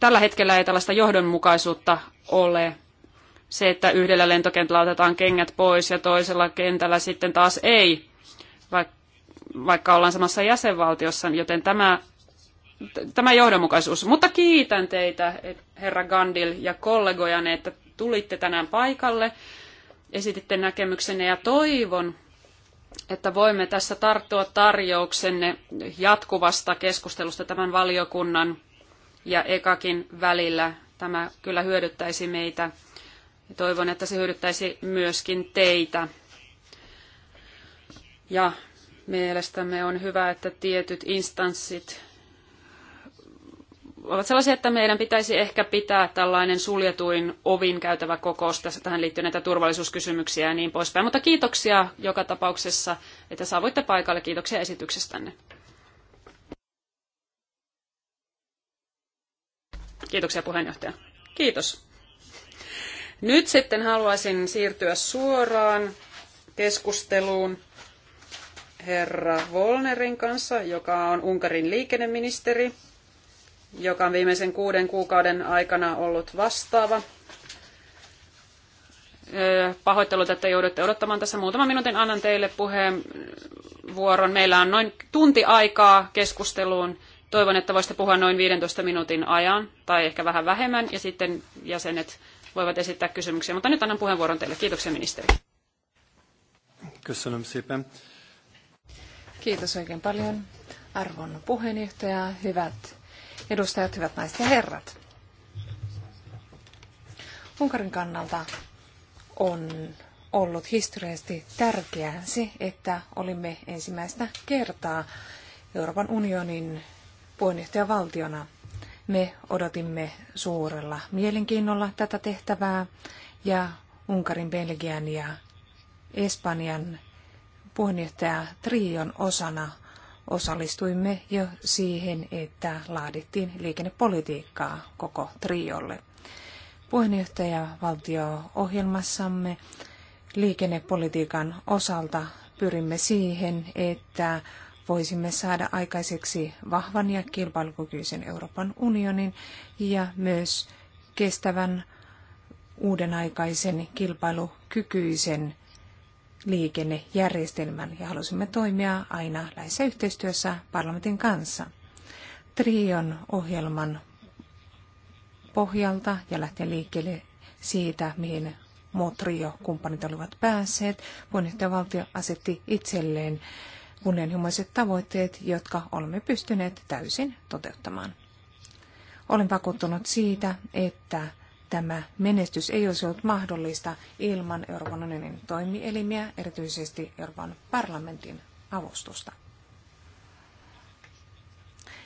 Tällä hetkellä ei tällaista johdonmukaisuutta ole se, että yhdellä lentokentällä otetaan kengät pois ja toisella kentällä sitten taas ei vaikka ollaan samassa jäsenvaltiossa, joten tämä, tämä johdonmukaisuus. Mutta kiitän teitä, herra Gandil ja kollegojanne, että tulitte tänään paikalle, esititte näkemyksenne ja toivon, että voimme tässä tarttua tarjouksenne jatkuvasta keskustelusta tämän valiokunnan ja ekakin välillä. Tämä kyllä hyödyttäisi meitä. Toivon, että se hyödyttäisi myöskin teitä. Ja mielestämme on hyvä, että tietyt instanssit ovat sellaisia, että meidän pitäisi ehkä pitää tällainen suljetuin ovin käytävä kokous tässä tähän liittyy näitä turvallisuuskysymyksiä ja niin poispäin. Mutta kiitoksia joka tapauksessa, että saavuitte paikalle. Kiitoksia esityksestänne. Kiitoksia puheenjohtaja. Kiitos. Nyt sitten haluaisin siirtyä suoraan keskusteluun herra Volnerin kanssa, joka on Unkarin liikenneministeri, joka on viimeisen kuuden kuukauden aikana ollut vastaava. Pahoittelut, että joudutte odottamaan tässä muutaman minuutin. Annan teille puheenvuoron. Meillä on noin tunti aikaa keskusteluun. Toivon, että voisitte puhua noin 15 minuutin ajan tai ehkä vähän vähemmän ja sitten jäsenet voivat esittää kysymyksiä. Mutta nyt annan puheenvuoron teille. Kiitoksia ministeri. Köszönöm szépen. Kiitos oikein paljon arvon puheenjohtaja, hyvät edustajat, hyvät naiset ja herrat. Unkarin kannalta on ollut historiallisesti tärkeää se, että olimme ensimmäistä kertaa Euroopan unionin puheenjohtajavaltiona. Me odotimme suurella mielenkiinnolla tätä tehtävää ja Unkarin, Belgian ja Espanjan puheenjohtaja Trion osana osallistuimme jo siihen, että laadittiin liikennepolitiikkaa koko Triolle. Puheenjohtaja valtio-ohjelmassamme liikennepolitiikan osalta pyrimme siihen, että voisimme saada aikaiseksi vahvan ja kilpailukykyisen Euroopan unionin ja myös kestävän uudenaikaisen kilpailukykyisen liikennejärjestelmän ja halusimme toimia aina läheisessä yhteistyössä parlamentin kanssa. Trion ohjelman pohjalta ja lähtien liikkeelle siitä, mihin muut Trio-kumppanit olivat päässeet. Puheenjohtajavaltio asetti itselleen kunnianhimoiset tavoitteet, jotka olemme pystyneet täysin toteuttamaan. Olen vakuuttunut siitä, että tämä menestys ei olisi ollut mahdollista ilman Euroopan unionin toimielimiä, erityisesti Euroopan parlamentin avustusta.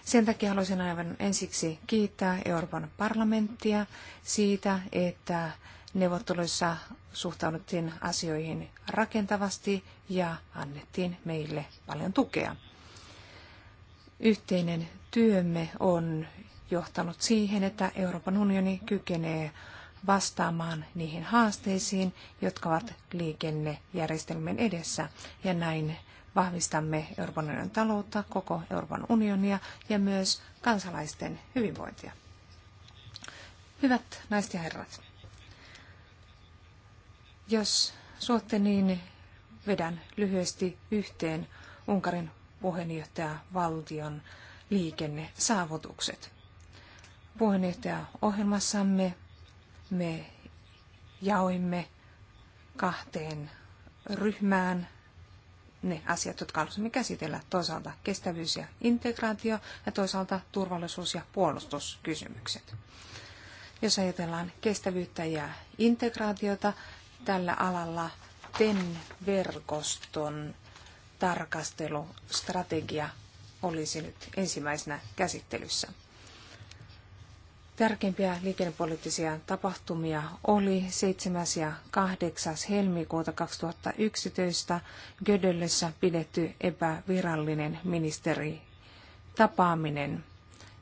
Sen takia haluaisin aivan ensiksi kiittää Euroopan parlamenttia siitä, että neuvotteluissa suhtauduttiin asioihin rakentavasti ja annettiin meille paljon tukea. Yhteinen työmme on johtanut siihen, että Euroopan unioni kykenee vastaamaan niihin haasteisiin, jotka ovat liikennejärjestelmien edessä. Ja näin vahvistamme Euroopan unionin taloutta, koko Euroopan unionia ja myös kansalaisten hyvinvointia. Hyvät naiset ja herrat, jos suotte, niin vedän lyhyesti yhteen Unkarin puheenjohtajavaltion liikennesaavutukset ohjelmassamme me jaoimme kahteen ryhmään ne asiat, jotka halusimme käsitellä. Toisaalta kestävyys ja integraatio ja toisaalta turvallisuus- ja puolustuskysymykset. Jos ajatellaan kestävyyttä ja integraatiota, tällä alalla TEN-verkoston tarkastelustrategia olisi nyt ensimmäisenä käsittelyssä. Tärkeimpiä liikennepoliittisia tapahtumia oli 7. ja 8. helmikuuta 2011 Gödöllössä pidetty epävirallinen ministeritapaaminen,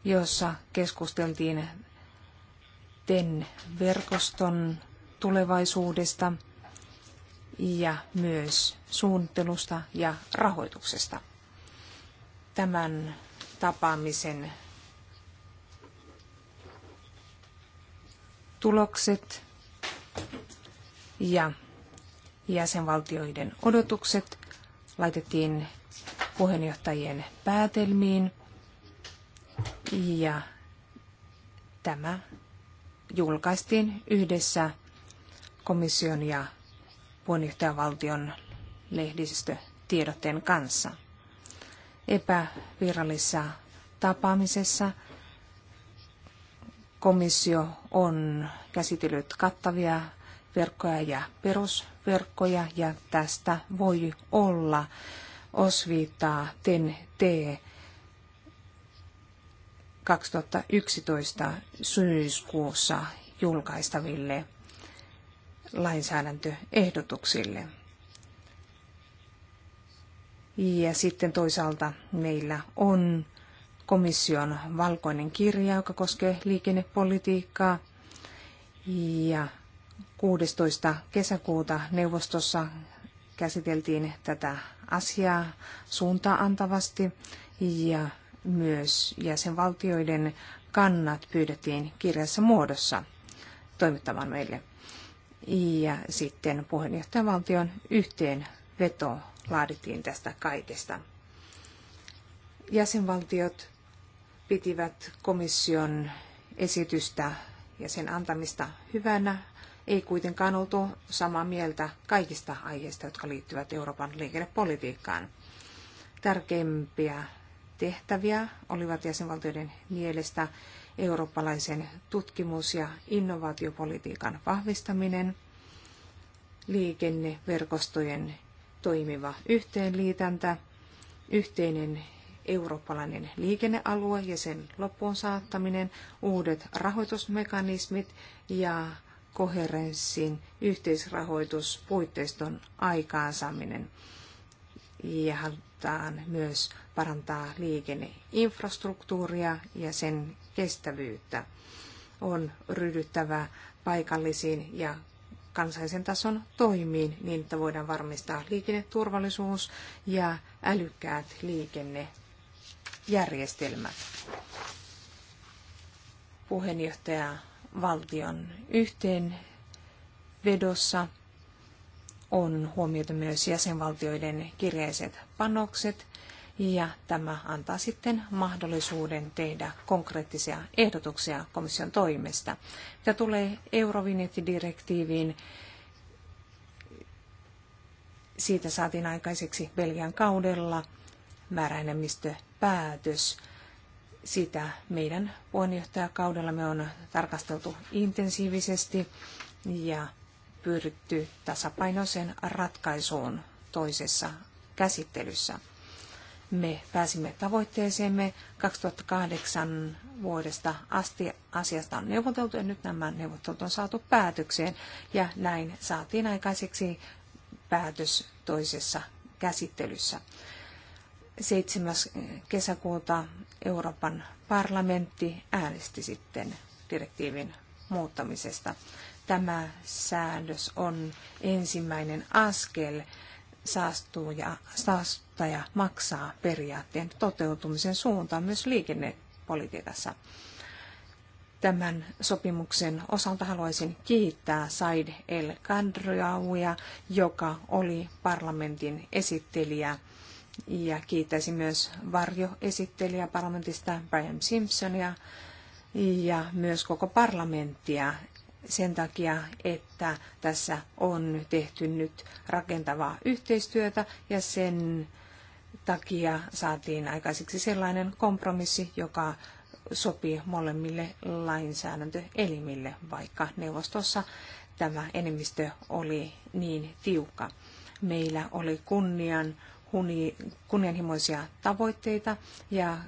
jossa keskusteltiin TEN-verkoston tulevaisuudesta ja myös suunnittelusta ja rahoituksesta. Tämän tapaamisen tulokset ja jäsenvaltioiden odotukset laitettiin puheenjohtajien päätelmiin ja tämä julkaistiin yhdessä komission ja puheenjohtajavaltion lehdistötiedotteen kanssa. Epävirallisessa tapaamisessa komissio on käsitellyt kattavia verkkoja ja perusverkkoja ja tästä voi olla osviittaa TEN-T 2011 syyskuussa julkaistaville lainsäädäntöehdotuksille. Ja sitten toisaalta meillä on komission valkoinen kirja, joka koskee liikennepolitiikkaa. Ja 16. kesäkuuta neuvostossa käsiteltiin tätä asiaa suuntaa antavasti ja myös jäsenvaltioiden kannat pyydettiin kirjassa muodossa toimittamaan meille. Ja sitten puheenjohtajavaltion yhteenveto laadittiin tästä kaikesta. Jäsenvaltiot pitivät komission esitystä ja sen antamista hyvänä, ei kuitenkaan oltu samaa mieltä kaikista aiheista, jotka liittyvät Euroopan liikennepolitiikkaan. Tärkeimpiä tehtäviä olivat jäsenvaltioiden mielestä eurooppalaisen tutkimus- ja innovaatiopolitiikan vahvistaminen, liikenneverkostojen toimiva yhteenliitäntä, yhteinen eurooppalainen liikennealue ja sen loppuun saattaminen, uudet rahoitusmekanismit ja koherenssin yhteisrahoituspuitteiston aikaansaaminen. Ja halutaan myös parantaa liikenneinfrastruktuuria ja sen kestävyyttä. On ryhdyttävä paikallisiin ja kansallisen tason toimiin niin, että voidaan varmistaa liikenneturvallisuus ja älykkäät liikenne järjestelmä. Puheenjohtaja valtion yhteen vedossa on huomioitu myös jäsenvaltioiden kirjaiset panokset ja tämä antaa sitten mahdollisuuden tehdä konkreettisia ehdotuksia komission toimesta. Mitä tulee Eurovinjettidirektiiviin, siitä saatiin aikaiseksi Belgian kaudella määräenemmistö päätös. Sitä meidän puheenjohtajakaudellamme on tarkasteltu intensiivisesti ja pyritty tasapainoiseen ratkaisuun toisessa käsittelyssä. Me pääsimme tavoitteeseemme 2008 vuodesta asti asiasta on neuvoteltu ja nyt nämä neuvottelut on saatu päätökseen ja näin saatiin aikaiseksi päätös toisessa käsittelyssä. 7. Eh, kesäkuuta Euroopan parlamentti äänesti sitten direktiivin muuttamisesta. Tämä säädös on ensimmäinen askel saastuja, saastaja maksaa periaatteen toteutumisen suuntaan myös liikennepolitiikassa. Tämän sopimuksen osalta haluaisin kiittää Said El Kandriauja, joka oli parlamentin esittelijä ja kiittäisin myös varjoesittelijä parlamentista Brian Simpsonia ja myös koko parlamenttia sen takia, että tässä on tehty nyt rakentavaa yhteistyötä ja sen takia saatiin aikaiseksi sellainen kompromissi, joka sopii molemmille lainsäädäntöelimille, vaikka neuvostossa tämä enemmistö oli niin tiukka. Meillä oli kunnian kunnianhimoisia tavoitteita ja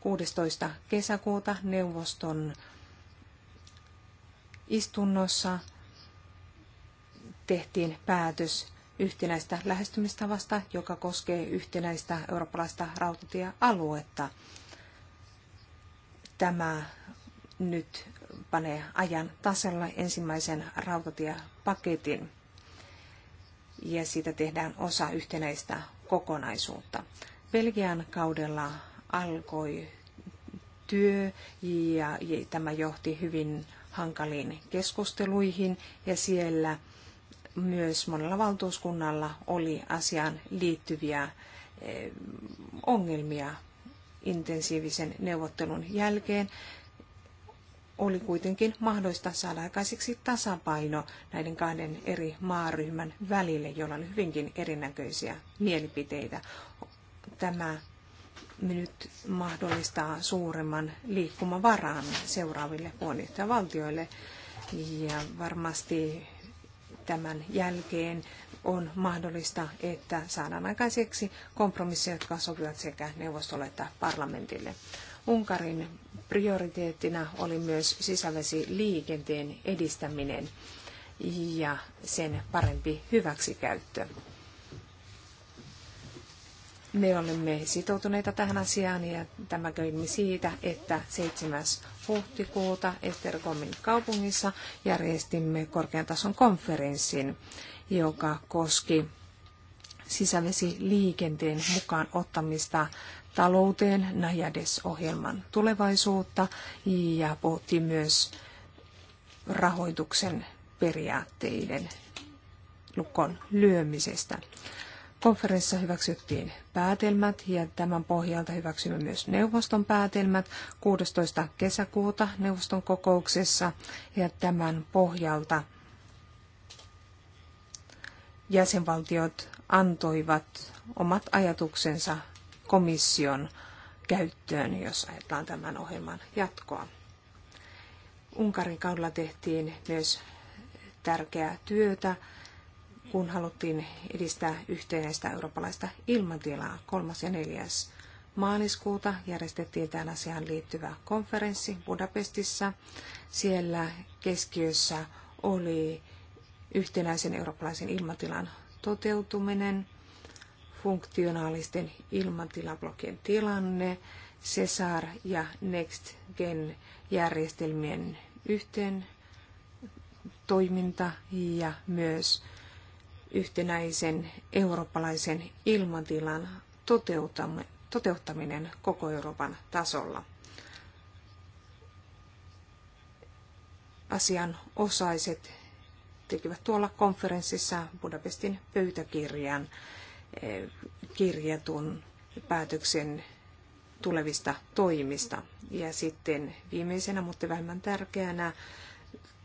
16. kesäkuuta neuvoston istunnossa tehtiin päätös yhtenäistä lähestymistavasta, joka koskee yhtenäistä eurooppalaista rautatiealuetta. Tämä nyt panee ajan tasella ensimmäisen rautatiepaketin ja siitä tehdään osa yhtenäistä kokonaisuutta. Belgian kaudella alkoi työ ja tämä johti hyvin hankaliin keskusteluihin ja siellä myös monella valtuuskunnalla oli asiaan liittyviä eh, ongelmia intensiivisen neuvottelun jälkeen oli kuitenkin mahdollista saada aikaiseksi tasapaino näiden kahden eri maaryhmän välille, jolla on hyvinkin erinäköisiä mielipiteitä. Tämä nyt mahdollistaa suuremman liikkumavaran seuraaville puheenjohtajavaltioille ja varmasti tämän jälkeen on mahdollista, että saadaan aikaiseksi kompromisseja, jotka sopivat sekä neuvostolle että parlamentille. Unkarin prioriteettina oli myös sisävesiliikenteen edistäminen ja sen parempi hyväksikäyttö. Me olemme sitoutuneita tähän asiaan ja tämä köimme siitä, että 7. huhtikuuta Estergomin kaupungissa järjestimme korkean tason konferenssin, joka koski sisävesiliikenteen mukaan ottamista talouteen, Najades-ohjelman tulevaisuutta ja pohti myös rahoituksen periaatteiden lukon lyömisestä. Konferenssissa hyväksyttiin päätelmät ja tämän pohjalta hyväksymme myös neuvoston päätelmät 16. kesäkuuta neuvoston kokouksessa ja tämän pohjalta jäsenvaltiot antoivat omat ajatuksensa komission käyttöön, jos ajatellaan tämän ohjelman jatkoa. Unkarin kaudella tehtiin myös tärkeää työtä, kun haluttiin edistää yhteistä eurooppalaista ilmatilaa. 3. ja 4. maaliskuuta järjestettiin tämän asiaan liittyvä konferenssi Budapestissa. Siellä keskiössä oli yhtenäisen eurooppalaisen ilmatilan toteutuminen funktionaalisten ilmatilablokien tilanne, CESAR ja NextGen järjestelmien yhteen toiminta ja myös yhtenäisen eurooppalaisen ilmatilan toteuttaminen koko Euroopan tasolla. Asian osaiset tekivät tuolla konferenssissa Budapestin pöytäkirjan kirjatun päätöksen tulevista toimista. Ja sitten viimeisenä, mutta vähemmän tärkeänä,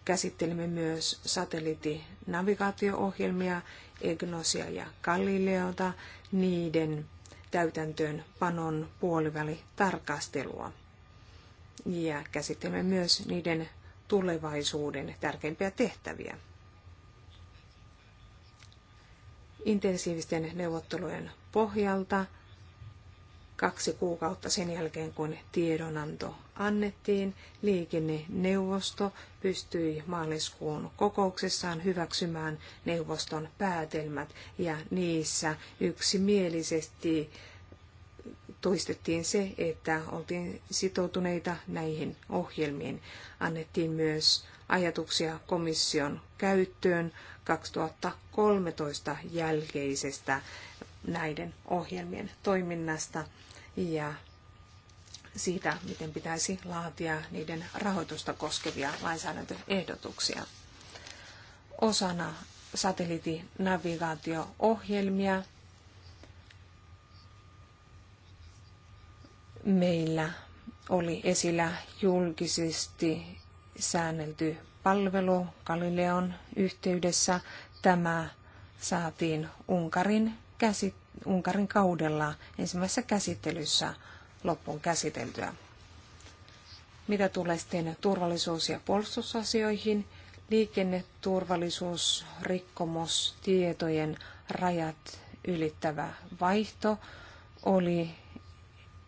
käsittelemme myös satelliittinavigaatio-ohjelmia, Egnosia ja Galileota, niiden täytäntöön panon puoliväli tarkastelua. Ja käsittelemme myös niiden tulevaisuuden tärkeimpiä tehtäviä. intensiivisten neuvottelujen pohjalta kaksi kuukautta sen jälkeen, kun tiedonanto annettiin, liikenneneuvosto pystyi maaliskuun kokouksessaan hyväksymään neuvoston päätelmät ja niissä yksimielisesti toistettiin se, että oltiin sitoutuneita näihin ohjelmiin. Annettiin myös ajatuksia komission käyttöön 2013 jälkeisestä näiden ohjelmien toiminnasta ja siitä, miten pitäisi laatia niiden rahoitusta koskevia lainsäädäntöehdotuksia. Osana satelliittinavigaatio-ohjelmia meillä oli esillä julkisesti säännelty palvelu Galileon yhteydessä. Tämä saatiin Unkarin, käsi, Unkarin kaudella ensimmäisessä käsittelyssä loppuun käsiteltyä. Mitä tulee sitten turvallisuus- ja puolustusasioihin, liikenneturvallisuus, rikkomus, tietojen rajat ylittävä vaihto oli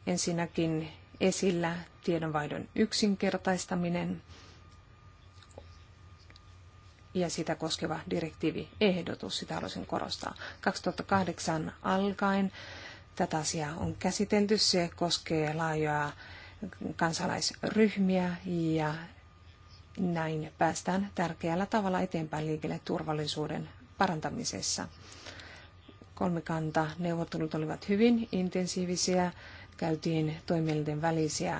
ensinnäkin esillä tiedonvaihdon yksinkertaistaminen ja sitä koskeva direktiiviehdotus, sitä haluaisin korostaa. 2008 alkaen tätä asiaa on käsitelty, se koskee laajoja kansalaisryhmiä ja näin päästään tärkeällä tavalla eteenpäin liikelle turvallisuuden parantamisessa. Kolmikanta neuvottelut olivat hyvin intensiivisiä, käytiin toimielinten välisiä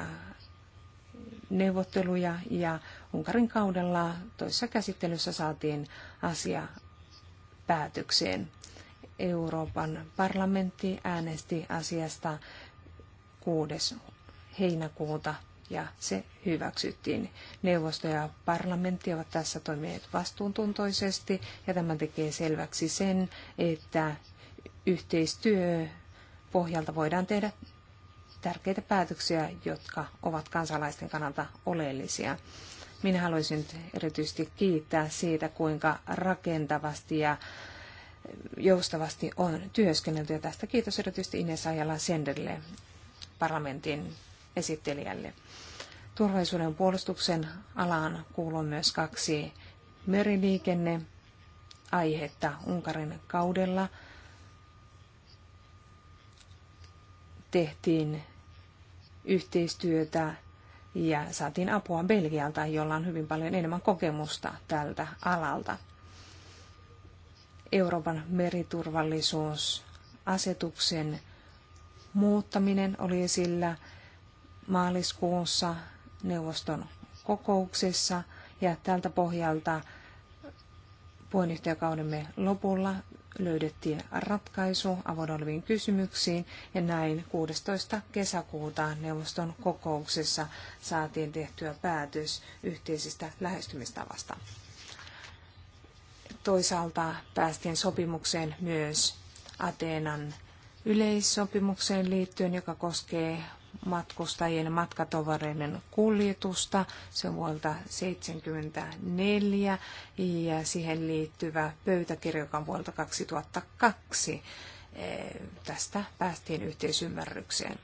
neuvotteluja ja Unkarin kaudella toisessa käsittelyssä saatiin asia päätökseen. Euroopan parlamentti äänesti asiasta 6. heinäkuuta ja se hyväksyttiin. Neuvosto ja parlamentti ovat tässä toimineet vastuuntuntoisesti ja tämä tekee selväksi sen, että yhteistyö pohjalta voidaan tehdä tärkeitä päätöksiä, jotka ovat kansalaisten kannalta oleellisia. Minä haluaisin erityisesti kiittää siitä, kuinka rakentavasti ja joustavasti on työskennelty. Ja tästä kiitos erityisesti Ines Ajala Senderille, parlamentin esittelijälle. Turvallisuuden puolustuksen alaan kuuluu myös kaksi meriliikenne aihetta Unkarin kaudella. Tehtiin yhteistyötä ja saatiin apua Belgialta, jolla on hyvin paljon enemmän kokemusta tältä alalta. Euroopan meriturvallisuusasetuksen muuttaminen oli esillä maaliskuussa neuvoston kokouksessa ja tältä pohjalta puheenjohtajakaudemme lopulla löydettiin ratkaisu avoinna oleviin kysymyksiin ja näin 16. kesäkuuta neuvoston kokouksessa saatiin tehtyä päätös yhteisestä lähestymistavasta. Toisaalta päästiin sopimukseen myös Ateenan yleissopimukseen liittyen, joka koskee matkustajien matkatovareiden kuljetusta. Se on vuolta 1974 ja siihen liittyvä pöytäkirja, joka on vuolta 2002. Tästä päästiin yhteisymmärrykseen.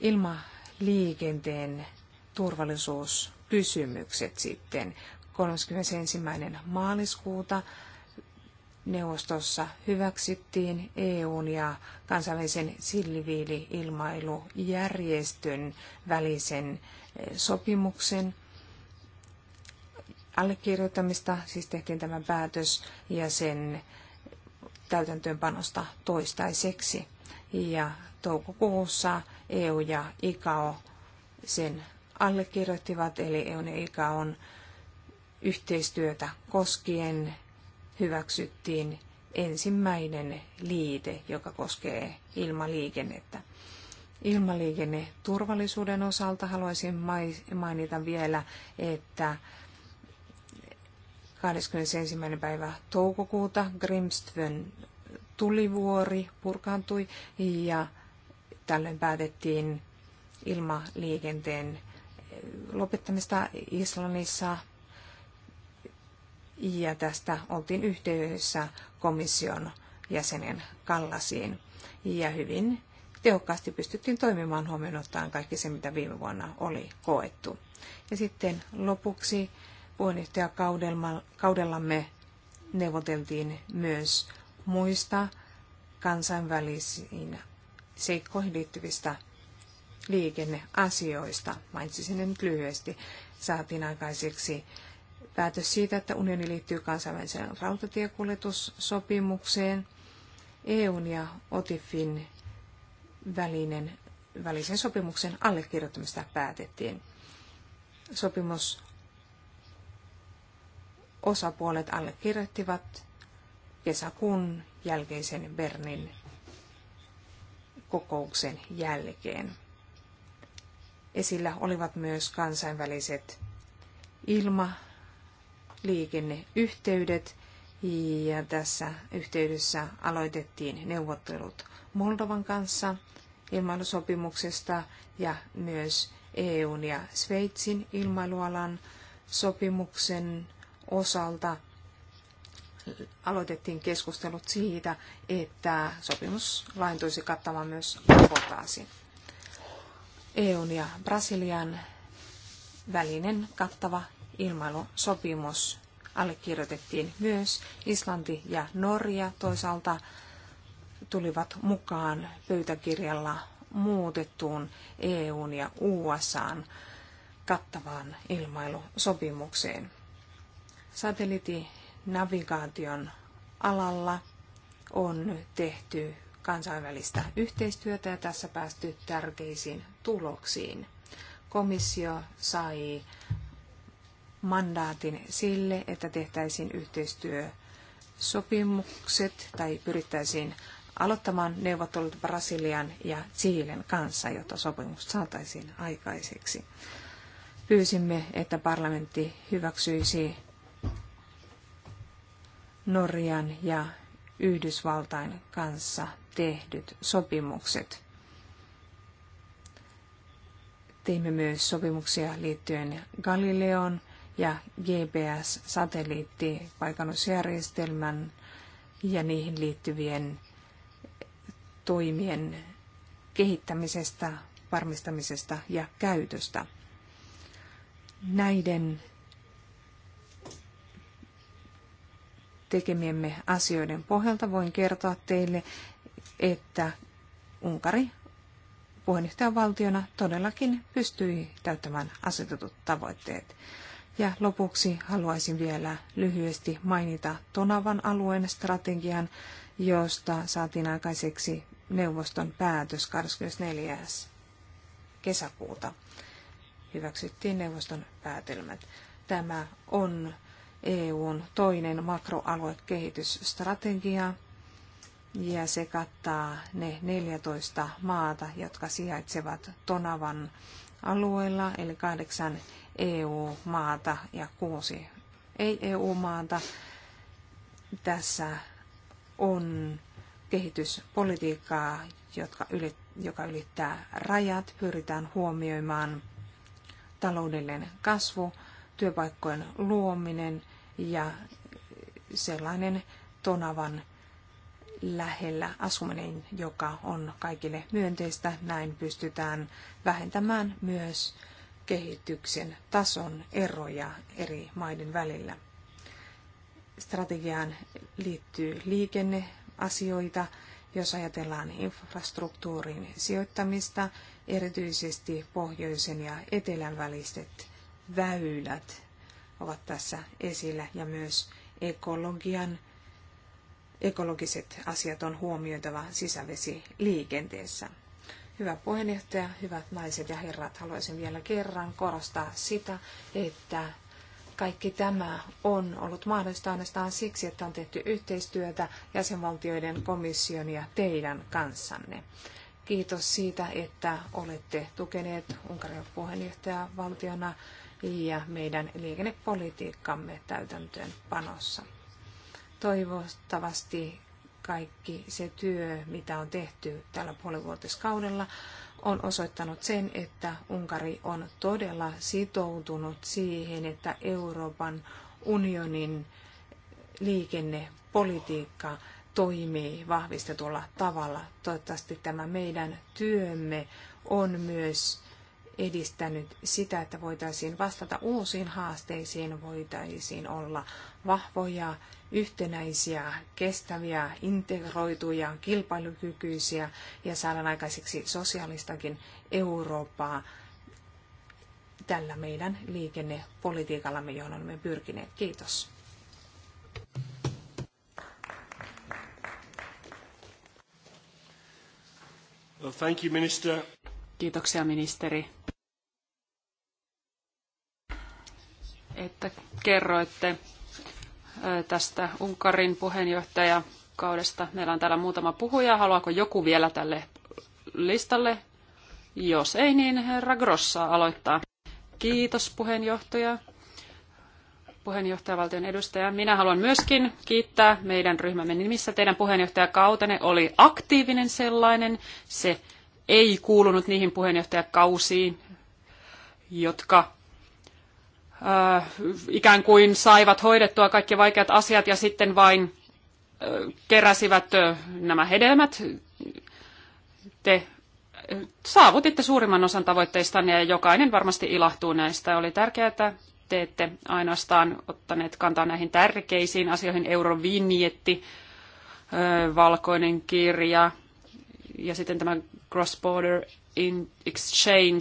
Ilmaliikenteen turvallisuuskysymykset sitten 31. maaliskuuta neuvostossa hyväksyttiin EUn ja kansainvälisen silviili-ilmailujärjestön välisen eh, sopimuksen allekirjoittamista, siis tehtiin tämä päätös ja sen täytäntöönpanosta toistaiseksi. Ja toukokuussa EU ja ICAO sen allekirjoittivat, eli EUn ja on yhteistyötä koskien hyväksyttiin ensimmäinen liite, joka koskee ilmaliikennettä. Ilmaliikenneturvallisuuden osalta haluaisin mainita vielä, että 21. päivä toukokuuta Grimstvön tulivuori purkaantui ja tällöin päätettiin ilmaliikenteen lopettamista Islannissa, ja tästä oltiin yhteydessä komission jäsenen Kallasiin ja hyvin tehokkaasti pystyttiin toimimaan huomioon ottaen kaikki se, mitä viime vuonna oli koettu. Ja sitten lopuksi puheenjohtajakaudellamme neuvoteltiin myös muista kansainvälisiin seikkoihin liittyvistä liikenneasioista. Mainitsisin ne nyt lyhyesti. Saatiin aikaiseksi päätös siitä, että unioni liittyy kansainväliseen rautatiekuljetussopimukseen, EUn ja OTIFin välinen, välisen sopimuksen allekirjoittamista päätettiin. Sopimus osapuolet allekirjoittivat kesäkuun jälkeisen Bernin kokouksen jälkeen. Esillä olivat myös kansainväliset ilma- liikenneyhteydet ja tässä yhteydessä aloitettiin neuvottelut Moldovan kanssa ilmailusopimuksesta ja myös EUn ja Sveitsin ilmailualan sopimuksen osalta aloitettiin keskustelut siitä, että sopimus laintuisi kattamaan myös kabotaasin. EUn ja Brasilian välinen kattava ilmailusopimus allekirjoitettiin myös. Islanti ja Norja toisaalta tulivat mukaan pöytäkirjalla muutettuun EUn ja USAan kattavaan ilmailusopimukseen. Satelliittinavigaation alalla on tehty kansainvälistä yhteistyötä ja tässä päästy tärkeisiin tuloksiin. Komissio sai mandaatin sille, että tehtäisiin yhteistyösopimukset tai pyrittäisiin aloittamaan neuvottelut Brasilian ja Chilen kanssa, jotta sopimus saataisiin aikaiseksi. Pyysimme, että parlamentti hyväksyisi Norjan ja Yhdysvaltain kanssa tehdyt sopimukset. Teimme myös sopimuksia liittyen Galileon – ja GPS-satelliittipaikannusjärjestelmän ja niihin liittyvien toimien kehittämisestä, varmistamisesta ja käytöstä. Näiden tekemiemme asioiden pohjalta voin kertoa teille, että Unkari puheenjohtajavaltiona todellakin pystyi täyttämään asetetut tavoitteet. Ja lopuksi haluaisin vielä lyhyesti mainita Tonavan alueen strategian, josta saatiin aikaiseksi neuvoston päätös 24. kesäkuuta. Hyväksyttiin neuvoston päätelmät. Tämä on EUn toinen makroaluekehitysstrategia, ja se kattaa ne 14 maata, jotka sijaitsevat Tonavan alueella, eli kahdeksan EU-maata ja kuusi ei-EU-maata. Tässä on kehityspolitiikkaa, jotka yli, joka ylittää rajat. Pyritään huomioimaan taloudellinen kasvu, työpaikkojen luominen ja sellainen tonavan lähellä asuminen, joka on kaikille myönteistä. Näin pystytään vähentämään myös kehityksen tason eroja eri maiden välillä. Strategiaan liittyy liikenneasioita, jos ajatellaan infrastruktuurin sijoittamista, erityisesti pohjoisen ja etelän väliset väylät ovat tässä esillä ja myös ekologian ekologiset asiat on huomioitava sisävesiliikenteessä. Hyvä puheenjohtaja, hyvät naiset ja herrat, haluaisin vielä kerran korostaa sitä, että kaikki tämä on ollut mahdollista ainoastaan siksi, että on tehty yhteistyötä jäsenvaltioiden komission ja teidän kanssanne. Kiitos siitä, että olette tukeneet Unkarin puheenjohtajavaltiona ja meidän liikennepolitiikkamme täytäntöönpanossa. Toivottavasti kaikki se työ, mitä on tehty tällä puolivuotiskaudella, on osoittanut sen, että Unkari on todella sitoutunut siihen, että Euroopan unionin liikennepolitiikka toimii vahvistetulla tavalla. Toivottavasti tämä meidän työmme on myös edistänyt sitä, että voitaisiin vastata uusiin haasteisiin, voitaisiin olla vahvoja, yhtenäisiä, kestäviä, integroituja, kilpailukykyisiä ja saada aikaiseksi sosiaalistakin Eurooppaa tällä meidän liikennepolitiikallamme, johon olemme pyrkineet. Kiitos. Well, thank you, minister. Kiitoksia ministeri että kerroitte tästä Unkarin puheenjohtajakaudesta. Meillä on täällä muutama puhuja. Haluaako joku vielä tälle listalle? Jos ei, niin herra Grossa aloittaa. Kiitos puheenjohtaja. Puheenjohtajavaltion edustaja. Minä haluan myöskin kiittää meidän ryhmämme nimissä. Teidän puheenjohtajakautenne oli aktiivinen sellainen. Se ei kuulunut niihin puheenjohtajakausiin, jotka Äh, ikään kuin saivat hoidettua kaikki vaikeat asiat ja sitten vain äh, keräsivät äh, nämä hedelmät. Te saavutitte suurimman osan tavoitteistanne ja jokainen varmasti ilahtuu näistä. Oli tärkeää, että te ette ainoastaan ottaneet kantaa näihin tärkeisiin asioihin, eurovinjetti, valkoinen kirja ja sitten tämä cross-border exchange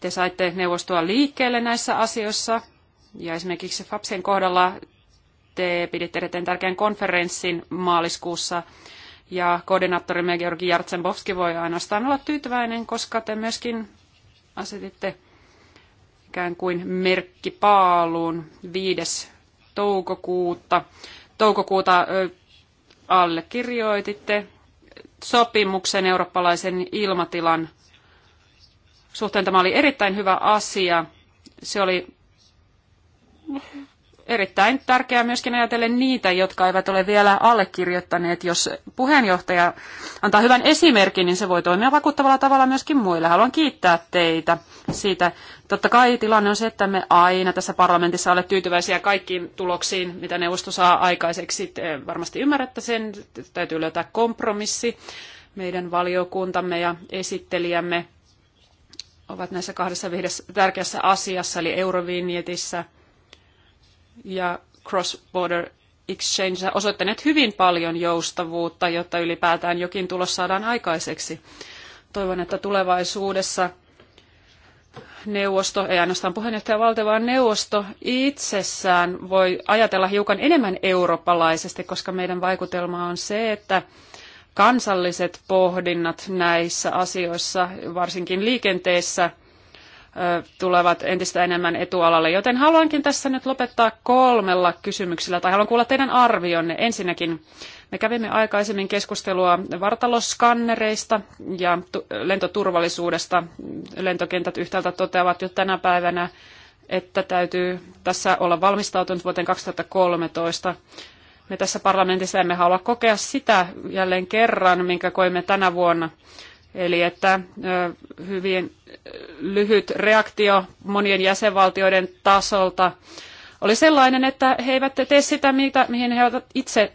Te saitte neuvostoa liikkeelle näissä asioissa ja esimerkiksi FAPSien kohdalla te piditte erittäin tärkeän konferenssin maaliskuussa ja koordinaattorimme Georgi Jartsenbovski voi ainoastaan olla tyytyväinen, koska te myöskin asetitte ikään kuin merkkipaaluun 5. toukokuuta. Toukokuuta allekirjoititte sopimuksen eurooppalaisen ilmatilan suhteen tämä oli erittäin hyvä asia. Se oli erittäin tärkeää myöskin ajatellen niitä, jotka eivät ole vielä allekirjoittaneet. Jos puheenjohtaja antaa hyvän esimerkin, niin se voi toimia vakuuttavalla tavalla myöskin muille. Haluan kiittää teitä siitä. Totta kai tilanne on se, että me aina tässä parlamentissa ole tyytyväisiä kaikkiin tuloksiin, mitä neuvosto saa aikaiseksi. Te varmasti ymmärrätte sen, täytyy löytää kompromissi meidän valiokuntamme ja esittelijämme ovat näissä kahdessa vihdessä, tärkeässä asiassa, eli Eurovinjetissä ja cross-border exchange osoittaneet hyvin paljon joustavuutta, jotta ylipäätään jokin tulos saadaan aikaiseksi. Toivon, että tulevaisuudessa neuvosto, ei ainoastaan valte, vaan neuvosto itsessään voi ajatella hiukan enemmän eurooppalaisesti, koska meidän vaikutelma on se, että kansalliset pohdinnat näissä asioissa, varsinkin liikenteessä, tulevat entistä enemmän etualalle. Joten haluankin tässä nyt lopettaa kolmella kysymyksellä, tai haluan kuulla teidän arvionne. Ensinnäkin, me kävimme aikaisemmin keskustelua vartaloskannereista ja lentoturvallisuudesta. Lentokentät yhtäältä toteavat jo tänä päivänä, että täytyy tässä olla valmistautunut vuoteen 2013 me tässä parlamentissa emme halua kokea sitä jälleen kerran, minkä koimme tänä vuonna. Eli että hyvin lyhyt reaktio monien jäsenvaltioiden tasolta oli sellainen, että he eivät tee sitä, mitä, mihin he ovat itse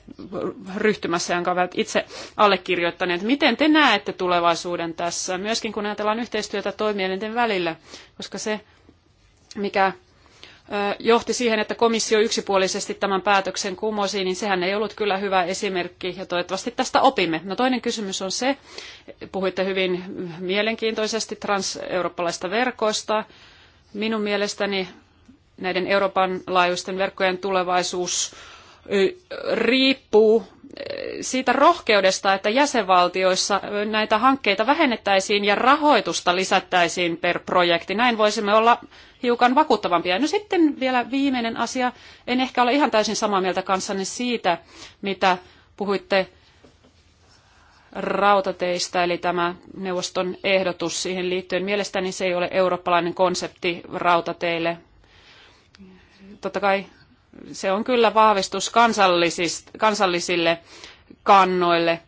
ryhtymässä, jonka ovat itse allekirjoittaneet. Miten te näette tulevaisuuden tässä, myöskin kun ajatellaan yhteistyötä toimielinten välillä, koska se, mikä johti siihen, että komissio yksipuolisesti tämän päätöksen kumosi, niin sehän ei ollut kyllä hyvä esimerkki ja toivottavasti tästä opimme. No toinen kysymys on se, puhuitte hyvin mielenkiintoisesti transeurooppalaista verkoista. Minun mielestäni näiden Euroopan laajuisten verkkojen tulevaisuus riippuu siitä rohkeudesta, että jäsenvaltioissa näitä hankkeita vähennettäisiin ja rahoitusta lisättäisiin per projekti. Näin voisimme olla hiukan vakuuttavampia. No sitten vielä viimeinen asia. En ehkä ole ihan täysin samaa mieltä kanssanne siitä, mitä puhuitte rautateistä, eli tämä neuvoston ehdotus siihen liittyen. Mielestäni se ei ole eurooppalainen konsepti rautateille. Totta kai se on kyllä vahvistus kansallisille kannoille.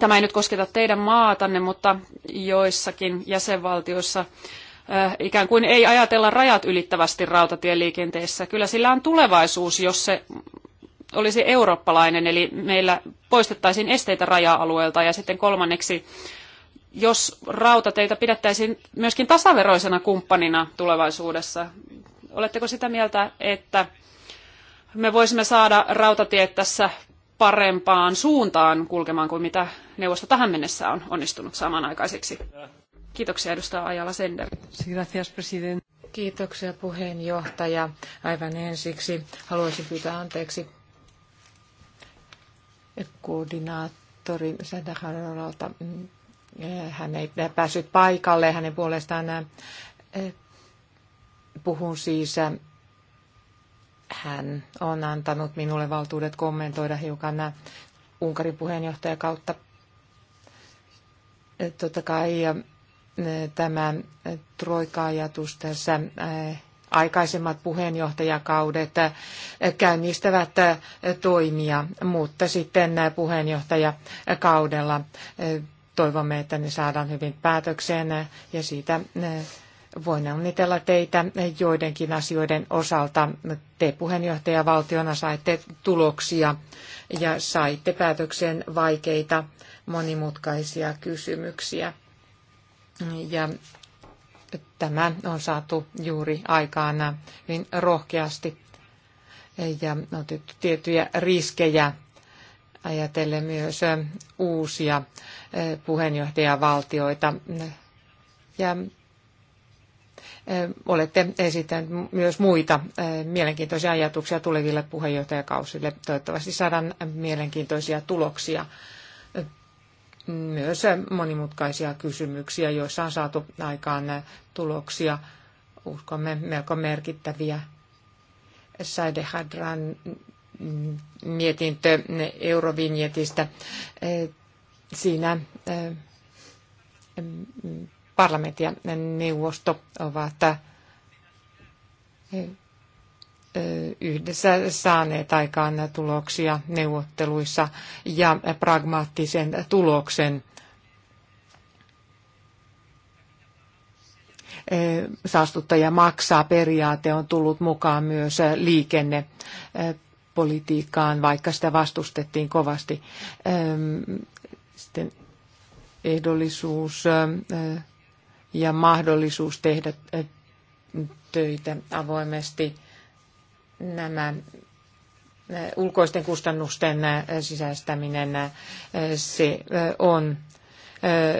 Tämä ei nyt kosketa teidän maatanne, mutta joissakin jäsenvaltioissa Äh, ikään kuin ei ajatella rajat ylittävästi rautatieliikenteessä. Kyllä sillä on tulevaisuus, jos se olisi eurooppalainen, eli meillä poistettaisiin esteitä raja-alueelta. Ja sitten kolmanneksi, jos rautateitä pidettäisiin myöskin tasaveroisena kumppanina tulevaisuudessa. Oletteko sitä mieltä, että me voisimme saada rautatiet tässä parempaan suuntaan kulkemaan kuin mitä neuvosto tähän mennessä on onnistunut samanaikaiseksi? Äh, Kiitoksia edustaja Ajala Sender. Gracias, president. Kiitoksia puheenjohtaja. Aivan ensiksi haluaisin pyytää anteeksi koordinaattori Sadaharolta. Hän ei päässyt paikalle, hänen puolestaan puhun siis. Hän on antanut minulle valtuudet kommentoida hiukan Unkarin puheenjohtajakautta. Totta kai tämä troika-ajatus tässä äh, aikaisemmat puheenjohtajakaudet äh, käynnistävät äh, toimia, mutta sitten puheenjohtajakaudella toivomme, että ne saadaan hyvin päätökseen ja siitä voin onnitella teitä joidenkin asioiden osalta. Te puheenjohtajavaltiona saitte tuloksia ja saitte päätökseen vaikeita monimutkaisia kysymyksiä. Ja tämä on saatu juuri aikaan hyvin rohkeasti ja on otettu tiettyjä riskejä ajatellen myös uusia e, puheenjohtajavaltioita. Ja e, olette esittäneet myös muita e, mielenkiintoisia ajatuksia tuleville puheenjohtajakausille. Toivottavasti saadaan mielenkiintoisia tuloksia myös monimutkaisia kysymyksiä, joissa on saatu aikaan tuloksia, uskomme melko merkittäviä. Saidehadran mietintö Eurovinjetistä. Siinä parlamentti ja neuvosto ovat yhdessä saaneet aikaan tuloksia neuvotteluissa ja pragmaattisen tuloksen saastuttaja maksaa periaate on tullut mukaan myös liikennepolitiikkaan, vaikka sitä vastustettiin kovasti. Sitten ehdollisuus ja mahdollisuus tehdä töitä avoimesti nämä ulkoisten kustannusten sisäistäminen, se on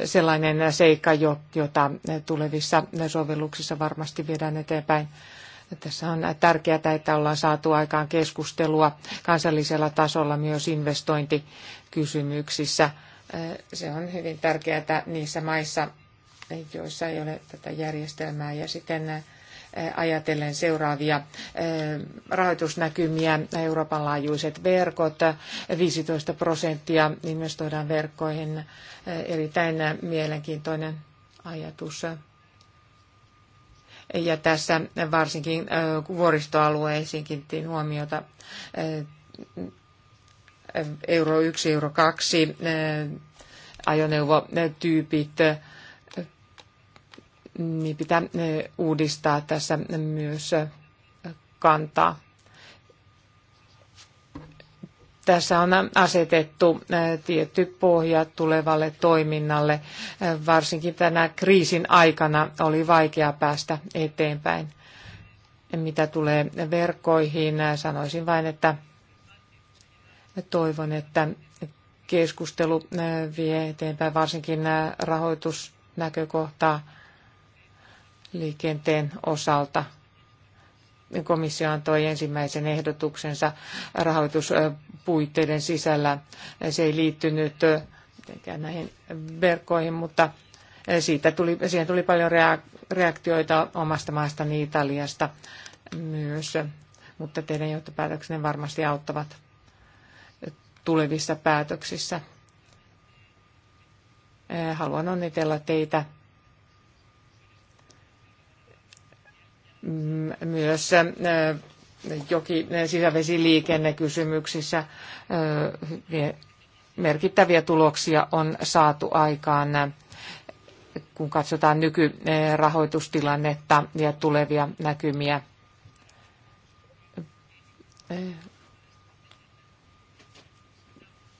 sellainen seikka, jota tulevissa sovelluksissa varmasti viedään eteenpäin. Tässä on tärkeää, että ollaan saatu aikaan keskustelua kansallisella tasolla myös investointikysymyksissä. Se on hyvin tärkeää niissä maissa, joissa ei ole tätä järjestelmää. Ja sitten Eh, ajatellen seuraavia eh, rahoitusnäkymiä, Euroopan laajuiset verkot, 15 eh, prosenttia investoidaan verkkoihin, erittäin mielenkiintoinen ajatus. Ja tässä varsinkin vuoristoalueisiin kiinnitin huomiota euro 1, euro 2 ajoneuvotyypit, niin pitää eh, uudistaa tässä myös eh, kantaa. Tässä on asetettu eh, tietty pohja tulevalle toiminnalle. Varsinkin tänä kriisin aikana oli vaikea päästä eteenpäin. Mitä tulee verkkoihin, sanoisin vain, että toivon, että keskustelu vie eteenpäin varsinkin rahoitusnäkökohtaa liikenteen osalta. Komissio antoi ensimmäisen ehdotuksensa rahoituspuitteiden sisällä. Se ei liittynyt näihin verkkoihin, mutta siitä tuli, siihen tuli paljon reaktioita omasta maastani Italiasta myös, mutta teidän johtopäätöksenne varmasti auttavat tulevissa päätöksissä. Haluan onnitella teitä Mm, myös äh, joki sisävesiliikennekysymyksissä äh, merkittäviä tuloksia on saatu aikaan, äh, kun katsotaan nykyrahoitustilannetta ja tulevia näkymiä.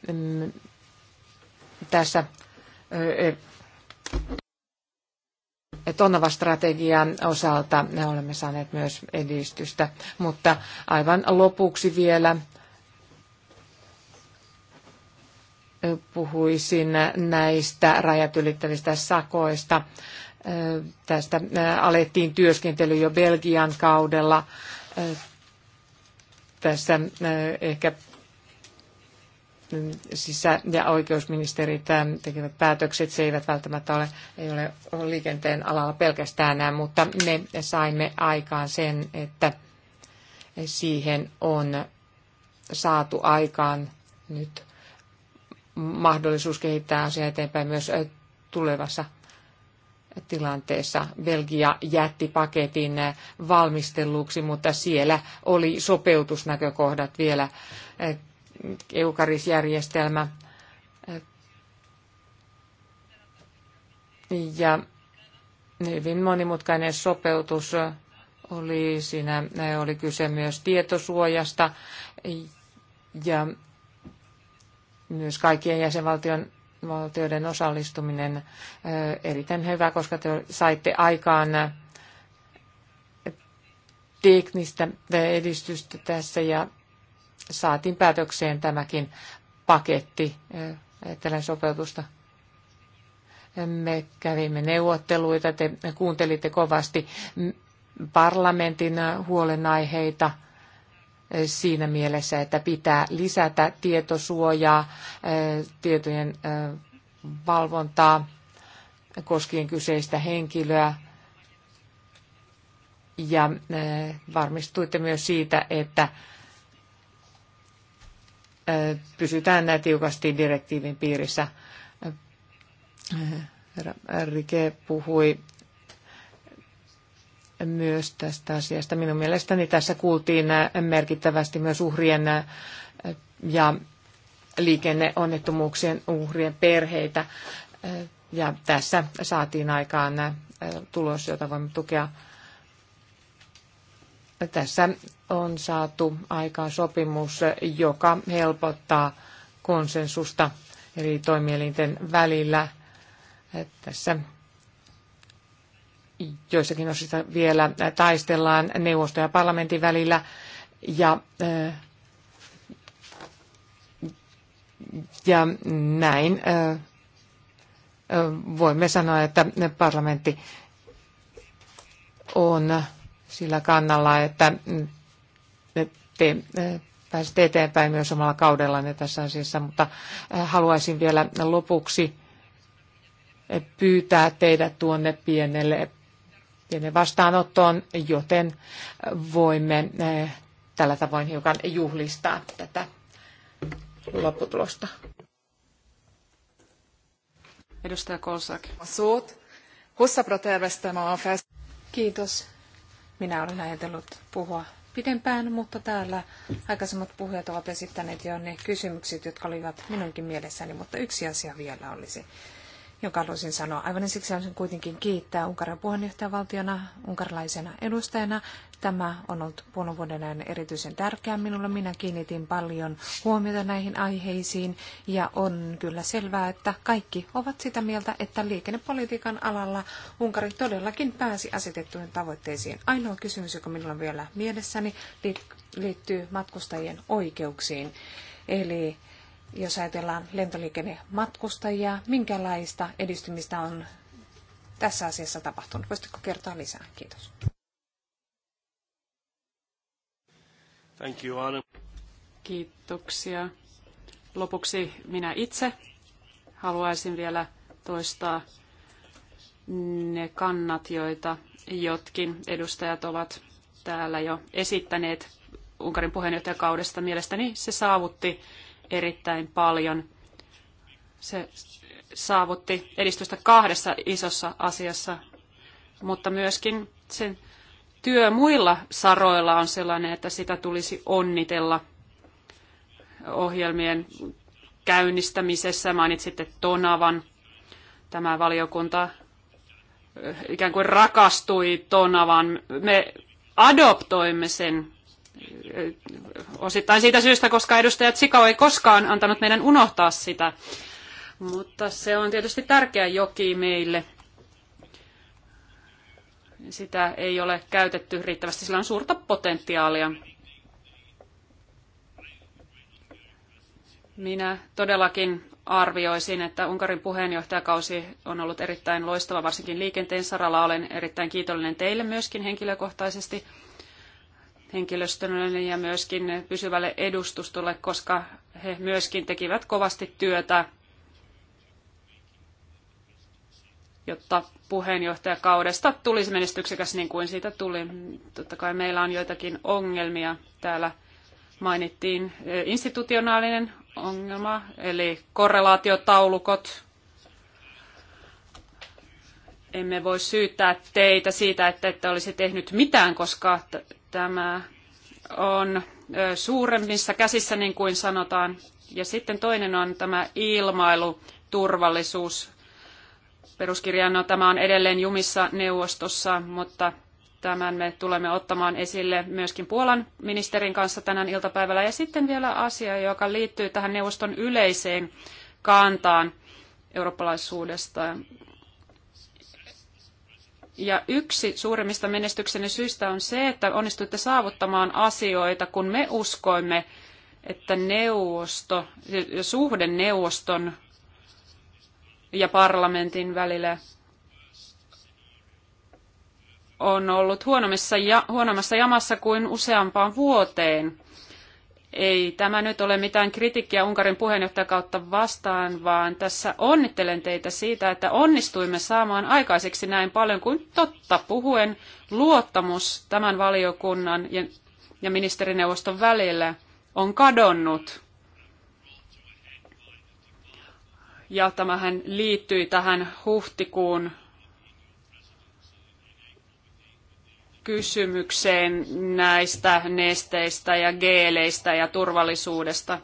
Mm, tässä Tonava-strategian osalta olemme saaneet myös edistystä, mutta aivan lopuksi vielä puhuisin näistä rajat ylittävistä sakoista. Tästä alettiin työskentely jo Belgian kaudella. Tässä ehkä sisä- ja oikeusministerit ähm, tekevät päätökset. Se eivät välttämättä ole, ei ole liikenteen alalla pelkästään, mutta me saimme aikaan sen, että siihen on saatu aikaan nyt mahdollisuus kehittää asiaa eteenpäin myös äh, tulevassa tilanteessa. Belgia jätti paketin äh, valmisteluksi, mutta siellä oli sopeutusnäkökohdat vielä äh, eukarisjärjestelmä. Ja hyvin monimutkainen sopeutus oli siinä, oli kyse myös tietosuojasta ja myös kaikkien jäsenvaltion valtioiden osallistuminen eh, erittäin hyvä, koska te saitte aikaan eh, teknistä eh, edistystä tässä ja saatiin päätökseen tämäkin paketti etelän sopeutusta. Me kävimme neuvotteluita, te kuuntelitte kovasti parlamentin huolenaiheita siinä mielessä, että pitää lisätä tietosuojaa, tietojen valvontaa koskien kyseistä henkilöä. Ja varmistuitte myös siitä, että pysytään tiukasti direktiivin piirissä. Rike puhui myös tästä asiasta. Minun mielestäni tässä kuultiin merkittävästi myös uhrien ja liikenneonnettomuuksien uhrien perheitä. Ja tässä saatiin aikaan tulos, jota voimme tukea. Tässä on saatu aikaan sopimus, joka helpottaa konsensusta eri toimielinten välillä. Tässä joissakin osissa vielä taistellaan neuvosto ja parlamentin välillä ja, äh, ja näin äh, voimme sanoa, että parlamentti on sillä kannalla, että te pääsette eteenpäin myös omalla kaudellanne tässä asiassa, mutta haluaisin vielä lopuksi pyytää teidät tuonne pienelle, pienelle vastaanottoon, joten voimme tällä tavoin hiukan juhlistaa tätä lopputulosta. Edustaja Kolsak. Suut. Hussapra Kiitos minä olen ajatellut puhua pidempään, mutta täällä aikaisemmat puhujat ovat esittäneet jo ne kysymykset, jotka olivat minunkin mielessäni, mutta yksi asia vielä olisi, jonka haluaisin sanoa. Aivan siksi haluaisin kuitenkin kiittää Unkarin puheenjohtajavaltiona, unkarilaisena edustajana Tämä on ollut puolen vuoden ajan erityisen tärkeää minulle. Minä kiinnitin paljon huomiota näihin aiheisiin ja on kyllä selvää, että kaikki ovat sitä mieltä, että liikennepolitiikan alalla Unkari todellakin pääsi asetettuihin tavoitteisiin. Ainoa kysymys, joka minulla on vielä mielessäni, liittyy matkustajien oikeuksiin. Eli jos ajatellaan lentoliikennematkustajia, minkälaista edistymistä on tässä asiassa tapahtunut? Voisitko kertoa lisää? Kiitos. Thank you, Anna. Kiitoksia. Lopuksi minä itse haluaisin vielä toistaa ne kannat, joita jotkin edustajat ovat täällä jo esittäneet Unkarin puheenjohtajakaudesta. Mielestäni se saavutti erittäin paljon. Se saavutti edistystä kahdessa isossa asiassa, mutta myöskin sen työ muilla saroilla on sellainen, että sitä tulisi onnitella ohjelmien käynnistämisessä. Mainitsitte Tonavan. Tämä valiokunta eh, ikään kuin rakastui Tonavan. Me adoptoimme sen eh, osittain siitä syystä, koska edustaja Tsikau ei koskaan antanut meidän unohtaa sitä. Mutta se on tietysti tärkeä joki meille – sitä ei ole käytetty riittävästi, sillä on suurta potentiaalia. Minä todellakin arvioisin, että Unkarin puheenjohtajakausi on ollut erittäin loistava, varsinkin liikenteen saralla. Olen erittäin kiitollinen teille myöskin henkilökohtaisesti henkilöstölle ja myöskin pysyvälle edustustolle, koska he myöskin tekivät kovasti työtä jotta puheenjohtajakaudesta tulisi menestyksekäs niin kuin siitä tuli. Totta kai meillä on joitakin ongelmia. Täällä mainittiin e, institutionaalinen ongelma, eli korrelaatiotaulukot. Emme voi syyttää teitä siitä, että ette olisi tehnyt mitään, koska tämä on e, suuremmissa käsissä, niin kuin sanotaan. Ja sitten toinen on tämä ilmailuturvallisuus peruskirjaan. No, tämä on edelleen jumissa neuvostossa, mutta tämän me tulemme ottamaan esille myöskin Puolan ministerin kanssa tänään iltapäivällä. Ja sitten vielä asia, joka liittyy tähän neuvoston yleiseen kantaan eurooppalaisuudesta. Ja yksi suurimmista menestyksenne syistä on se, että onnistuitte saavuttamaan asioita, kun me uskoimme, että neuvosto, suhde neuvoston ja parlamentin välillä on ollut huonommassa, ja, huonommassa jamassa kuin useampaan vuoteen. Ei tämä nyt ole mitään kritiikkiä Unkarin kautta vastaan, vaan tässä onnittelen teitä siitä, että onnistuimme saamaan aikaiseksi näin paljon kuin totta puhuen luottamus tämän valiokunnan ja, ja ministerineuvoston välillä on kadonnut ja tämähän liittyi tähän huhtikuun kysymykseen näistä nesteistä ja geeleistä ja turvallisuudesta.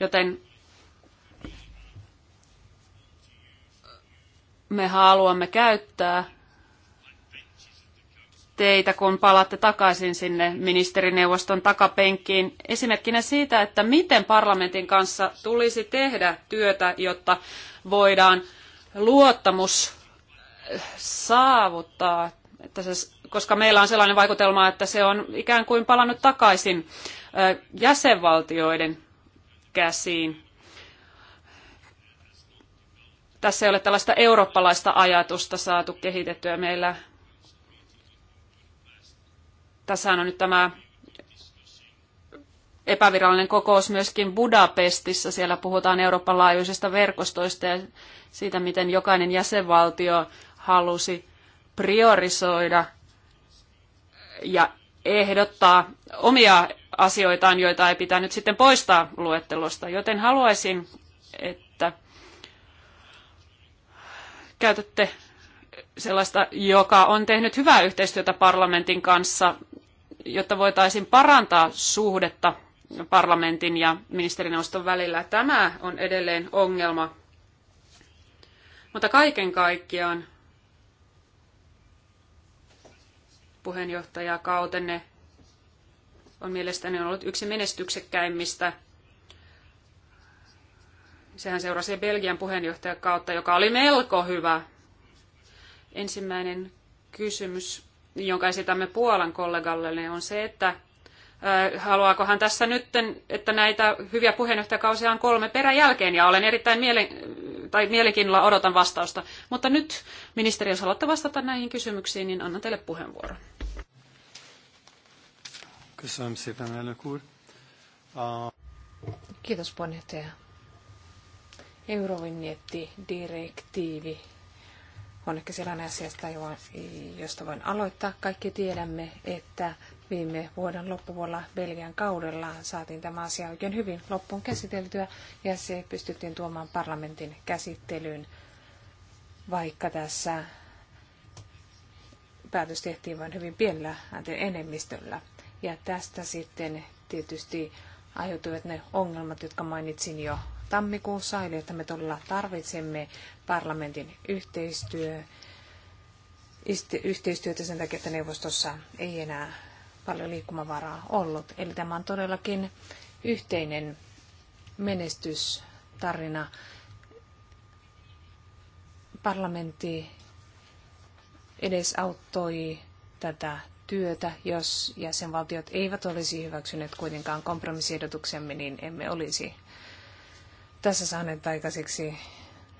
Joten me haluamme käyttää teitä, kun palaatte takaisin sinne ministerineuvoston takapenkkiin esimerkkinä siitä, että miten parlamentin kanssa tulisi tehdä työtä, jotta voidaan luottamus eh, saavuttaa, että se, koska meillä on sellainen vaikutelma, että se on ikään kuin palannut takaisin eh, jäsenvaltioiden käsiin. Tässä ei ole tällaista eurooppalaista ajatusta saatu kehitettyä. Meillä tässä on nyt tämä epävirallinen kokous myöskin Budapestissa. Siellä puhutaan Euroopan laajuisista verkostoista ja siitä, miten jokainen jäsenvaltio halusi priorisoida ja ehdottaa omia asioitaan, joita ei pitänyt sitten poistaa luettelosta. Joten haluaisin, että käytätte sellaista, joka on tehnyt hyvää yhteistyötä parlamentin kanssa jotta voitaisiin parantaa suhdetta parlamentin ja ministerineuvoston välillä. Tämä on edelleen ongelma. Mutta kaiken kaikkiaan puheenjohtajakautenne on mielestäni ollut yksi menestyksekkäimmistä. Sehän seurasi Belgian puheenjohtajakautta, joka oli melko hyvä. Ensimmäinen kysymys jonka esitämme Puolan kollegalle, niin on se, että äh, haluaako hän tässä nyt, että näitä hyviä puheenjohtajakausia on kolme peräjälkeen, ja olen erittäin mielen, tai mielenkiinnolla odotan vastausta. Mutta nyt, ministeri, jos haluatte vastata näihin kysymyksiin, niin annan teille puheenvuoron. Kiitos puheenjohtaja. Eurovinjetti-direktiivi on ehkä sellainen asia, josta voin aloittaa. Kaikki tiedämme, että viime vuoden loppuvuonna Belgian kaudella saatiin tämä asia oikein hyvin loppuun käsiteltyä ja se pystyttiin tuomaan parlamentin käsittelyyn, vaikka tässä päätös tehtiin vain hyvin pienellä enemmistöllä. Ja tästä sitten tietysti aiheutuivat ne ongelmat, jotka mainitsin jo tammikuussa, eli että me todella tarvitsemme parlamentin yhteistyö, yhteistyötä sen takia, että neuvostossa ei enää paljon liikkumavaraa ollut. Eli tämä on todellakin yhteinen menestystarina. Parlamentti edesauttoi tätä työtä. Jos jäsenvaltiot eivät olisi hyväksyneet kuitenkaan kompromissiehdotuksemme, niin emme olisi tässä saaneet aikaiseksi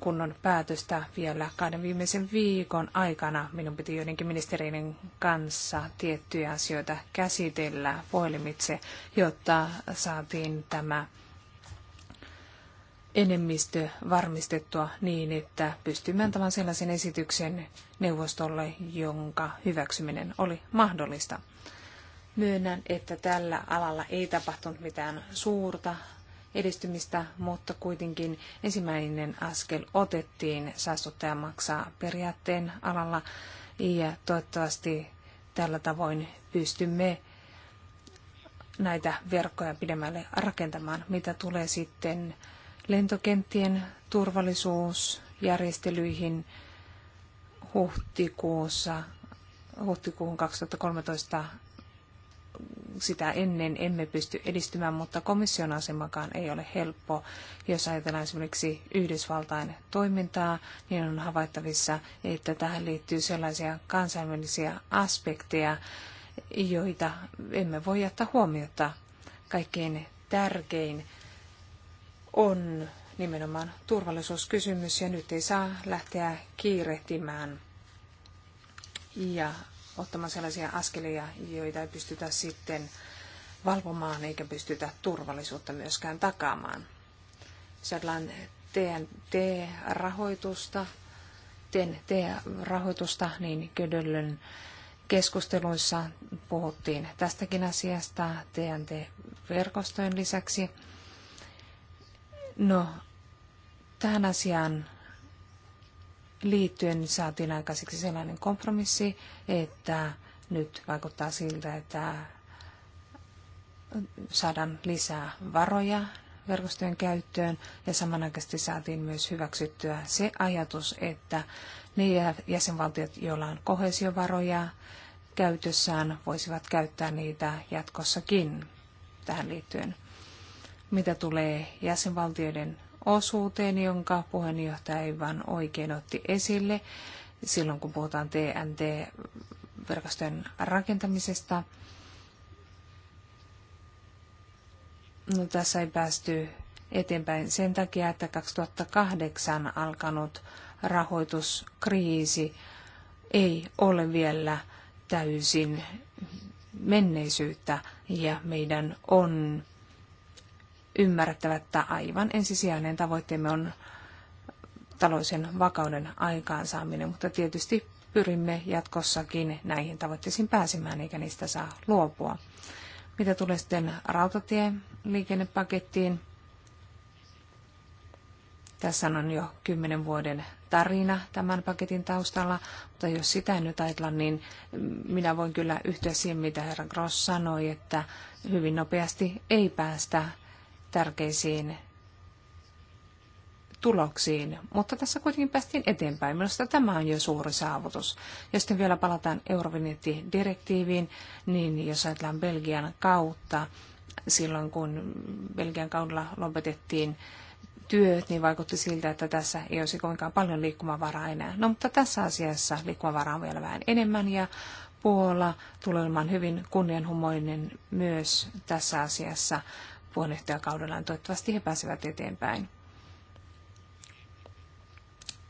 kunnon päätöstä vielä kahden viimeisen viikon aikana. Minun piti joidenkin ministeriiden kanssa tiettyjä asioita käsitellä puhelimitse, jotta saatiin tämä enemmistö varmistettua niin, että pystymme antamaan sellaisen esityksen neuvostolle, jonka hyväksyminen oli mahdollista. Myönnän, että tällä alalla ei tapahtunut mitään suurta edistymistä, mutta kuitenkin ensimmäinen askel otettiin saastuttaja maksaa periaatteen alalla ja toivottavasti tällä tavoin pystymme näitä verkkoja pidemmälle rakentamaan. Mitä tulee sitten lentokenttien turvallisuusjärjestelyihin huhtikuussa, huhtikuun 2013 sitä ennen emme pysty edistymään, mutta komission asemakaan ei ole helppo. Jos ajatellaan esimerkiksi Yhdysvaltain toimintaa, niin on havaittavissa, että tähän liittyy sellaisia kansainvälisiä aspekteja, joita emme voi jättää huomiota. Kaikkein tärkein on nimenomaan turvallisuuskysymys ja nyt ei saa lähteä kiirehtimään. Ja ottamaan sellaisia askelia, joita ei pystytä sitten valvomaan eikä pystytä turvallisuutta myöskään takaamaan. Sellainen TNT-rahoitusta, TNT-rahoitusta, niin Ködöllön keskusteluissa puhuttiin tästäkin asiasta TNT-verkostojen lisäksi. No, tähän asiaan liittyen saatiin aikaiseksi sellainen kompromissi, että nyt vaikuttaa siltä, että saadaan lisää varoja verkostojen käyttöön ja samanaikaisesti saatiin myös hyväksyttyä se ajatus, että ne jäsenvaltiot, joilla on kohesiovaroja käytössään, voisivat käyttää niitä jatkossakin tähän liittyen. Mitä tulee jäsenvaltioiden osuuteen, jonka puheenjohtaja Ivan oikein otti esille silloin, kun puhutaan TNT-verkostojen rakentamisesta. No, tässä ei päästy eteenpäin sen takia, että 2008 alkanut rahoituskriisi ei ole vielä täysin menneisyyttä ja meidän on ymmärrettävä, että aivan ensisijainen tavoitteemme on taloisen vakauden aikaansaaminen, mutta tietysti pyrimme jatkossakin näihin tavoitteisiin pääsemään, eikä niistä saa luopua. Mitä tulee sitten liikennepakettiin, Tässä on jo kymmenen vuoden tarina tämän paketin taustalla, mutta jos sitä nyt ajatella, niin minä voin kyllä yhtyä siihen, mitä herra Gross sanoi, että hyvin nopeasti ei päästä tärkeisiin tuloksiin, mutta tässä kuitenkin päästiin eteenpäin. Minusta tämä on jo suuri saavutus. Ja sitten vielä palataan eurovinetti direktiiviin niin jos ajatellaan Belgian kautta, silloin kun Belgian kaudella lopetettiin työt, niin vaikutti siltä, että tässä ei olisi kovinkaan paljon liikkumavaraa enää. No mutta tässä asiassa liikkumavaraa on vielä vähän enemmän ja Puola tulee olemaan hyvin kunnianhimoinen myös tässä asiassa puheenjohtajakaudellaan. Toivottavasti he pääsevät eteenpäin.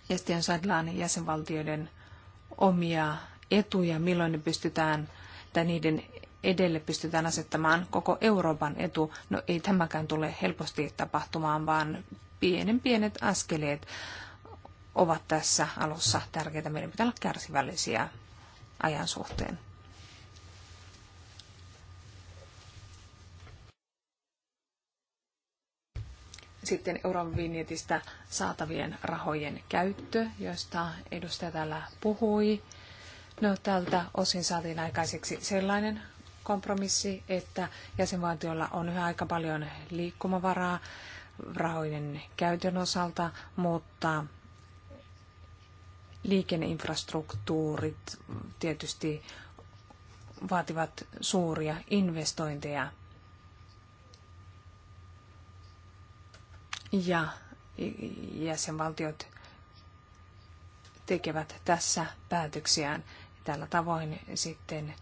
Ja sitten jäsenvaltioiden omia etuja, milloin ne pystytään, tai niiden edelle pystytään asettamaan koko Euroopan etu. No ei tämäkään tule helposti tapahtumaan, vaan pienen pienet askeleet ovat tässä alussa tärkeitä. Meidän pitää olla kärsivällisiä ajan suhteen. Sitten euron vinjetistä saatavien rahojen käyttö, josta edustaja täällä puhui. No tältä osin saatiin aikaiseksi sellainen kompromissi, että jäsenvaltiolla on yhä aika paljon liikkumavaraa rahojen käytön osalta, mutta liikenneinfrastruktuurit tietysti vaativat suuria investointeja Ja jäsenvaltiot tekevät tässä päätöksiään. Tällä tavoin sitten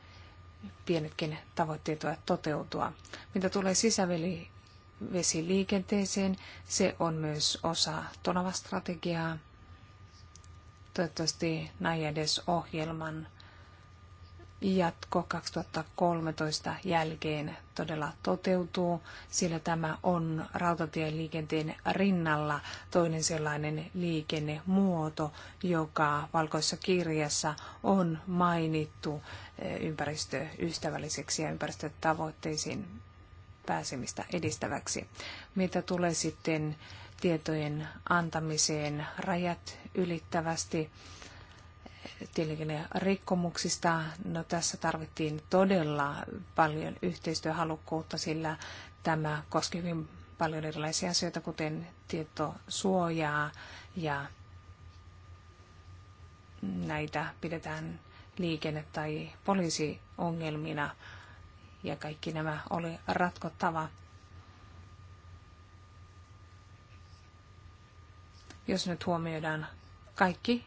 pienetkin tavoitteet voivat toteutua. Mitä tulee vesiliikenteeseen, se on myös osa strategiaa, Toivottavasti Najedes-ohjelman jatko 2013 jälkeen todella toteutuu, sillä tämä on rautatieliikenteen rinnalla toinen sellainen liikennemuoto, joka valkoisessa kirjassa on mainittu eh, ympäristöystävälliseksi ja ympäristötavoitteisiin pääsemistä edistäväksi. Mitä tulee sitten tietojen antamiseen rajat ylittävästi, rikkomuksista. No tässä tarvittiin todella paljon yhteistyöhalukkuutta, sillä tämä koski hyvin paljon erilaisia asioita, kuten tietosuojaa ja näitä pidetään liikenne- tai poliisiongelmina ja kaikki nämä oli ratkottava. Jos nyt huomioidaan kaikki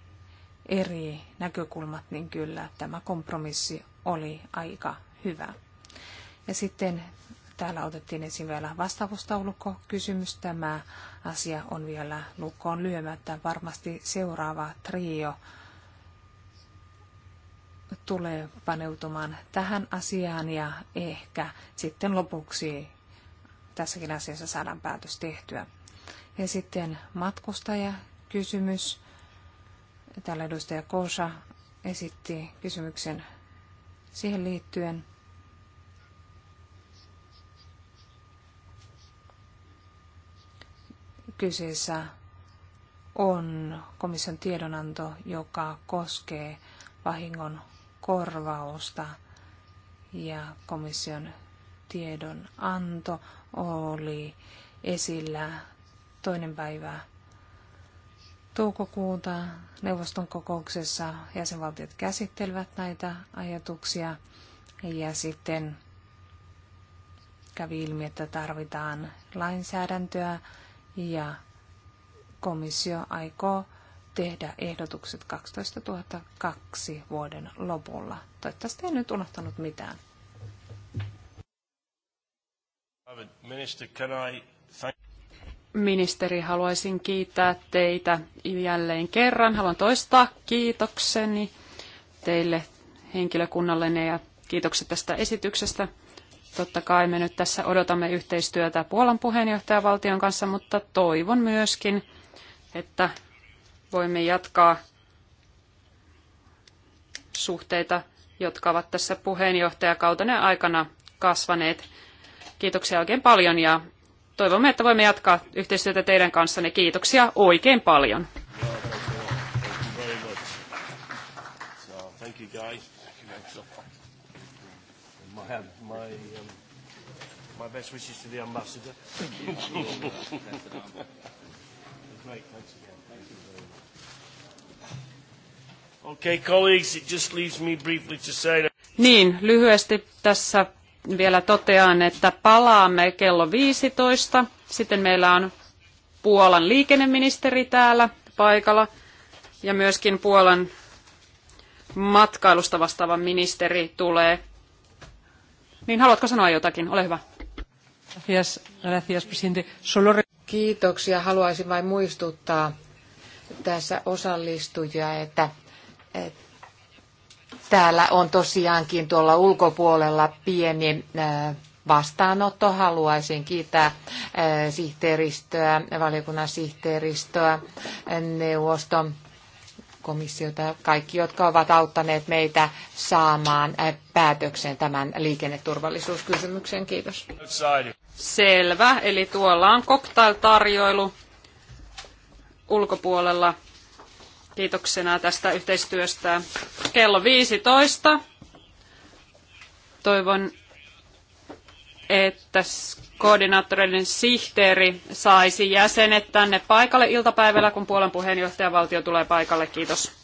eri näkökulmat, niin kyllä tämä kompromissi oli aika hyvä. Ja sitten täällä otettiin esiin vielä vastaavustaulukko kysymys. Tämä asia on vielä lukkoon lyömättä. Varmasti seuraava trio tulee paneutumaan tähän asiaan ja ehkä sitten lopuksi tässäkin asiassa saadaan päätös tehtyä. Ja sitten matkustajakysymys. Täällä edustaja Kosa esitti kysymyksen siihen liittyen. Kyseessä on komission tiedonanto, joka koskee vahingon korvausta ja komission tiedonanto oli esillä toinen päivä toukokuuta neuvoston kokouksessa jäsenvaltiot käsittelevät näitä ajatuksia ja sitten kävi ilmi, että tarvitaan lainsäädäntöä ja komissio aikoo tehdä ehdotukset 12002 vuoden lopulla. Toivottavasti en nyt unohtanut mitään. Minister, can I thank Ministeri, haluaisin kiittää teitä jälleen kerran. Haluan toistaa kiitokseni teille henkilökunnallenne ja kiitokset tästä esityksestä. Totta kai me nyt tässä odotamme yhteistyötä Puolan puheenjohtajavaltion kanssa, mutta toivon myöskin, että voimme jatkaa suhteita, jotka ovat tässä puheenjohtajakautena aikana kasvaneet. Kiitoksia oikein paljon ja toivomme, että voimme jatkaa yhteistyötä teidän kanssanne. Kiitoksia oikein paljon. Niin, lyhyesti tässä vielä totean, että palaamme kello 15. Sitten meillä on Puolan liikenneministeri täällä paikalla ja myöskin Puolan matkailusta vastaava ministeri tulee. Niin haluatko sanoa jotakin? Ole hyvä. Gracias, gracias, presidente. Solo... Kiitoksia. Haluaisin vain muistuttaa tässä osallistujia, että, että Täällä on tosiaankin tuolla ulkopuolella pieni äh, vastaanotto. Haluaisin kiittää äh, sihteeristöä, valiokunnan sihteeristöä, neuvoston komissiota, kaikki, jotka ovat auttaneet meitä saamaan äh, päätöksen tämän liikenneturvallisuuskysymyksen. Kiitos. Selvä, eli tuolla on koktailtarjoilu ulkopuolella kiitoksena tästä yhteistyöstä. Kello 15. Toivon, että koordinaattoreiden sihteeri saisi jäsenet tänne paikalle iltapäivällä, kun puolen puheenjohtajavaltio tulee paikalle. Kiitos.